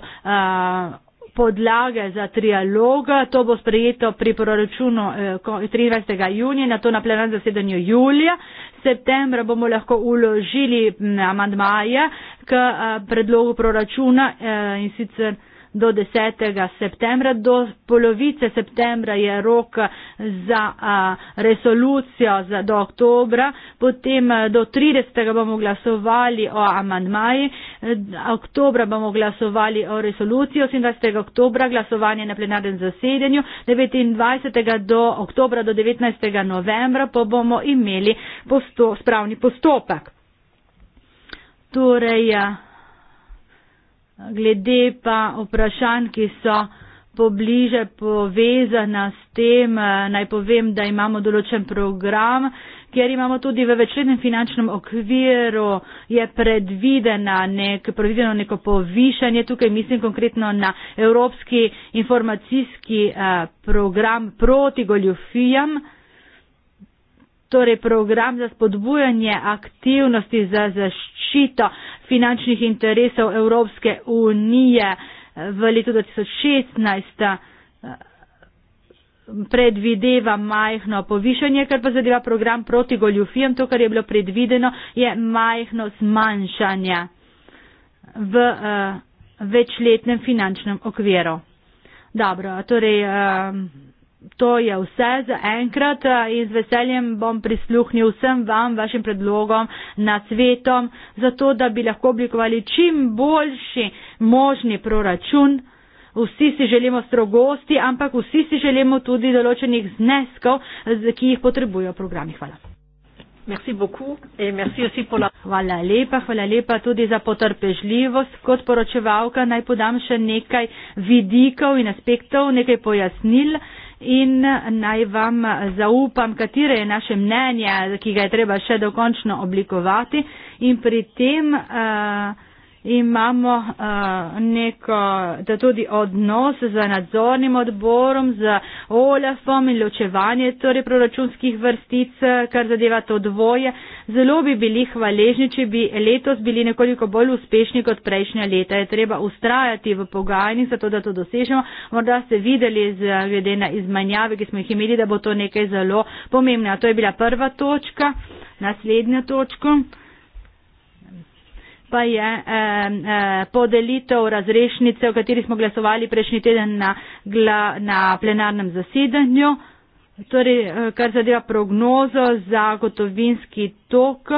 podlage za trialog. To bo sprejeto pri proračunu 23. junija, na to na plenarnem zasedanju julija. Septembra bomo lahko uložili mm, amandmaje k predlogu proračuna in sicer do 10. septembra. Do polovice septembra je rok za resolucijo za do oktobra, potem do 30. bomo glasovali o amandmaji, oktobra bomo glasovali o resoluciji, 28. oktobra glasovanje na plenarnem zasedenju, 29. do oktobra do 19. novembra pa bomo imeli posto, spravni postopek. Torej, glede pa vprašanj, ki so pobliže povezana s tem, eh, naj povem, da imamo določen program, kjer imamo tudi v večletnem finančnem okviru je predvidena nek, predvideno neko povišanje, tukaj mislim konkretno na Evropski informacijski eh, program proti goljufijam torej program za spodbujanje aktivnosti za zaščito finančnih interesov Evropske unije v letu 2016 eh, predvideva majhno povišanje, kar pa zadeva program proti goljufijam, to, kar je bilo predvideno, je majhno zmanjšanje v uh, večletnem finančnem okviru. Dobro, torej, uh, to je vse za enkrat in z veseljem bom prisluhnil vsem vam, vašim predlogom, nasvetom, zato da bi lahko oblikovali čim boljši možni proračun. Vsi si želimo strogosti, ampak vsi si želimo tudi določenih zneskov, ki jih potrebujo programi. Hvala. Hvala lepa, hvala lepa tudi za potrpežljivost. Kot poročevalka naj podam še nekaj vidikov in aspektov, nekaj pojasnil in naj vam zaupam, katere je naše mnenje, ki ga je treba še dokončno oblikovati in pri tem. Uh, imamo uh, neko, da tudi odnos z nadzornim odborom, z OLAF-om in ločevanje torej proračunskih vrstic, eh, kar zadeva to dvoje. Zelo bi bili hvaležni, če bi letos bili nekoliko bolj uspešni kot prejšnja leta. Je treba ustrajati v pogajanjih, zato da to dosežemo. Morda ste videli, z, glede na izmanjave, ki smo jih imeli, da bo to nekaj zelo pomembno. To je bila prva točka. Naslednja točka pa je eh, eh, podelitev razrešnice, o kateri smo glasovali prejšnji teden na, gla, na plenarnem zasedanju. Torej, eh, kar zadeva prognozo za gotovinski tok,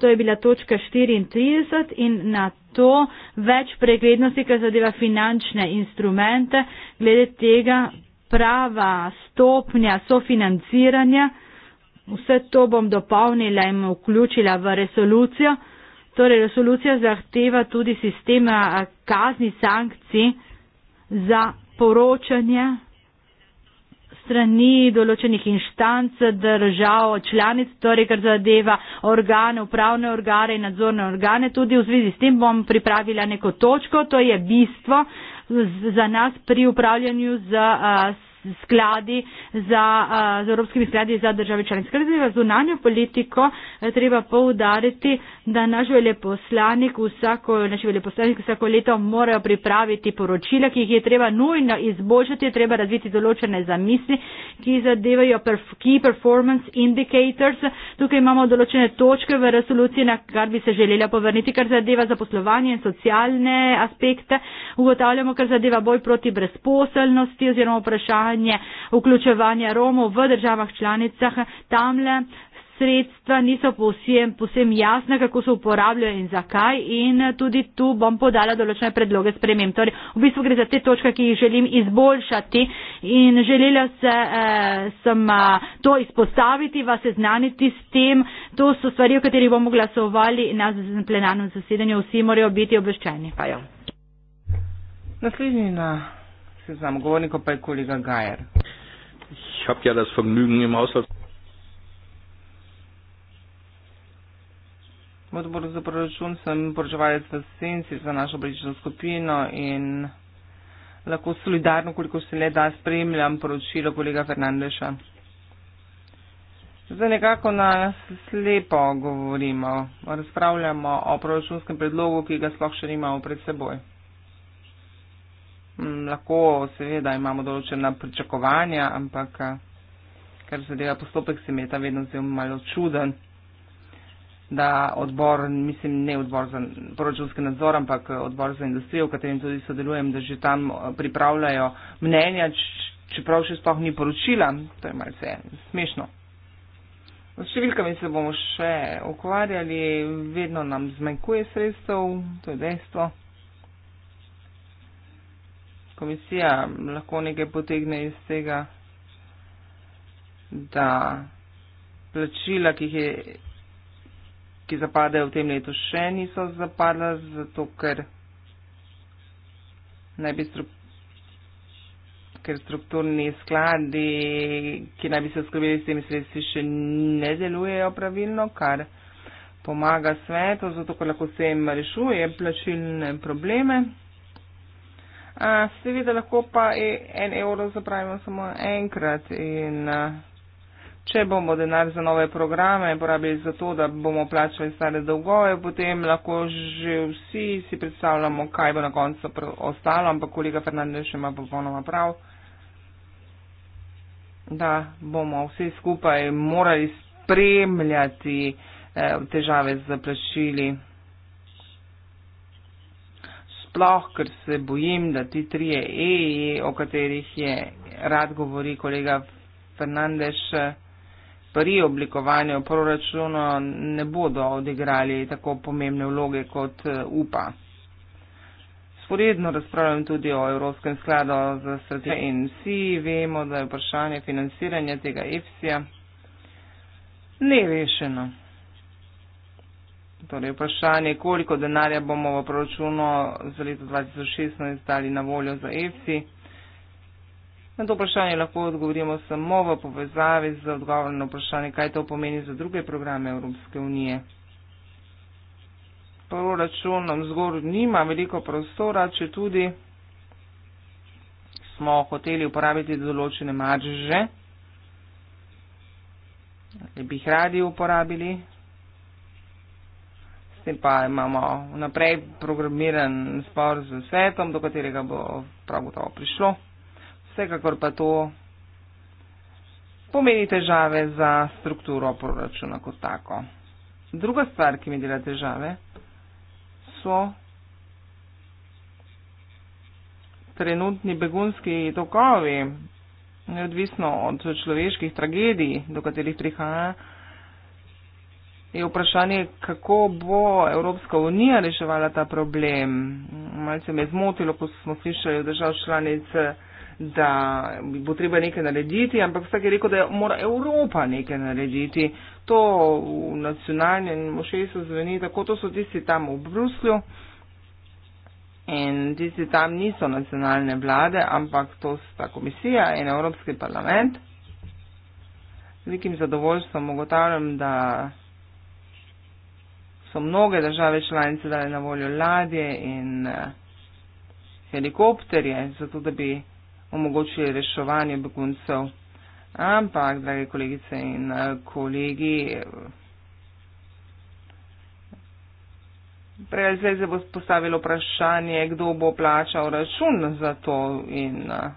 to je bila točka 34 in na to več preglednosti, kar zadeva finančne instrumente, glede tega prava stopnja sofinanciranja. Vse to bom dopolnila in vključila v resolucijo. Torej, resolucija zahteva tudi sistema eh, kazni, sankcij za poročanje strani določenih inštanc držav članic, torej kar zadeva organe, upravne organe in nadzorne organe. Tudi v zvezi s tem bom pripravila neko točko, to je bistvo za nas pri upravljanju z, a, eh, s skladi za, z evropskimi skladi za države članice. Kar zadeva zunanjo politiko, eh, treba poudariti, da naš veleposlanik vsako, naš veleposlanik vsako leto morajo pripraviti poročila, ki jih je treba nujno izboljšati, treba razviti določene zamisli, ki zadevajo perf, key performance indicators. Tukaj imamo določene točke v resoluciji, na kar bi se želela povrniti, kar zadeva zaposlovanje in socialne aspekte. Ugotavljamo, kar zadeva boj proti brezposelnosti oziroma vprašanje vprašanje vključevanja Romov v državah članicah tamle. Sredstva niso povsem, povsem jasna, kako se uporabljajo in zakaj in tudi tu bom podala določene predloge sprememb. Torej, v bistvu gre za te točke, ki jih želim izboljšati in želela se, eh, sem eh, to izpostaviti, vas seznaniti s tem. To so stvari, o katerih bomo glasovali na plenarnem zasedanju. Vsi morajo biti obveščeni. Naslednji na zusammen. Govorniko pa je kolega Gajer. Ich habe ja das Vergnügen im Haushalt. V odboru za proračun sem poročevalec v senci za našo politično skupino in lahko solidarno, koliko se le da, spremljam poročilo kolega Fernandeša. Zdaj nekako na slepo govorimo, razpravljamo o proračunskem predlogu, ki ga sploh še nimamo pred seboj lahko seveda imamo določena pričakovanja, ampak eh, kar zadeva postopek, se mi je ta vedno zelo malo čuden, da odbor, mislim, ne odbor za proračunski nadzor, ampak eh, odbor za industrijo, v katerem tudi sodelujem, da že tam eh, pripravljajo mnenja, čeprav še sploh ni poročila, to je malce smešno. Z številkami se bomo še ukvarjali, vedno nam zmanjkuje sredstev, to je dejstvo komisija lahko nekaj potegne iz tega, da plačila, ki, je, ki zapadajo v tem letu, še niso zapadla, zato ker naj bi strup ker strukturni skladi, ki naj bi se skrbeli s temi sredstvi, še ne delujejo pravilno, kar pomaga svetu, zato ko lahko s tem rešuje plačilne probleme. Uh, seveda lahko pa en evro zapravimo samo enkrat in uh, če bomo denar za nove programe porabili za to, da bomo plačali stare dolgove, potem lahko že vsi si predstavljamo, kaj bo na koncu ostalo, ampak kolega Fernandez ima popolnoma prav, da bomo vsi skupaj morali spremljati uh, težave z zaplačili sploh, ker se bojim, da ti trije EEE, e, o katerih je rad govori kolega Fernandez, pri oblikovanju proračuna ne bodo odigrali tako pomembne vloge kot upa. Sporedno razpravljam tudi o Evropskem skladu za strategijo in vsi vemo, da je vprašanje financiranja tega EFSI-ja nerešeno torej vprašanje, koliko denarja bomo v proračunu za leto 2016 dali na voljo za EFSI. Na to vprašanje lahko odgovorimo samo v povezavi z odgovorom na vprašanje, kaj to pomeni za druge programe Evropske unije. Proračun nam zgoraj nima veliko prostora, če tudi smo hoteli uporabiti določene marže, ki bi jih radi uporabili, pa imamo naprej programiran spor z svetom, do katerega bo prav gotovo prišlo. Vsekakor pa to pomeni težave za strukturo proračuna kot tako. Druga stvar, ki mi dela težave, so trenutni begunski tokovi, neodvisno od človeških tragedij, do katerih prihaja je vprašanje, kako bo Evropska unija reševala ta problem. Malce me je zmotilo, ko smo slišali od držav članic, da bo treba nekaj narediti, ampak vsak je rekel, da mora Evropa nekaj narediti. To v nacionalnem ošesu zveni, tako to so tisti tam v Bruslju. In tisti tam niso nacionalne vlade, ampak to sta komisija in Evropski parlament. Z velikim zadovoljstvom ugotavljam, da so mnoge države članice dale na voljo ladje in eh, helikopterje, zato da bi omogočili reševanje beguncev. Ampak, drage kolegice in eh, kolegi, prej zdaj se bo postavilo vprašanje, kdo bo plačal račun za to in eh,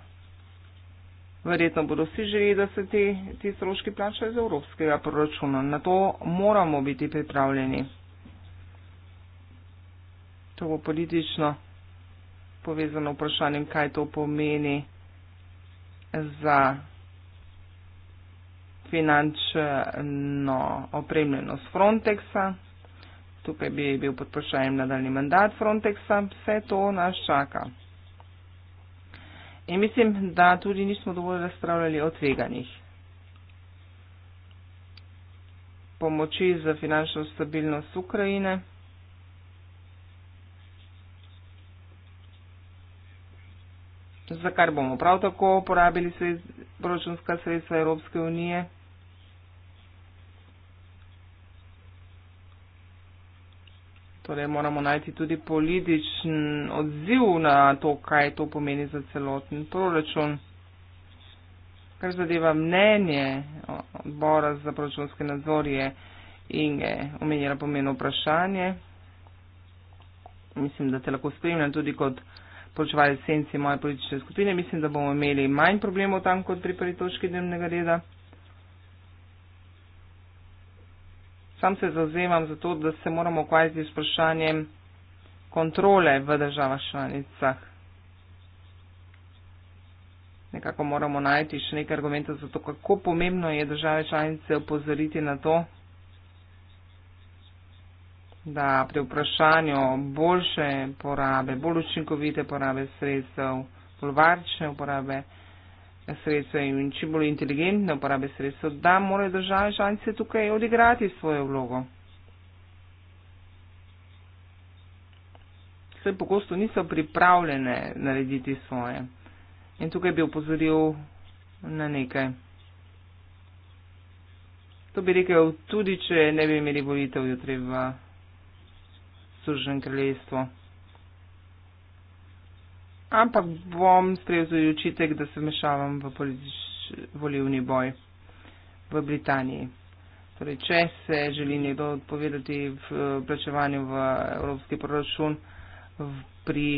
verjetno bodo vsi želeli, da se ti, ti stroški plačajo iz evropskega proračuna. Na to moramo biti pripravljeni to bo politično povezano vprašanje, kaj to pomeni za finančno opremljenost Frontexa. Tukaj bi bil pod vprašanjem nadaljni mandat Frontexa. Vse to nas čaka. In mislim, da tudi nismo dovolj razpravljali o tveganjih. Pomoči za finančno stabilnost Ukrajine. za kar bomo prav tako uporabili proračunska sredstva Evropske unije. Torej moramo najti tudi političen odziv na to, kaj to pomeni za celoten proračun. Kar zadeva mnenje odbora za proračunske nadzorje in je omenjena pomeno vprašanje. Mislim, da te lahko spremljam tudi kot poročevali senci moje politične skupine. Mislim, da bomo imeli manj problemov tam kot pri prvi točki dnevnega reda. Sam se zauzemam za to, da se moramo ukvarjati s vprašanjem kontrole v državah članicah. Nekako moramo najti še nekaj argumentov za to, kako pomembno je države članice opozoriti na to, da pri vprašanju boljše porabe, bolj učinkovite porabe sredstev, bolj varčne uporabe sredstev in čim bolj inteligentne uporabe sredstev, da morajo države članice tukaj odigrati svojo vlogo. Vse pogosto niso pripravljene narediti svoje. In tukaj bi upozoril na nekaj. To bi rekel tudi, če ne bi imeli volitev jutri v služen kraljestvo. Ampak bom sprejel tudi očitek, da se mešavam v volivni boj v Britaniji. Torej, če se želi nekdo odpovedati v plačevanju v evropski proračun v, pri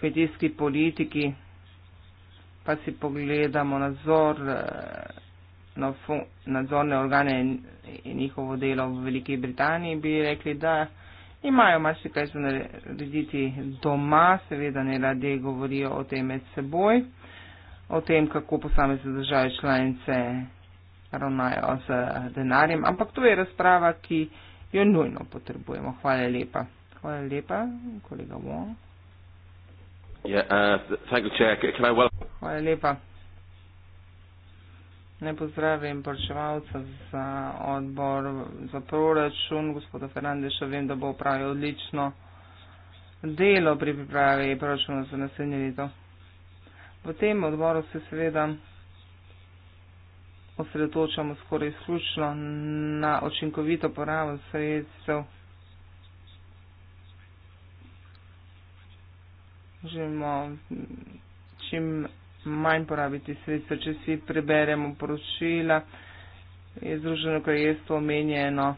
kmetijski politiki, pa si pogledamo nadzor, na fun, nadzorne organe in, in njihovo delo v Veliki Britaniji, bi rekli, da Imajo marsikaj za narediti doma, seveda ne rade govorijo o tem med seboj, o tem, kako posamezne države članice ravnajo z denarjem, ampak to je razprava, ki jo nujno potrebujemo. Hvala lepa. Hvala lepa, kolega Wong. Yeah, uh, thank you, Chair. Can I welcome... Hvala lepa. Ne pozdravim poročevalca za odbor za proračun, gospoda Fernandeša, vem, da bo opravil odlično delo pri pripravi proračuna za naslednje leto. V tem odboru se seveda osredotočamo skoraj izključno na očinkovito porabo sredstev. Želimo čim manj porabiti sredstva, če si preberemo poročila, je Združeno kraljestvo omenjeno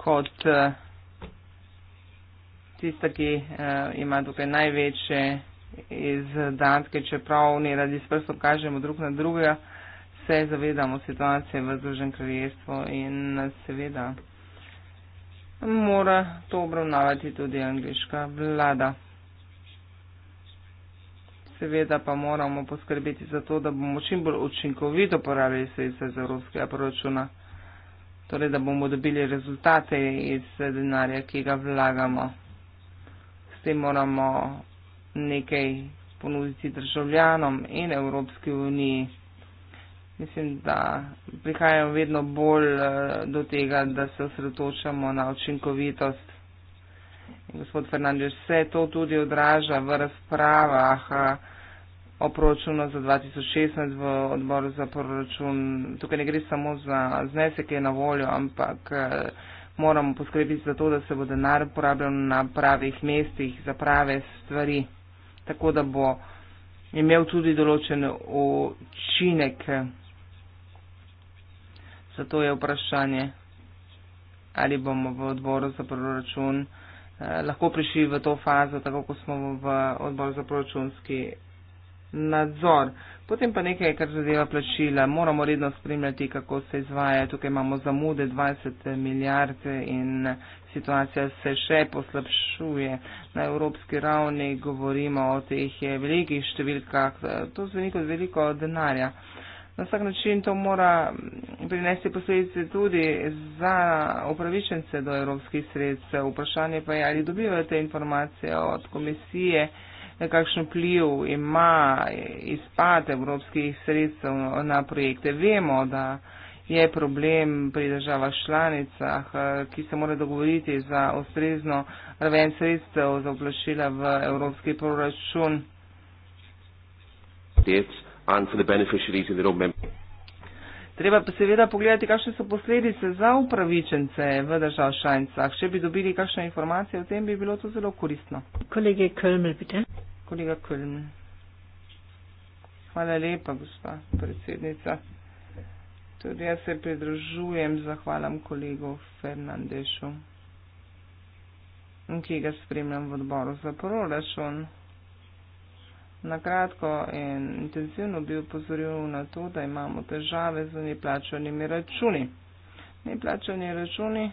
kot eh, tista, ki eh, ima tukaj največje izdatke, čeprav ne radi s prstom kažemo drug na drugega, se zavedamo situacije v Združenem kraljestvu in seveda mora to obravnavati tudi angliška vlada. Seveda pa moramo poskrbeti za to, da bomo čim bolj učinkovito porabili sredstva iz evropskega proračuna, torej da bomo dobili rezultate iz denarja, ki ga vlagamo. S tem moramo nekaj ponuditi državljanom in Evropski uniji. Mislim, da prihajamo vedno bolj eh, do tega, da se osredotočamo na učinkovitost gospod Fernandez, se to tudi odraža v razpravah o proračunu za 2016 v odboru za proračun. Tukaj ne gre samo za znesek, ki je na voljo, ampak moramo poskrbiti za to, da se bo denar uporabljal na pravih mestih za prave stvari, tako da bo imel tudi določen učinek. Zato je vprašanje, ali bomo v odboru za proračun Eh, lahko prišli v to fazo, tako kot smo v odbor za proračunski nadzor. Potem pa nekaj, kar zadeva plačila. Moramo redno spremljati, kako se izvaja. Tukaj imamo zamude 20 milijard in situacija se še poslabšuje. Na evropski ravni govorimo o teh velikih številkah. To zveni kot veliko denarja. Uh, na vsak način to mora prinesti posledice tudi za upravičence do evropskih sredstev. Vprašanje pa je, ali dobivajo te informacije od komisije, kakšen pliv ima izpad evropskih sredstev na projekte. Vemo, da je problem pri državah članicah, ki se morajo dogovoriti za ustrezno raven sredstev za vplačila v evropski proračun and for the beneficiaries in their own member. Treba pa seveda pogledati, kakšne so posledice za upravičence v držav šanjcah. Če bi dobili kakšne informacije o tem, bi bilo to zelo koristno. Kolege Kölmel, bite. Kolega Kölmel. Hvala lepa, gospa predsednica. Tudi jaz se pridružujem zahvalam kolegu Fernandešu, ki ga spremljam v odboru za proračun. Na kratko in intenzivno bi upozoril na to, da imamo težave z neplačanimi računi. Neplačani računi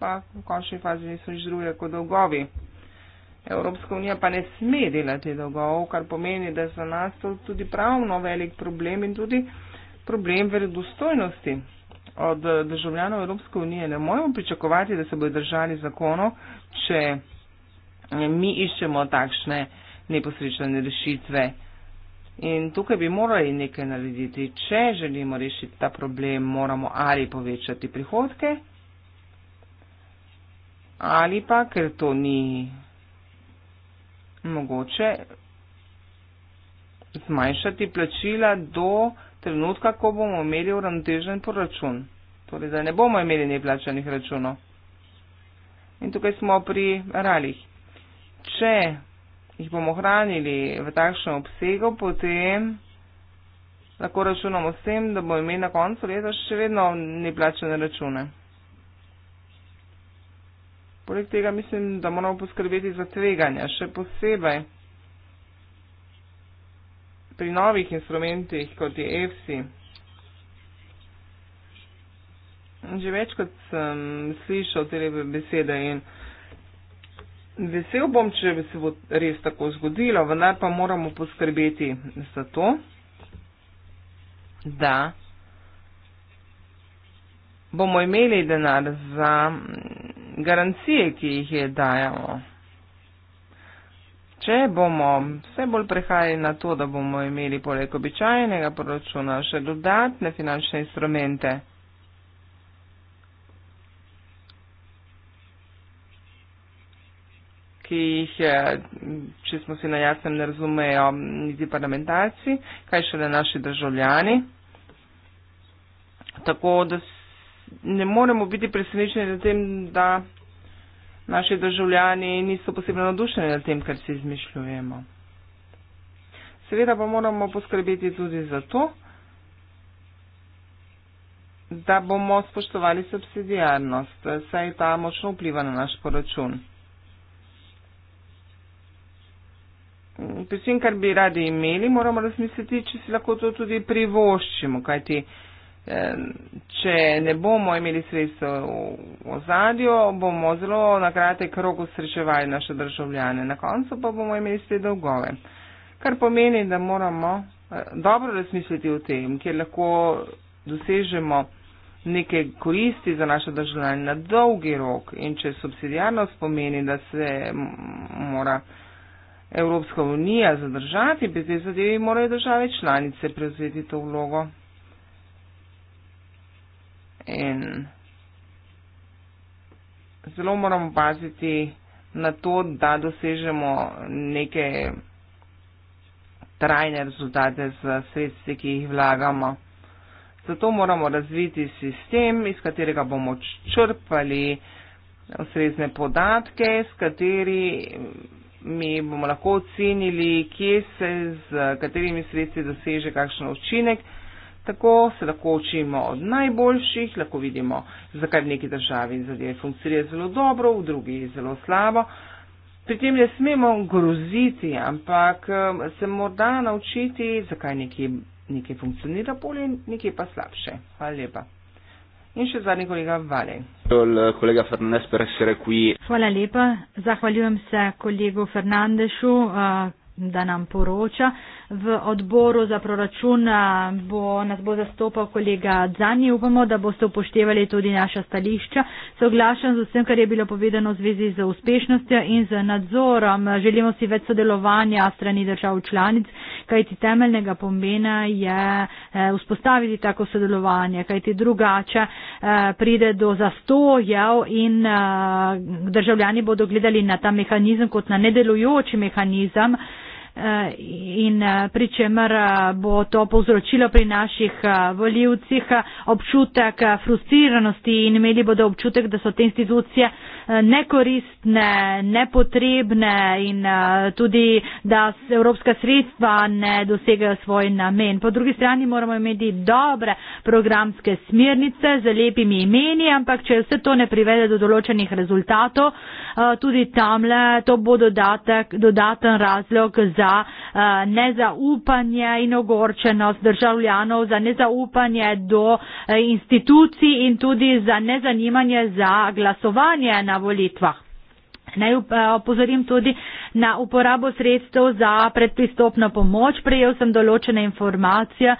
pa v končni fazi niso nič druge kot dolgovi. Evropska unija pa ne sme delati dolgov, kar pomeni, da je za nas to tudi pravno velik problem in tudi problem verodostojnosti. Od državljanov Evropske unije ne moremo pričakovati, da se bodo držali zakonov, če mi iščemo takšne neposrečene rešitve. In tukaj bi morali nekaj narediti. Če želimo rešiti ta problem, moramo ali povečati prihodke, ali pa, ker to ni mogoče, zmanjšati plačila do trenutka, ko bomo imeli uravnotežen proračun. Torej, da ne bomo imeli neplačanih računov. In tukaj smo pri ralih. Če jih bomo hranili v takšnem obsegu, potem lahko računamo s tem, da bomo imeli na koncu leta še vedno neplačene račune. Poleg tega mislim, da moramo poskrbeti za tveganja, še posebej pri novih instrumentih, kot je EFSI. Že več kot sem slišal te lepe besede in Vesel bom, če bi se bo res tako zgodilo, vendar pa moramo poskrbeti za to, da bomo imeli denar za mm, garancije, ki jih je dajamo. Če bomo vse bolj prehajali na to, da bomo imeli poleg običajnega proračuna še dodatne finančne instrumente, ki jih, eh, če smo si na jasnem, ne razumejo niti parlamentarci, kaj šele naši državljani. Tako da ne moremo biti presenečeni nad tem, da naši državljani niso posebno nadušeni nad tem, kar si izmišljujemo. Seveda pa moramo poskrbeti tudi za to, da bomo spoštovali subsidijarnost, saj ta močno vpliva na naš proračun. pri vsem, kar bi radi imeli, moramo razmisliti, če si lahko to tudi privoščimo, kajti če ne bomo imeli sredstva v ozadju, bomo zelo na krate krogu srečevali naše državljane, na koncu pa bomo imeli spet dolgove. Kar pomeni, da moramo eh, dobro razmisliti o tem, kjer lahko dosežemo neke koristi za naše državljane na dolgi rok in če subsidijarnost pomeni, da se mora. Evropska unija zadržati, bi te zadevi morali države članice prevzeti to vlogo. In zelo moramo paziti na to, da dosežemo neke trajne rezultate z sredstvi, ki jih vlagamo. Zato moramo razviti sistem, iz katerega bomo črpali osrezne podatke, s katerimi mi bomo lahko ocenili, kje se z katerimi sredstvi doseže kakšen učinek. Tako se lahko učimo od najboljših, lahko vidimo, zakaj v neki državi zadeve funkcionirajo zelo dobro, v drugi zelo slabo. Pri tem ne smemo groziti, ampak um, se morda naučiti, zakaj nekje, nekje funkcionira bolje, nekje pa slabše. Hvala lepa. In še zadnji kolega Vale. Eh, kolega Fernandez, presere qui. Hvala lepa. Zahvaljujem se kolegu Fernandešu, eh, da nam poroča. V odboru za proračun eh, bo, nas bo zastopal kolega Dzani. Upamo, da boste upoštevali tudi naša stališča. Soglašam z vsem, kar je bilo povedano v zvezi z uspešnostjo in z nadzorom. Želimo si več sodelovanja strani držav članic kajti temeljnega pomena je eh, vzpostaviti tako sodelovanje, kajti drugače eh, pride do zastojev in eh, državljani bodo gledali na ta mehanizem kot na nedelujoči mehanizem in eh, pri čemer eh, bo to povzročilo pri naših eh, voljivcih občutek frustriranosti in imeli bodo občutek, da so te institucije nekoristne, nepotrebne in tudi, da evropska sredstva ne dosegajo svoj namen. Po drugi strani moramo imeti dobre programske smernice z lepimi imeni, ampak če vse to ne privede do določenih rezultatov, tudi tamle to bo dodatek, dodaten razlog za za eh, nezaupanje in ogorčenost državljanov, za nezaupanje do eh, institucij in tudi za nezanimanje za glasovanje na volitvah. Naj eh, opozorim tudi na uporabo sredstev za predpristopno pomoč. Prejel sem določene informacije,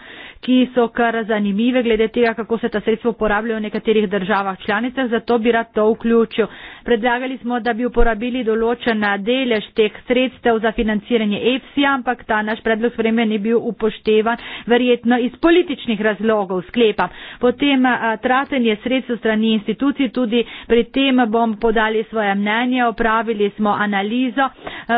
ki so kar zanimive glede tega, kako se ta sredstva uporabljajo v nekaterih državah članicah, zato bi rad to vključil. Predlagali smo, da bi uporabili določena delež teh sredstev za financiranje EPSI, ampak ta naš predlog spremen je bil upoštevan verjetno iz političnih razlogov sklepa. Potem tratenje sredstv strani institucij, tudi pri tem bom podali svoje mnenje, opravili smo analizo,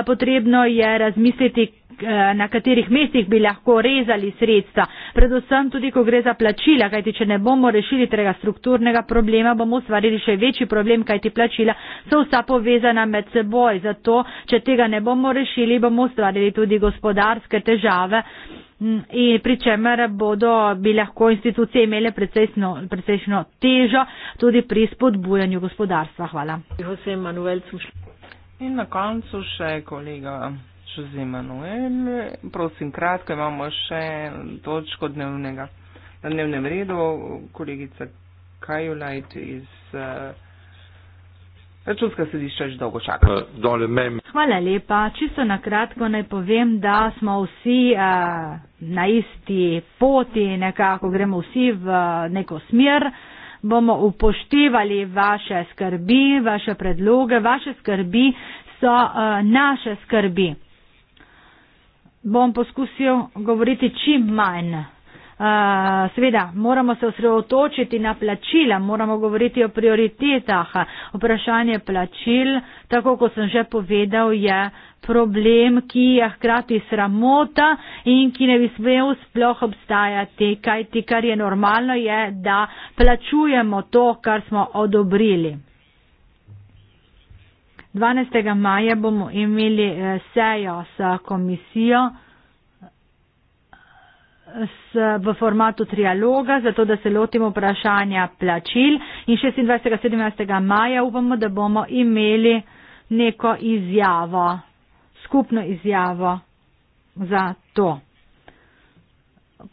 potrebno je razmisliti, Eh, na katerih mestih bi lahko rezali sredstva, predvsem tudi, ko gre za plačila, kajti če ne bomo rešili tega strukturnega problema, bomo ustvarili še večji problem, kajti plačila so vsa povezana med seboj. Zato, če tega ne bomo rešili, bomo ustvarili tudi gospodarske težave mm, in pri čemer bodo bi lahko institucije imele precejšno, precejšno težo tudi pri spodbujanju gospodarstva. Hvala. In na koncu še kolega Jose Manuel. Prosim, kratko imamo še točko dnevnega. Na dnevnem redu kolegica Kajulajt iz uh, Računska sedišča že dolgo čaka. Eh, Hvala lepa. Čisto na kratko naj povem, da smo vsi uh, na isti poti, nekako gremo vsi v uh, neko smer. Bomo upoštevali vaše skrbi, vaše predloge, vaše skrbi so uh, naše skrbi bom poskusil govoriti čim manj. Uh, seveda, moramo se osredotočiti na plačila, moramo govoriti o prioritetah. Vprašanje plačil, tako kot sem že povedal, je problem, ki je hkrati sramota in ki ne bi smel sploh obstajati, kajti kar je normalno je, da plačujemo to, kar smo odobrili. 12. maja bomo imeli eh, sejo s komisijo s, v formatu trialoga, zato da se lotimo vprašanja plačil. In 26. in 17. maja upamo, da bomo imeli neko izjavo, skupno izjavo za to.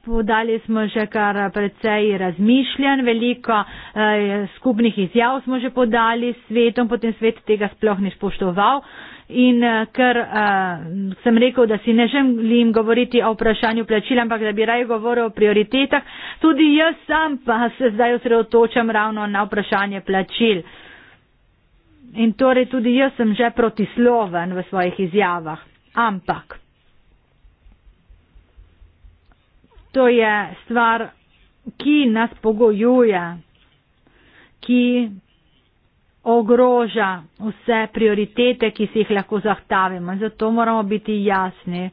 Podali smo že kar precej razmišljanj, veliko eh, skupnih izjav smo že podali s svetom, potem svet tega sploh ni spoštoval. In eh, ker eh, sem rekel, da si ne želim govoriti o vprašanju plačila, ampak da bi raje govoril o prioritetah, tudi jaz sam pa se zdaj osredotočam ravno na vprašanje plačil. In torej tudi jaz sem že protisloven v svojih izjavah. Ampak. To je stvar, ki nas pogojuje, ki ogroža vse prioritete, ki si jih lahko zahtavimo. Zato moramo biti jasni.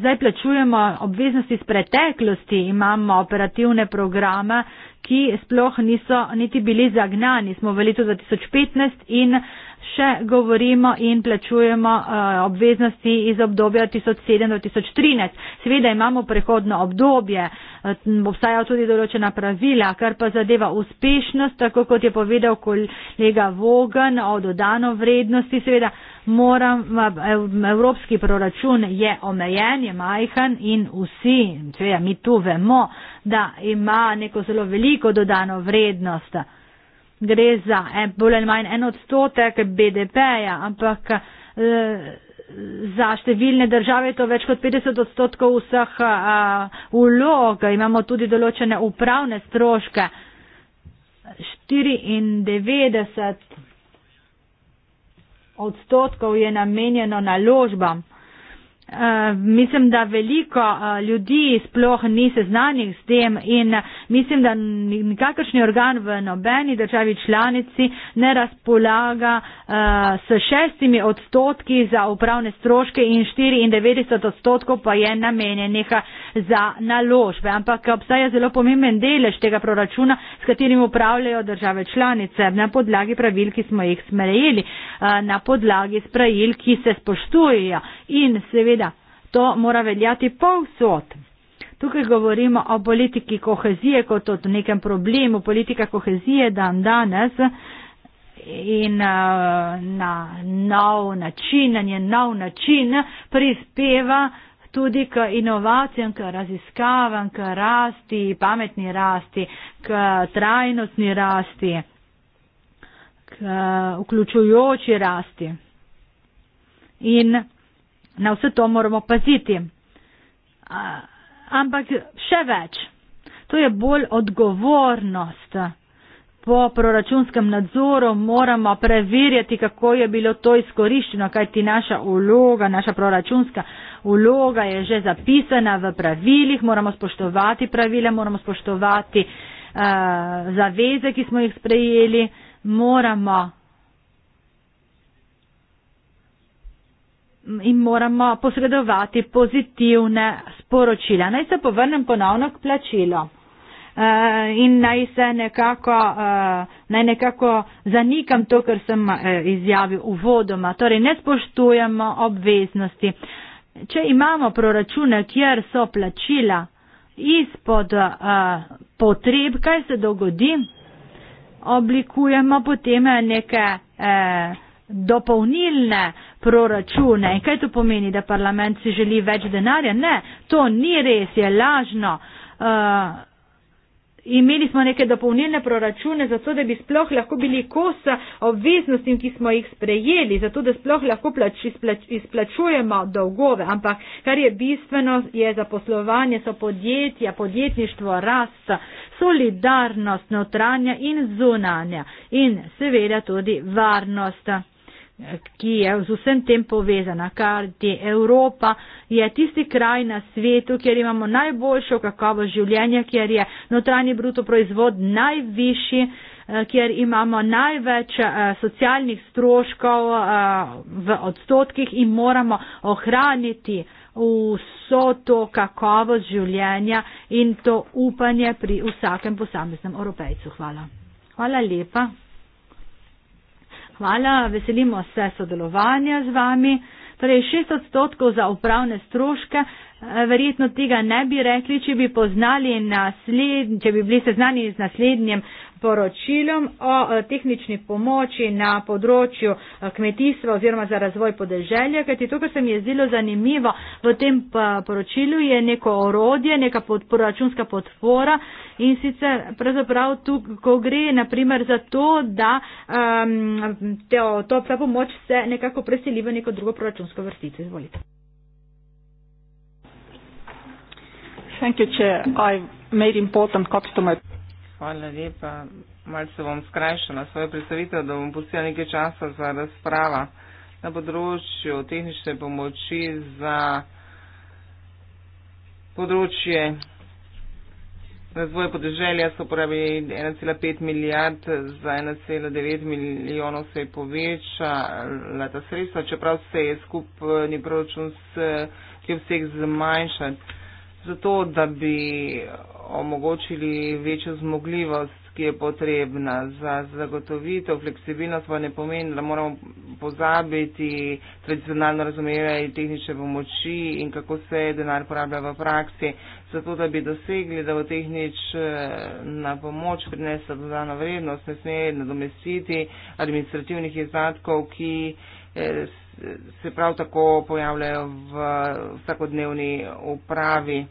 Zdaj plačujemo obveznosti iz preteklosti, imamo operativne programe, ki sploh niso niti bili zagnani. Smo v letu 2015 in še govorimo in plačujemo uh, obveznosti iz obdobja 2007-2013. Seveda imamo prehodno obdobje, uh, obstajajo tudi določena pravila, kar pa zadeva uspešnost, tako kot je povedal kolega Vogan o dodano vrednosti. Seveda moram, uh, evropski proračun je omejen, je majhen in vsi, seveda mi tu vemo, da ima neko zelo veliko dodano vrednost gre za eh, bolj ali manj en odstotek BDP-ja, ampak eh, za številne države je to več kot 50 odstotkov vseh eh, vlog. Imamo tudi določene upravne stroške. 94 odstotkov je namenjeno naložbam. Eh, mislim, da veliko eh, ljudi sploh ni seznanjih s tem in eh, mislim, da nikakršni organ v nobeni državi članici ne razpolaga s šestimi odstotki za upravne stroške in 94 odstotkov pa je namenjenih za naložbe. Ampak obstaja zelo pomemben delež tega proračuna, s katerim upravljajo države članice na podlagi pravil, ki smo jih smerili, na podlagi pravil, ki se spoštujejo in seveda to mora veljati povsod. Tukaj govorimo o politiki kohezije kot o nekem problemu, politika kohezije dan danes in eh, na nov način, na njen nov način prispeva tudi k inovacijam, k raziskavam, k rasti, pametni rasti, k trajnostni rasti, k vključujoči rasti. In na vse to moramo paziti. Ampak še več, to je bolj odgovornost. Po proračunskem nadzoru moramo preverjati, kako je bilo to izkoriščeno, kajti naša uloga, naša proračunska uloga je že zapisana v pravilih, moramo spoštovati pravile, moramo spoštovati uh, zaveze, ki smo jih sprejeli, moramo jim moramo posredovati pozitivne sporočila. Naj se povrnem ponovno k plačilu e, in naj se nekako, e, naj nekako zanikam to, kar sem e, izjavil uvodoma. Torej, ne spoštujemo obveznosti. Če imamo proračune, kjer so plačila izpod uh, potreb, kaj se dogodi, oblikujemo potem neke uh, dopolnilne uh, proračune. In kaj to pomeni, da parlament si želi več denarja? Ne, to ni res, je lažno. Uh, Imeli smo neke dopolnjene proračune, zato da bi sploh lahko bili kosa obveznostim, ki smo jih sprejeli, zato da sploh lahko plač, izplač, izplačujemo dolgove. Ampak kar je bistveno, je zaposlovanje, so podjetja, podjetništvo, rasa, solidarnost notranja in zunanja in seveda tudi varnost ki je z vsem tem povezana, kar ti Evropa je tisti kraj na svetu, kjer imamo najboljšo kakovost življenja, kjer je notranji bruto proizvod najvišji, eh, kjer imamo največ eh, socialnih stroškov eh, v odstotkih in moramo ohraniti vso to kakovost življenja in to upanje pri vsakem posameznem evropejcu. Hvala. Hvala lepa hvala, veselimo se sodelovanja z vami. Torej, šest odstotkov za upravne stroške, eh, verjetno tega ne bi rekli, če bi, naslednj, če bi bili seznani z naslednjim poročilom o e, tehnični pomoči na področju e, kmetijstva oziroma za razvoj podeželja, kajti to, kar se mi je zdelo zanimivo v tem poročilu, je neko orodje, neka proračunska podpora in sicer pravzaprav tu, ko gre naprimer za to, da um, teo, to, ta pomoč se nekako preseli v neko drugo proračunsko vrstico. Izvolite. Thank you, Chair. I made important cuts to my Hvala lepa. Malce bom skrajšala svojo predstavitev, da bom pustila nekaj časa za razprava na področju tehnične pomoči za področje razvoja podeželja. So porabili 1,5 milijard, za 1,9 milijonov se je povečala ta sredstva, čeprav se je skupni proračun, ki je vseh zmanjšan zato, da bi omogočili večjo zmogljivost, ki je potrebna za zagotovitev. Fleksibilnost pa ne pomeni, da moramo pozabiti tradicionalno razumevanje tehnične pomoči in kako se denar porablja v praksi, zato da bi dosegli, da bo tehnična pomoč prinesla dodano vrednost, ne sme nadomestiti administrativnih izdatkov, ki eh, se prav tako pojavljajo v vsakodnevni upravi,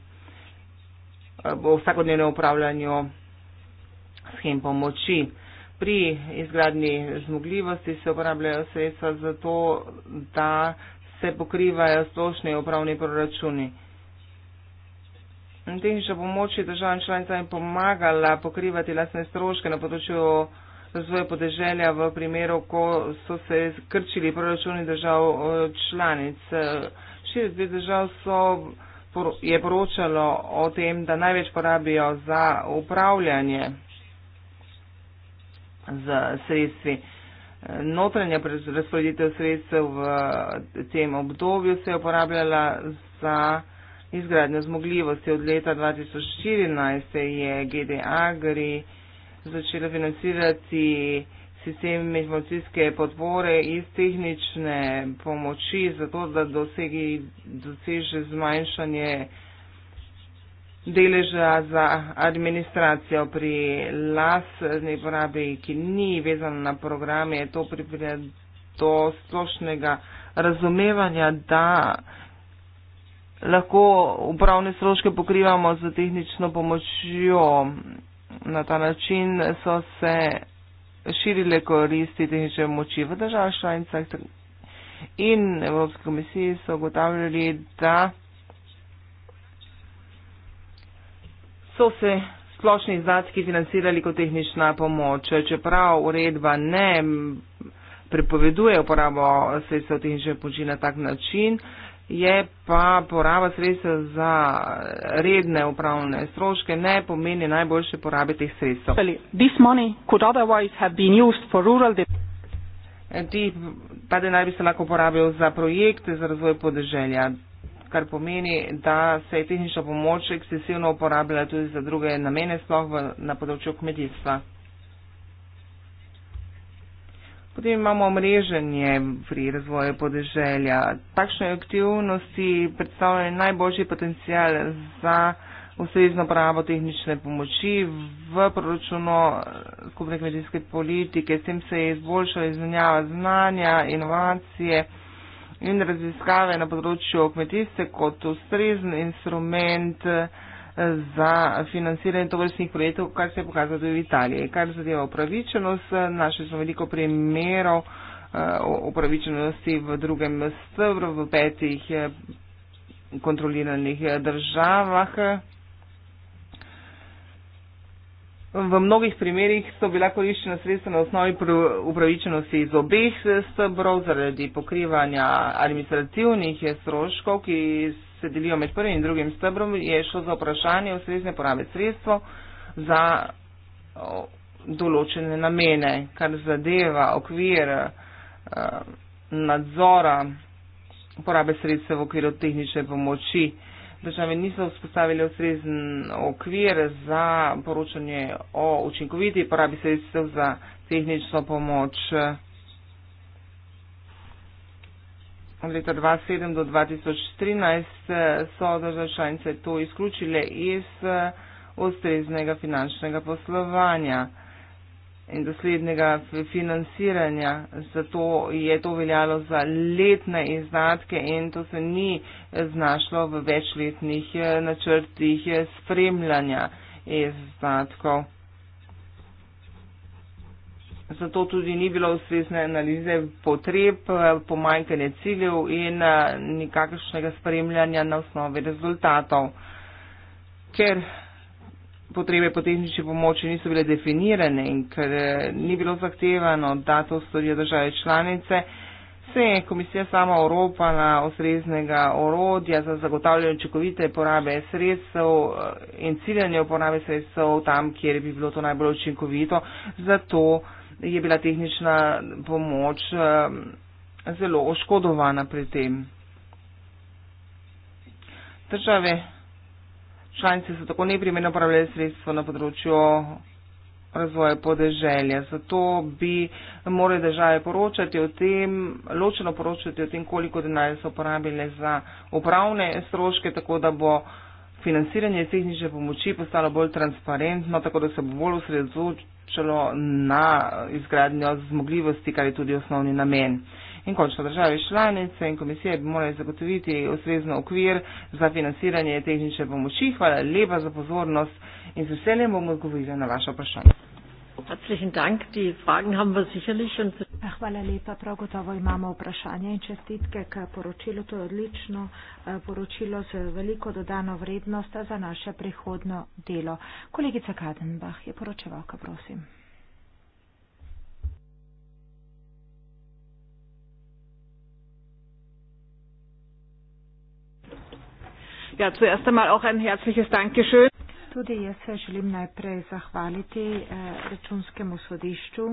v eh, vsakodnevnem upravljanju schem pomoči. Pri izgradni zmogljivosti se uporabljajo sredstva za to, da se pokrivajo splošni upravni proračuni. Tehnična pomoč je državam članicam pomagala pokrivati lasne stroške na področju razvoja podeželja v primeru, ko so se krčili proračuni držav eh, članic. Širi dve držav so, je poročalo o tem, da največ porabijo za upravljanje z sredstvi. Notranja razporeditev sredstev v tem obdobju se je uporabljala za izgradnjo zmogljivosti. Od leta 2014 je GDA gre začela financirati sistem informacijske podpore iz tehnične pomoči, zato da dosegi, doseže zmanjšanje deleža za administracijo pri lasni porabi, ki ni vezana na programe, je to pripravljeno do splošnega razumevanja, da lahko upravne stroške pokrivamo z tehnično pomočjo na ta način so se širile koristi tehnične moči v državah članicah in Evropske komisije so ugotavljali, da so se splošni izdatki financirali kot tehnična pomoč, čeprav uredba ne prepoveduje uporabo sredstev tehnične pomoči na tak način. Uh, je pa poraba sredstev za redne upravne stroške ne pomeni najboljše porabe teh sredstev. Ti pa denar bi se lahko uporabil za projekte za razvoj podeželja, kar pomeni, da se je tehnična pomoč ekscesivno uporabljala tudi za druge namene, sploh v, na področju kmetijstva. Potem imamo mreženje pri razvoju podeželja. Takšne aktivnosti predstavljajo najboljši potencial za ustrezno pravo tehnične pomoči v proračunu eh, skupne kmetijske politike. S tem se je izboljšala izmenjava znanja, inovacije in raziskave na področju kmetijstva kot ustrezen instrument. Eh, za financiranje tovrstnih projektov, kar se je pokazalo tudi v Italiji. Kar zadeva upravičenost, našli smo veliko primerov eh, upravičenosti v drugem stebru, v petih eh, kontroliranih eh, državah. V mnogih primerjih so bila koriščena sredstva na osnovi upravičenosti iz obeh eh, stebrov zaradi pokrivanja administrativnih eh, stroškov, ki se delijo med prvim in drugim stebrom, je šlo za vprašanje ustrezne porabe sredstva za določene namene, kar zadeva okvir eh, nadzora porabe sredstva v okviru tehnične pomoči države niso vzpostavili ustrezen okvir za poročanje o učinkoviti porabi sredstev za tehnično pomoč. Od leta 2007 do 2013 so države članice to izključile iz ustreznega finančnega poslovanja in doslednega financiranja. Zato je to veljalo za letne izdatke in to se ni znašlo v večletnih eh, načrtih eh, spremljanja izdatkov. Zato tudi ni bilo ustrezne analize potreb, eh, pomanjkanje ciljev in nikakršnega spremljanja na osnovi rezultatov. Ker potrebe po tehnični pomoči niso bile definirane in ker eh, ni bilo zahtevano, da to storijo države članice, se je komisija sama oropala osreznega orodja za zagotavljanje očekovite porabe sredstev eh, in ciljanje uporabe sredstev tam, kjer bi bilo to najbolj učinkovito. Zato je bila tehnična pomoč eh, zelo oškodovana pri tem. Države članice so tako neprimerno upravljali sredstvo na področju razvoja podeželja. Zato bi morali države poročati o tem, ločeno poročati o tem, koliko denarja so uporabile za upravne stroške, tako da bo financiranje tehnične pomoči postalo bolj transparentno, tako da se bo bolj osredotočilo na izgradnjo zmogljivosti, kar je tudi osnovni namen in končno države članice in komisije bi morali zagotoviti ustrezno okvir za financiranje tehnične pomoči. Hvala lepa za pozornost in z veseljem bomo odgovorili na vaše vprašanje. Eh, hvala lepa, prav gotovo imamo vprašanje in čestitke k poročilu. To je odlično eh, poročilo z veliko dodano vrednost za naše prihodno delo. Kolegica Kadenbach je poročevalka, prosim. Ja, zuerst einmal auch ein herzliches Dankeschön. Tudi jaz se želim najprej zahvaliti eh, računskemu sodišču.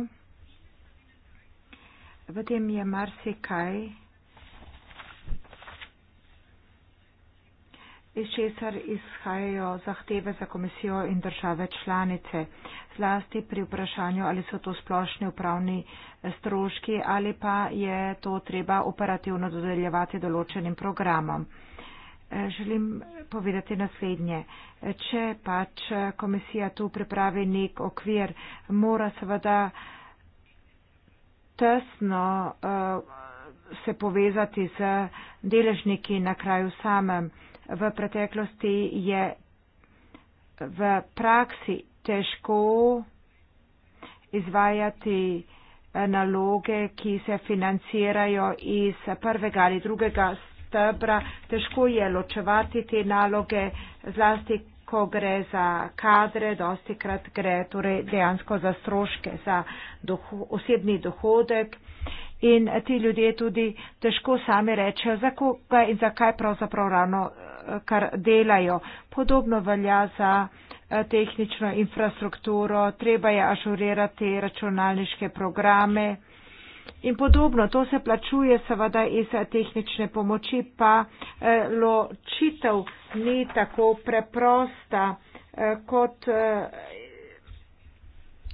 V tem je marsikaj, iz česar izhajajo zahteve za komisijo in države članice, zlasti pri vprašanju, ali so to splošni upravni eh, stroški ali pa je to treba operativno dodeljevati določenim programom. Eh, želim povedati naslednje. Če pač komisija tu pripravi nek okvir, mora seveda tesno eh, se povezati z deležniki na kraju samem. V preteklosti je v praksi težko izvajati eh, naloge, ki se financirajo iz prvega ali drugega stebra, težko je ločevati te naloge, zlasti ko gre za kadre, dosti krat gre torej dejansko za stroške, za doho osebni dohodek. In ti ljudje tudi težko sami rečejo, za koga in zakaj pravzaprav ravno eh, kar delajo. Podobno velja za eh, tehnično infrastrukturo, treba je ažurirati računalniške programe in podobno. To se plačuje seveda iz eh, tehnične pomoči, pa eh, ločitev ni tako preprosta, eh, kot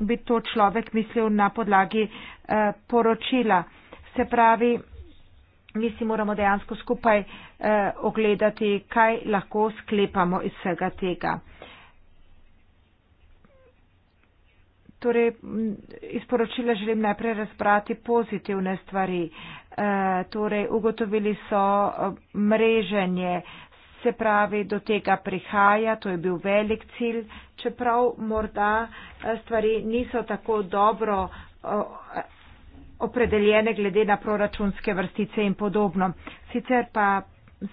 bi to človek mislil na podlagi poročila. Se pravi, mi si moramo dejansko skupaj ogledati, kaj lahko sklepamo iz vsega tega. Torej, iz poročila želim najprej razbrati pozitivne stvari. E, torej, ugotovili so e, mreženje, se pravi, do tega prihaja, to je bil velik cilj, čeprav morda e, stvari niso tako dobro e, opredeljene glede na proračunske vrstice in podobno. Sicer pa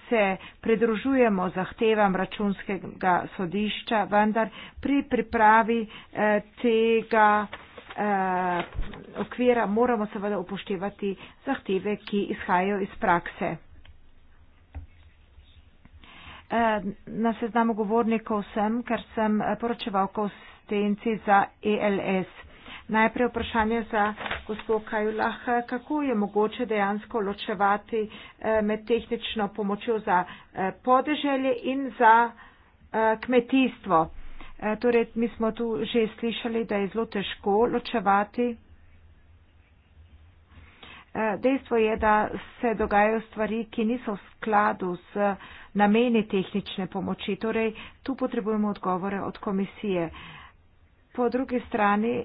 se predružujemo zahtevam računskega sodišča, vendar pri pripravi eh, tega eh, okvira moramo seveda upoštevati zahteve, ki izhajajo iz prakse. Eh, na seznamu govornikov sem, ker sem poročeval konstenci za ELS. Najprej vprašanje za gospod Kajulah, kako je mogoče dejansko ločevati eh, med tehnično pomočjo za eh, podeželje in za eh, kmetijstvo. Torej, mi smo tu že slišali, da je zelo težko ločevati. Dejstvo je, da se dogajajo stvari, ki niso v skladu z nameni tehnične pomoči. Torej, tu potrebujemo odgovore od komisije. Po drugi strani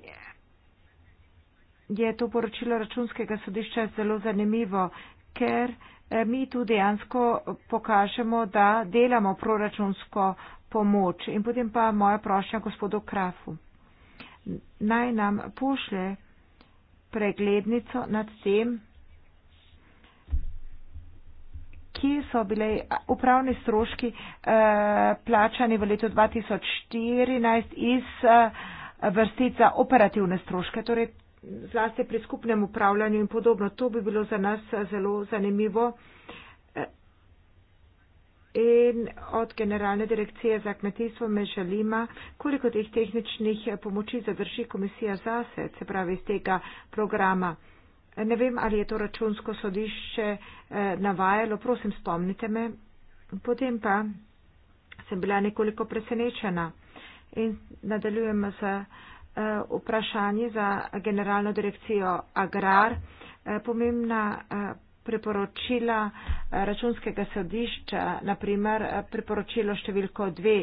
je to poročilo računskega sodišča zelo zanimivo, ker eh, mi tu dejansko pokažemo, da delamo proračunsko pomoč. In potem pa moja prošnja gospodu Krafu. Naj nam pošlje preglednico nad tem, kje so bile upravni stroški eh, plačani v letu 2014 iz eh, vrstica operativne stroške. Torej, zlasti pri skupnem upravljanju in podobno. To bi bilo za nas zelo zanimivo. In od generalne direkcije za kmetijstvo me želima, koliko teh tehničnih pomoči zadrži komisija zase, se pravi iz tega programa. Ne vem, ali je to računsko sodišče eh, navajalo, prosim, spomnite me. Potem pa sem bila nekoliko presenečena. In nadaljujem z Eh, vprašanji za generalno direkcijo Agrar. Eh, pomembna eh, priporočila računskega sodišča, naprimer priporočilo številko 2,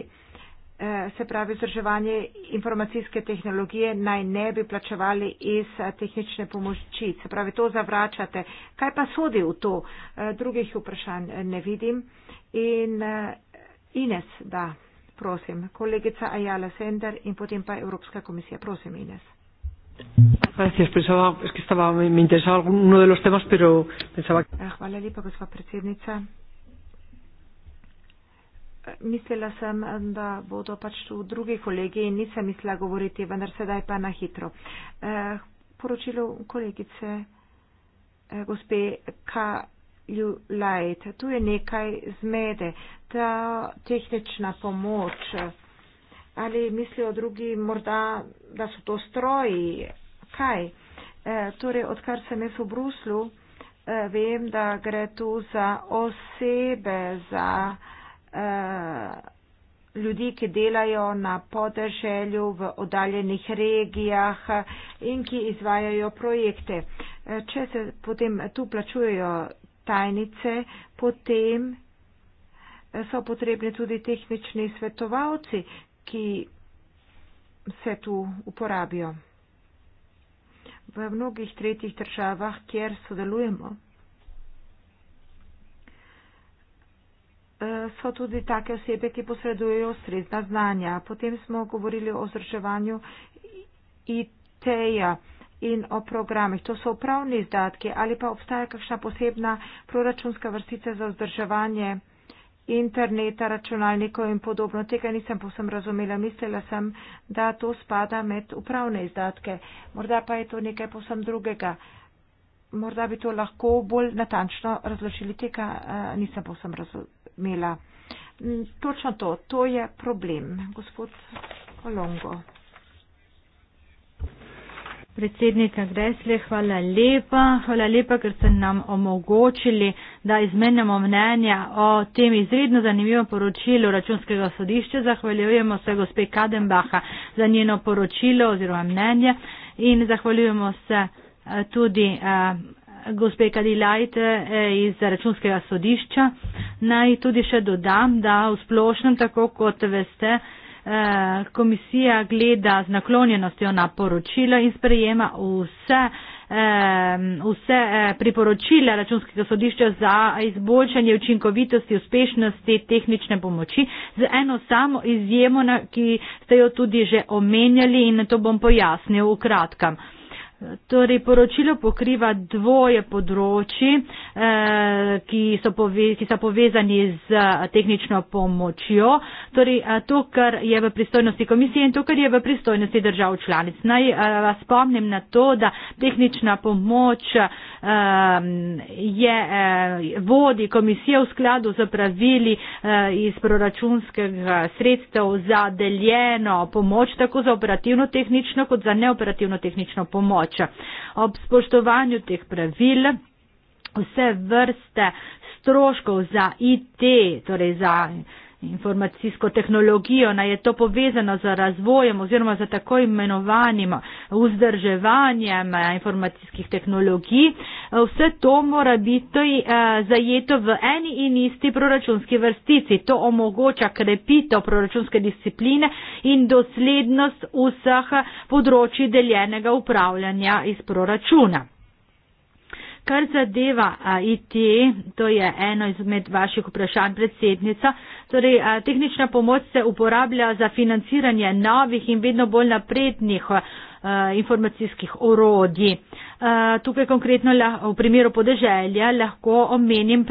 se pravi vzdrževanje informacijske tehnologije, naj ne bi plačevali iz tehnične pomoči. Se pravi, to zavračate. Kaj pa sodi v to? Drugih vprašanj ne vidim. In Ines, da prosim. Kolegica Ajala Sender in potem pa Evropska komisija. Prosim, Ines. Gracias, pensaba, es que estaba, me, me interesaba uno de los temas, pero pensaba que... Eh, hvala lepa, gospa predsednica. Eh, mislila sem, da bodo pač tu drugi kolegi in nisem mislila govoriti, vendar sedaj pa na hitro. Eh, poročilo kolegice, eh, gospe, ka, Light. Tu je nekaj zmede, ta tehnična pomoč. Ali mislijo drugi morda, da so to stroji? Kaj? E, torej, odkar sem jaz v Bruslu, e, vem, da gre tu za osebe, za e, ljudi, ki delajo na podeželju v oddaljenih regijah in ki izvajajo projekte. E, če se potem tu plačujejo tajnice, potem eh, so potrebni tudi tehnični svetovalci, ki se tu uporabijo. V mnogih tretjih državah, kjer sodelujemo, eh, so tudi take osebe, ki posredujejo srednja znanja. Potem smo govorili o vzdrževanju IT-ja. -ja in o programih. To so upravni izdatki ali pa obstaja kakšna posebna proračunska vrstica za vzdrževanje interneta, računalnikov in podobno. Tega nisem posem razumela. Mislila sem, da to spada med upravne izdatke. Morda pa je to nekaj posem drugega. Morda bi to lahko bolj natančno razložili. Tega uh, nisem posem razumela. Točno to, to je problem, gospod Olongo. Predsednica Gresle, hvala lepa. Hvala lepa, ker ste nam omogočili, da izmenjamo mnenja o tem izredno zanimivo poročilo računskega sodišča. Zahvaljujemo se gospe Kadenbaha za njeno poročilo oziroma mnenje in zahvaljujemo se eh, tudi eh, gospe Kadilajte eh, iz računskega sodišča. Naj tudi še dodam, da v splošnem, tako kot veste, Eh, komisija gleda z naklonjenostjo na poročilo in sprejema vse, vse eh, priporočila računskega sodišča za izboljšanje učinkovitosti, uspešnosti tehnične pomoči z eno samo izjemo, ki ste jo tudi že omenjali in to bom pojasnil v kratkem. Torej, poročilo pokriva dvoje področji, eh, ki so povezani z eh, tehnično pomočjo, torej eh, to, kar je v pristojnosti komisije in to, kar je v pristojnosti držav članic. Naj vas spomnim na to, da tehnična pomoč ehm, je, vodi komisije v skladu z pravili iz proračunskih sredstev za deljeno pomoč, tako za operativno tehnično kot za neoperativno tehnično pomoč plača. Ob spoštovanju teh pravil vse vrste stroškov za IT, torej za informacijsko tehnologijo, naj je to povezano z razvojem oziroma z tako imenovanim vzdrževanjem eh, informacijskih tehnologij. Vse to mora biti eh, zajeto v eni in isti proračunski vrstici. To omogoča krepitev proračunske discipline in doslednost vseh področji deljenega upravljanja iz proračuna. Kar zadeva IT, to je eno izmed vaših vprašanj predsednica, torej tehnična pomoč se uporablja za financiranje novih in vedno bolj naprednih Eh, informacijskih orodij. Eh, tukaj konkretno v primeru podeželja lahko omenim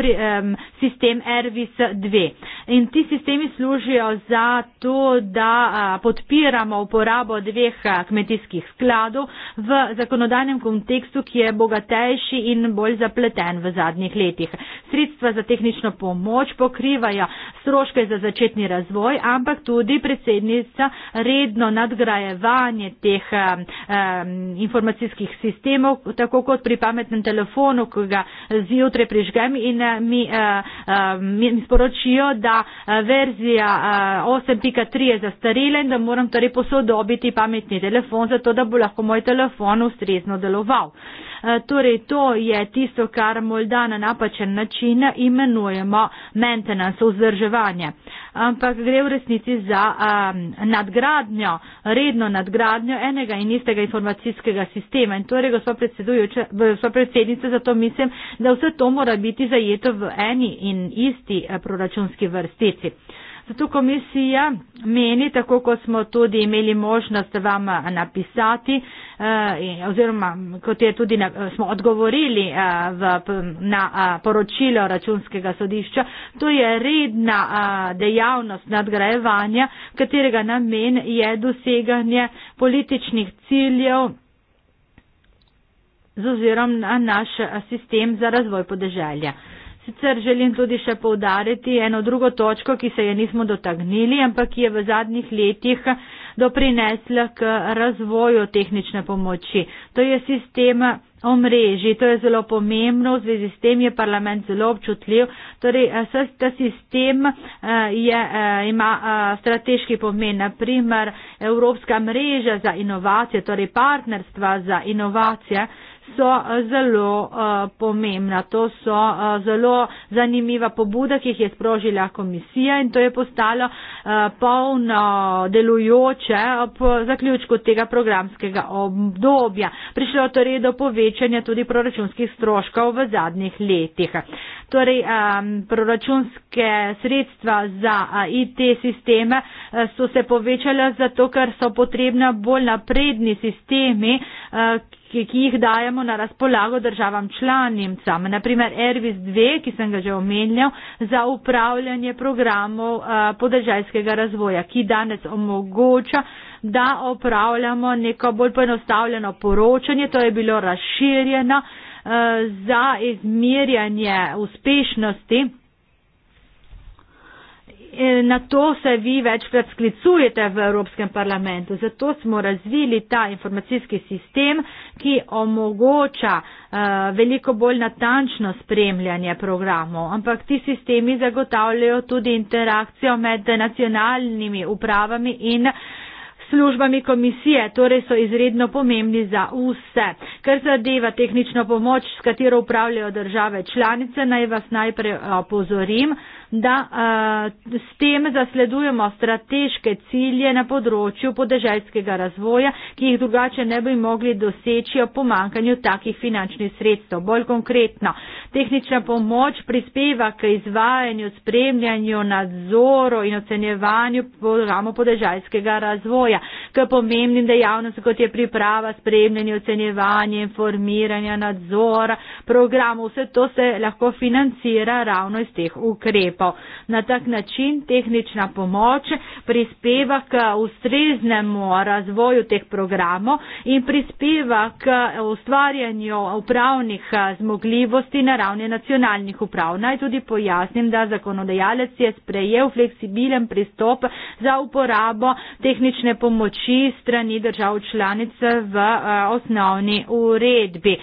sistem RVIS 2. In ti sistemi služijo za to, da eh, podpiramo uporabo dveh kmetijskih skladov v zakonodajnem kontekstu, ki je bogatejši in bolj zapleten v zadnjih letih. Sredstva za tehnično pomoč pokrivajo stroške za začetni razvoj, ampak tudi predsednica redno nadgrajevanje teh um, Um, informacijskih sistemov, tako kot pri pametnem telefonu, ki ga zjutraj prižgem in eh, eh, eh, mi, mi sporočijo, da verzija 8.3 je zastarela in da moram torej posodobiti pametni telefon, zato da bo lahko moj telefon ustrezno deloval. Eh, torej, to je tisto, kar Molda na napačen način imenujemo maintenance, vzdrževanje. Ampak gre v resnici za um, nadgradnjo, redno nadgradnjo enega in istega informacijskega sistema. In torej, gospod predsednica, zato mislim, da vse to mora biti zajeto v eni in isti eh, proračunski vrstici. Zato komisija meni, tako kot smo tudi imeli možnost vam eh, napisati, eh, oziroma kot je tudi eh, smo odgovorili na poročilo računskega sodišča, to je redna dejavnost nadgrajevanja, katerega namen je doseganje političnih ciljev z ozirom na naš sistem za razvoj podeželja. Sicer želim tudi še povdariti eno drugo točko, ki se je nismo dotaknili, ampak je v zadnjih letih doprinesla k razvoju tehnične pomoči. To je sistem omrežji, to je zelo pomembno, v zvezi s tem je parlament zelo občutljiv. Torej, eh, ta sistem eh, je, eh, ima strateški pomen, naprimer Evropska mreža za inovacije, torej partnerstva za inovacije so eh, zelo uh, pomembna. To so uh, zelo zanimiva pobuda, ki jih je sprožila komisija in to je postalo uh, polno delujoče ob zaključku tega programskega obdobja. Prišlo torej do povečanja tudi proračunskih stroškov v zadnjih letih. Torej, um, proračunske sredstva za uh, IT sisteme uh, so se povečala zato, ker so potrebna bolj napredni sistemi, uh, ki, ki jih dajemo na razpolago državam članicam. Naprimer, Ervis 2, ki sem ga že omenjal, za upravljanje programov eh, podeželjskega razvoja, ki danes omogoča, da opravljamo neko bolj poenostavljeno poročanje. To je bilo razširjeno eh, za izmerjanje uspešnosti. Eh, na to se vi večkrat sklicujete v Evropskem parlamentu. Zato smo razvili ta informacijski sistem, ki omogoča eh, veliko bolj natančno spremljanje programov. Ampak ti sistemi zagotavljajo tudi interakcijo med nacionalnimi upravami in službami komisije, torej so izredno pomembni za vse. Ker zadeva tehnično pomoč, s katero upravljajo države članice, naj vas najprej opozorim. Uh, da a, s tem zasledujemo strateške cilje na področju podeželjskega razvoja, ki jih drugače ne bi mogli doseči o pomankanju takih finančnih sredstev. Bolj konkretno, tehnična pomoč prispeva k izvajanju, spremljanju, nadzoru in ocenjevanju programov podeželjskega razvoja, k pomembnim dejavnostim, kot je priprava, spremljanje, ocenjevanje, informiranje, nadzor, program, vse to se lahko financira ravno iz teh ukrepov ukrepov. Na tak način tehnična pomoč prispeva k ustreznemu razvoju teh programov in prispeva k ustvarjanju upravnih eh, zmogljivosti na ravni nacionalnih uprav. Naj tudi pojasnim, da zakonodajalec je sprejel fleksibilen pristop za uporabo tehnične pomoči strani držav članic v eh, osnovni uredbi.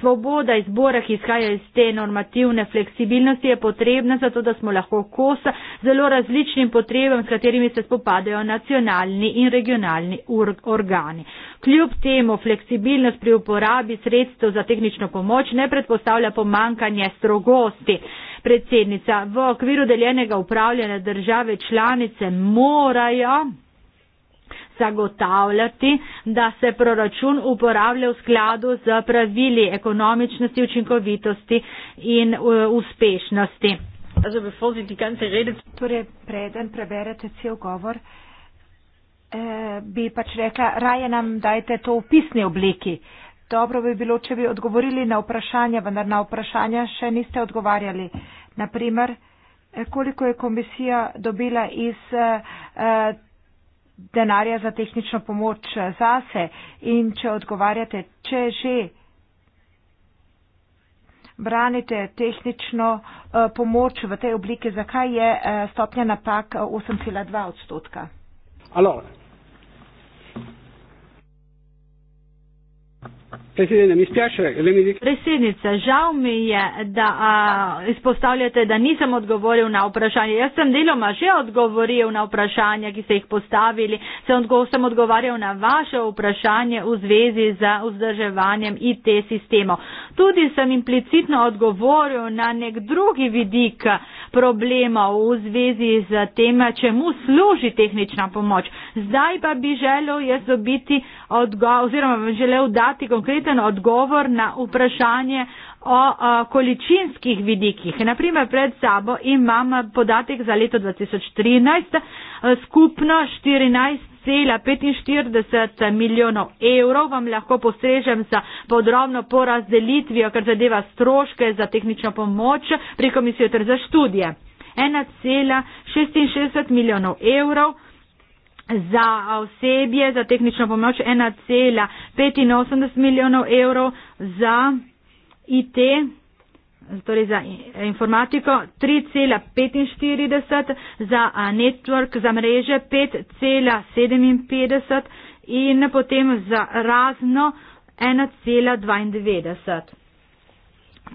Svoboda izbora, ki izhaja iz te normativne fleksibilnosti, je potrebna, zato da smo lahko kos zelo različnim potrebam, s katerimi se spopadajo nacionalni in regionalni organi. Kljub temu fleksibilnost pri uporabi sredstev za tehnično pomoč ne predpostavlja pomankanje strogosti. Predsednica, v okviru deljenega upravljanja države članice morajo zagotavljati, da se proračun uporablja v skladu z pravili ekonomičnosti, učinkovitosti in e, uspešnosti. Also bevor Sie die ganze Rede... Torej, preden preberete cel govor, eh, bi pač rekla, raje nam dajte to v pisni obliki. Dobro bi bilo, če bi odgovorili na vprašanja, vendar na vprašanja še niste odgovarjali. Naprimer, eh, koliko je komisija dobila iz eh, denarja za tehnično pomoč eh, zase in če odgovarjate, če že branite tehnično eh, pomoč v tej obliki, zakaj je eh, stopnja napak 8,2 eh, odstotka? Alors, Predsednica, mi spjašuje, Predsednica, žal mi je, da a, izpostavljate, da nisem odgovoril na vprašanje. Jaz sem deloma že odgovoril na vprašanja, ki ste jih postavili. Sem, odgo sem odgovarjal na vaše vprašanje v zvezi z vzdrževanjem IT sistemov. Tudi sem implicitno odgovoril na nek drugi vidik problemov v zvezi z tem, čemu služi tehnična pomoč. Zdaj pa bi želel jaz dobiti odgovor oziroma želel dati konkreten odgovor na vprašanje o a, količinskih vidikih. Naprimer, pred sabo imam podatek za leto 2013, skupno 14 1,45 milijonov evrov. Vam lahko postrežem sa podrobno porazdelitvijo, kar zadeva stroške za tehnično pomoč pri komisijo ter za študije. 1,66 milijonov evrov. Za osebje, za tehnično pomoč 1,85 milijonov evrov, za IT torej za informatiko 3,45, za network, za mreže 5,57 in potem za razno 1,92.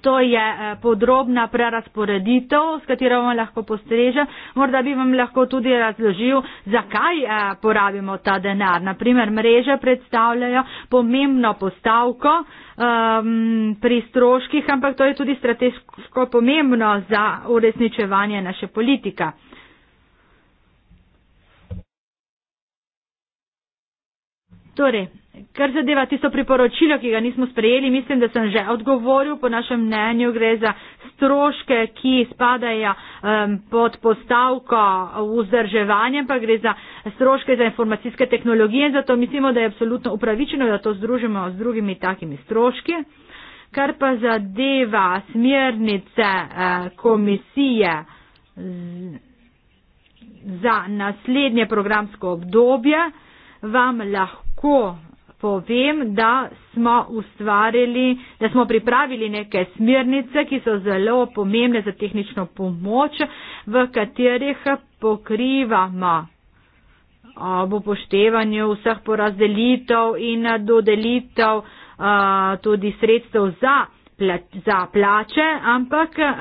To je eh, podrobna prerasporeditev, s katero vam lahko postrežem. Morda bi vam lahko tudi razložil, zakaj eh, porabimo ta denar. Naprimer, mreže predstavljajo pomembno postavko um, pri stroških, ampak to je tudi strateško pomembno za uresničevanje naše politika. Torej, Kar zadeva tisto priporočilo, ki ga nismo sprejeli, mislim, da sem že odgovoril. Po našem mnenju gre za stroške, ki spadajo um, pod postavko vzdrževanja, pa gre za stroške za informacijske tehnologije. Zato mislimo, da je absolutno upravičeno, da to združimo z drugimi takimi stroški. Kar pa zadeva smernice eh, komisije z, za naslednje programsko obdobje, vam lahko povem, da smo ustvarili, da smo pripravili neke smernice, ki so zelo pomembne za tehnično pomoč, v katerih pokrivamo ob upoštevanju vseh porazdelitev in dodelitev tudi sredstev za za plače, ampak eh,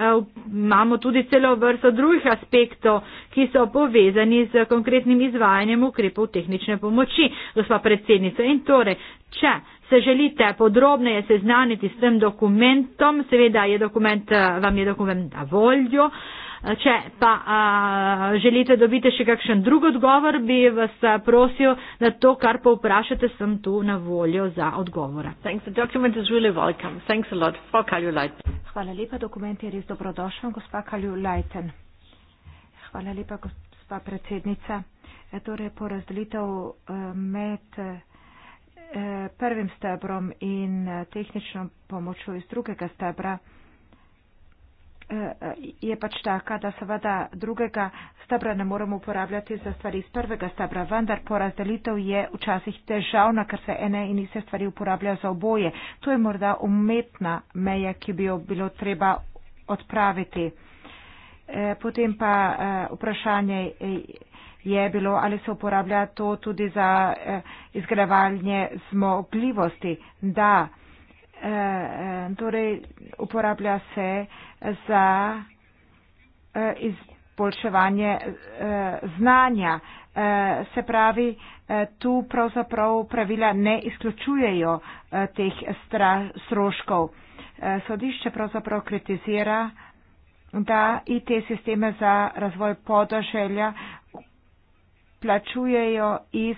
imamo tudi celo vrsto drugih aspektov, ki so povezani z konkretnim izvajanjem ukrepov tehnične pomoči, gospa predsednica. In torej, če se želite podrobneje seznaniti s tem dokumentom, seveda je dokument, eh, vam je dokument na voljo. Eh, če pa a, eh, želite dobiti še kakšen drug odgovor, bi vas eh, prosil, da to, kar pa vprašate, sem tu na voljo za odgovore. Really Hvala lepa, dokument je res dobrodošel, gospa Kalju Leiten. Hvala lepa, gospa predsednica. E, torej, porazdelitev e, med e, e, prvim stebrom in tehnično pomočjo iz drugega stebra. Eh, eh, je pač taka, da seveda drugega stebra ne moremo uporabljati za stvari iz prvega stebra, vendar porazdelitev je včasih težavna, ker se ene in iste stvari uporabljajo za oboje. To je morda umetna meja, ki bi jo bilo treba odpraviti. Eh, potem pa vprašanje je bilo, ali se uporablja to tudi za izgrevalnje zmogljivosti. Da, torej uporablja se za eh, izboljševanje eh, znanja. Eh, se pravi, tu pravzaprav pravila ne izključujejo teh stroškov. Sodišče pravzaprav kritizira, da in te sisteme za razvoj podoželja plačujejo iz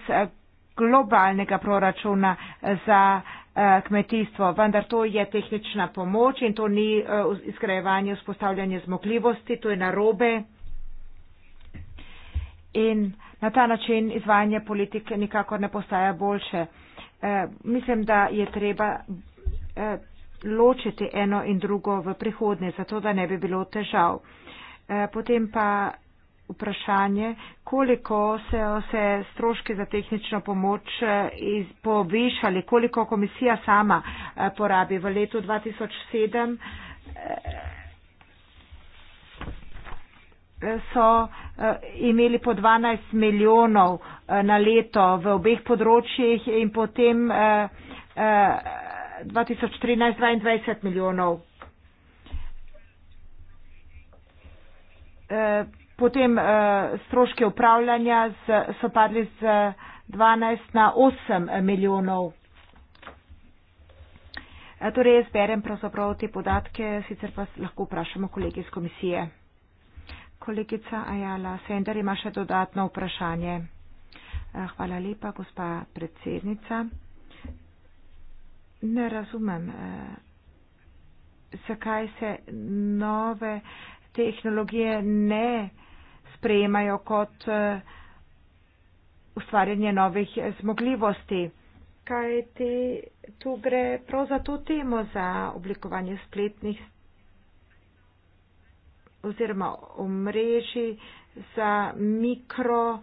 globalnega proračuna za Eh, kmetijstvo, vendar to je tehnična pomoč in to ni eh, izgrajevanje, vzpostavljanje zmogljivosti, to je narobe. In na ta način izvajanje politike nikakor ne postaja boljše. Eh, mislim, da je treba ločiti eno in drugo v prihodnje, zato da ne bi bilo težav. Potem pa vprašanje, koliko se vse stroške za tehnično pomoč eh, iz, povišali, koliko komisija sama eh, porabi v letu 2007. Eh, so imeli po 12 milijonov na leto v obeh področjih in potem 2013 22 milijonov. Potem uh, stroške upravljanja z, so padli z 12 na 8 milijonov. E, torej, jaz berem pravzaprav te podatke, sicer pa lahko vprašamo kolegi iz komisije. Kolegica Ajala Sender ima še dodatno vprašanje. E, hvala lepa, gospa predsednica. Ne razumem, e, zakaj se nove tehnologije ne sprejemajo kot eh, ustvarjanje novih eh, zmogljivosti. Kaj ti tu gre prav za to temo, za oblikovanje spletnih oziroma omrežji za mikro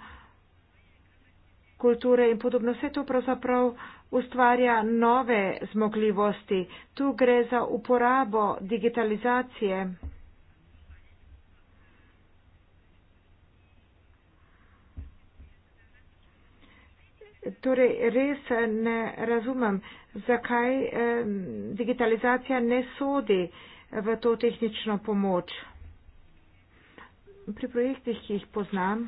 kulture in podobno. Vse to pravzaprav ustvarja nove zmogljivosti. Tu gre za uporabo digitalizacije. Torej, res eh, ne razumem, zakaj eh, digitalizacija ne sodi eh, v to tehnično pomoč. Pri projektih, ki jih poznam,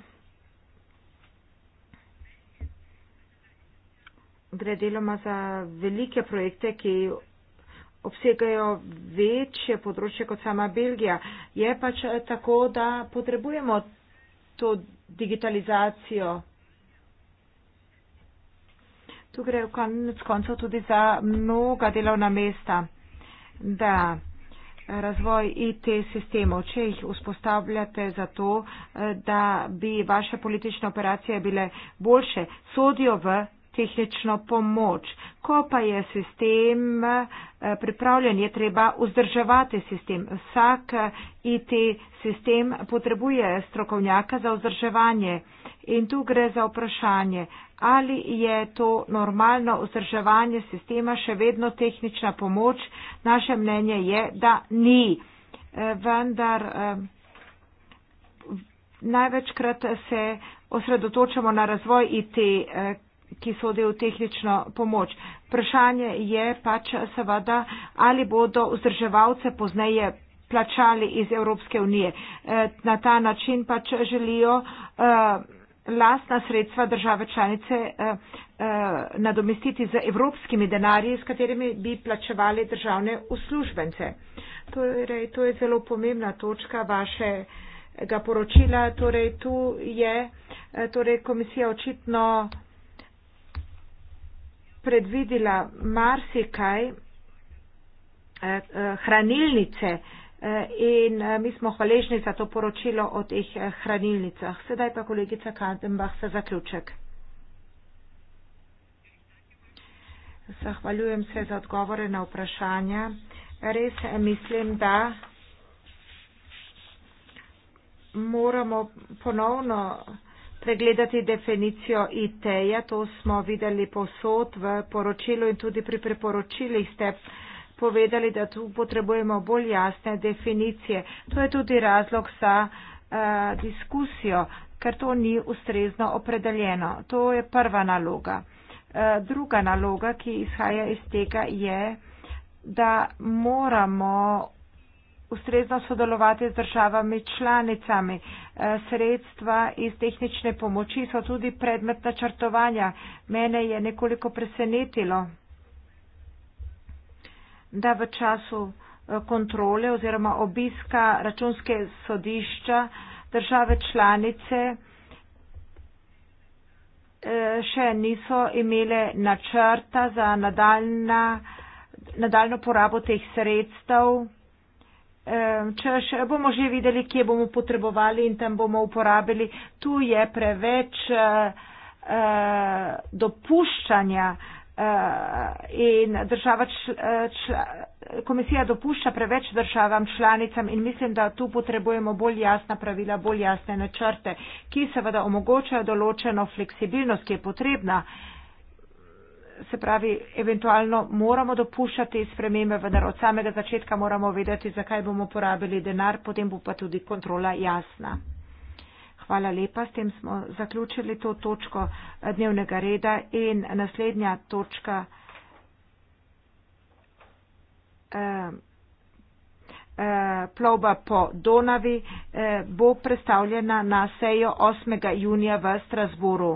gre deloma za velike projekte, ki obsegajo večje področje kot sama Belgija. Je pač eh, tako, da potrebujemo to digitalizacijo. Tu gre v konec koncev tudi za mnoga delovna mesta, da razvoj IT sistemov, če jih vzpostavljate za to, da bi vaše politične operacije bile boljše, sodijo v tehnično pomoč. Ko pa je sistem eh, pripravljen, je treba vzdrževati sistem. Vsak eh, IT sistem potrebuje strokovnjaka za vzdrževanje. In tu gre za vprašanje, ali je to normalno vzdrževanje sistema še vedno tehnična pomoč. Naše mnenje je, da ni. Eh, vendar eh, največkrat se osredotočamo na razvoj IT, eh, ki sodi v tehnično pomoč. Vprašanje je pač seveda, ali bodo vzdrževalce pozneje plačali iz Evropske unije. Na ta način pač želijo lastna sredstva države članice eh, eh, nadomestiti z evropskimi denarji, s katerimi bi plačevali državne uslužbence. Torej, to je zelo pomembna točka vašega poročila. Torej, tu je eh, torej, komisija očitno predvidila marsikaj eh, eh, hranilnice, eh, Eh, in eh, mi smo hvaležni za to poročilo o teh eh, hranilnicah. Sedaj pa kolegica Kandenbach za zaključek. Zahvaljujem se za odgovore na vprašanja. Res mislim, da moramo ponovno pregledati definicijo IT-ja. To smo videli posod v poročilu in tudi pri preporočilih ste povedali, da tu potrebujemo bolj jasne definicije. To je tudi razlog za uh, diskusijo, ker to ni ustrezno opredeljeno. To je prva naloga. Uh, druga naloga, ki izhaja iz tega, je, da moramo ustrezno sodelovati z državami članicami. Eh, sredstva iz tehnične pomoči so tudi predmet načrtovanja. Mene je nekoliko presenetilo da v času eh, kontrole oziroma obiska računske sodišča države članice eh, še niso imele načrta za nadaljna, nadaljno porabo teh sredstev. Eh, če še bomo že videli, kje bomo potrebovali in tam bomo uporabili, tu je preveč dopuščanja, Eh, in država čla, eh, čla, komisija dopušča preveč državam članicam in mislim, da tu potrebujemo bolj jasna pravila, bolj jasne načrte, ki seveda omogočajo določeno fleksibilnost, ki je potrebna. Se pravi, eventualno moramo dopuščati spremembe, vendar od samega začetka moramo vedeti, zakaj bomo porabili denar, potem bo pa tudi kontrola jasna. Hvala lepa, s tem smo zaključili to točko eh, dnevnega reda in naslednja točka. Eh, eh, plovba po Donavi bo predstavljena na sejo 8. junija v Strasboru.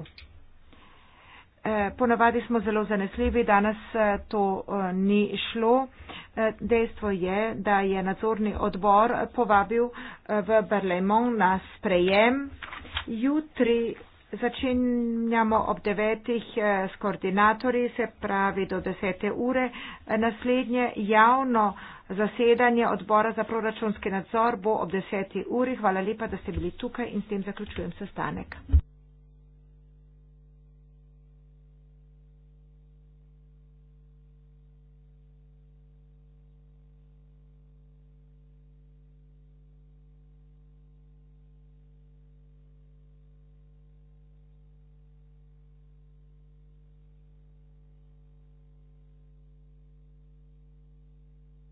Eh, ponavadi smo zelo zanesljivi, danes eh, to eh, ni šlo. Dejstvo je, da je nadzorni odbor povabil v Berlemon na sprejem. Jutri začenjamo ob devetih s koordinatorji, se pravi do desete ure. Naslednje javno zasedanje odbora za proračunski nadzor bo ob deseti uri. Hvala lepa, da ste bili tukaj in s tem zaključujem sestanek.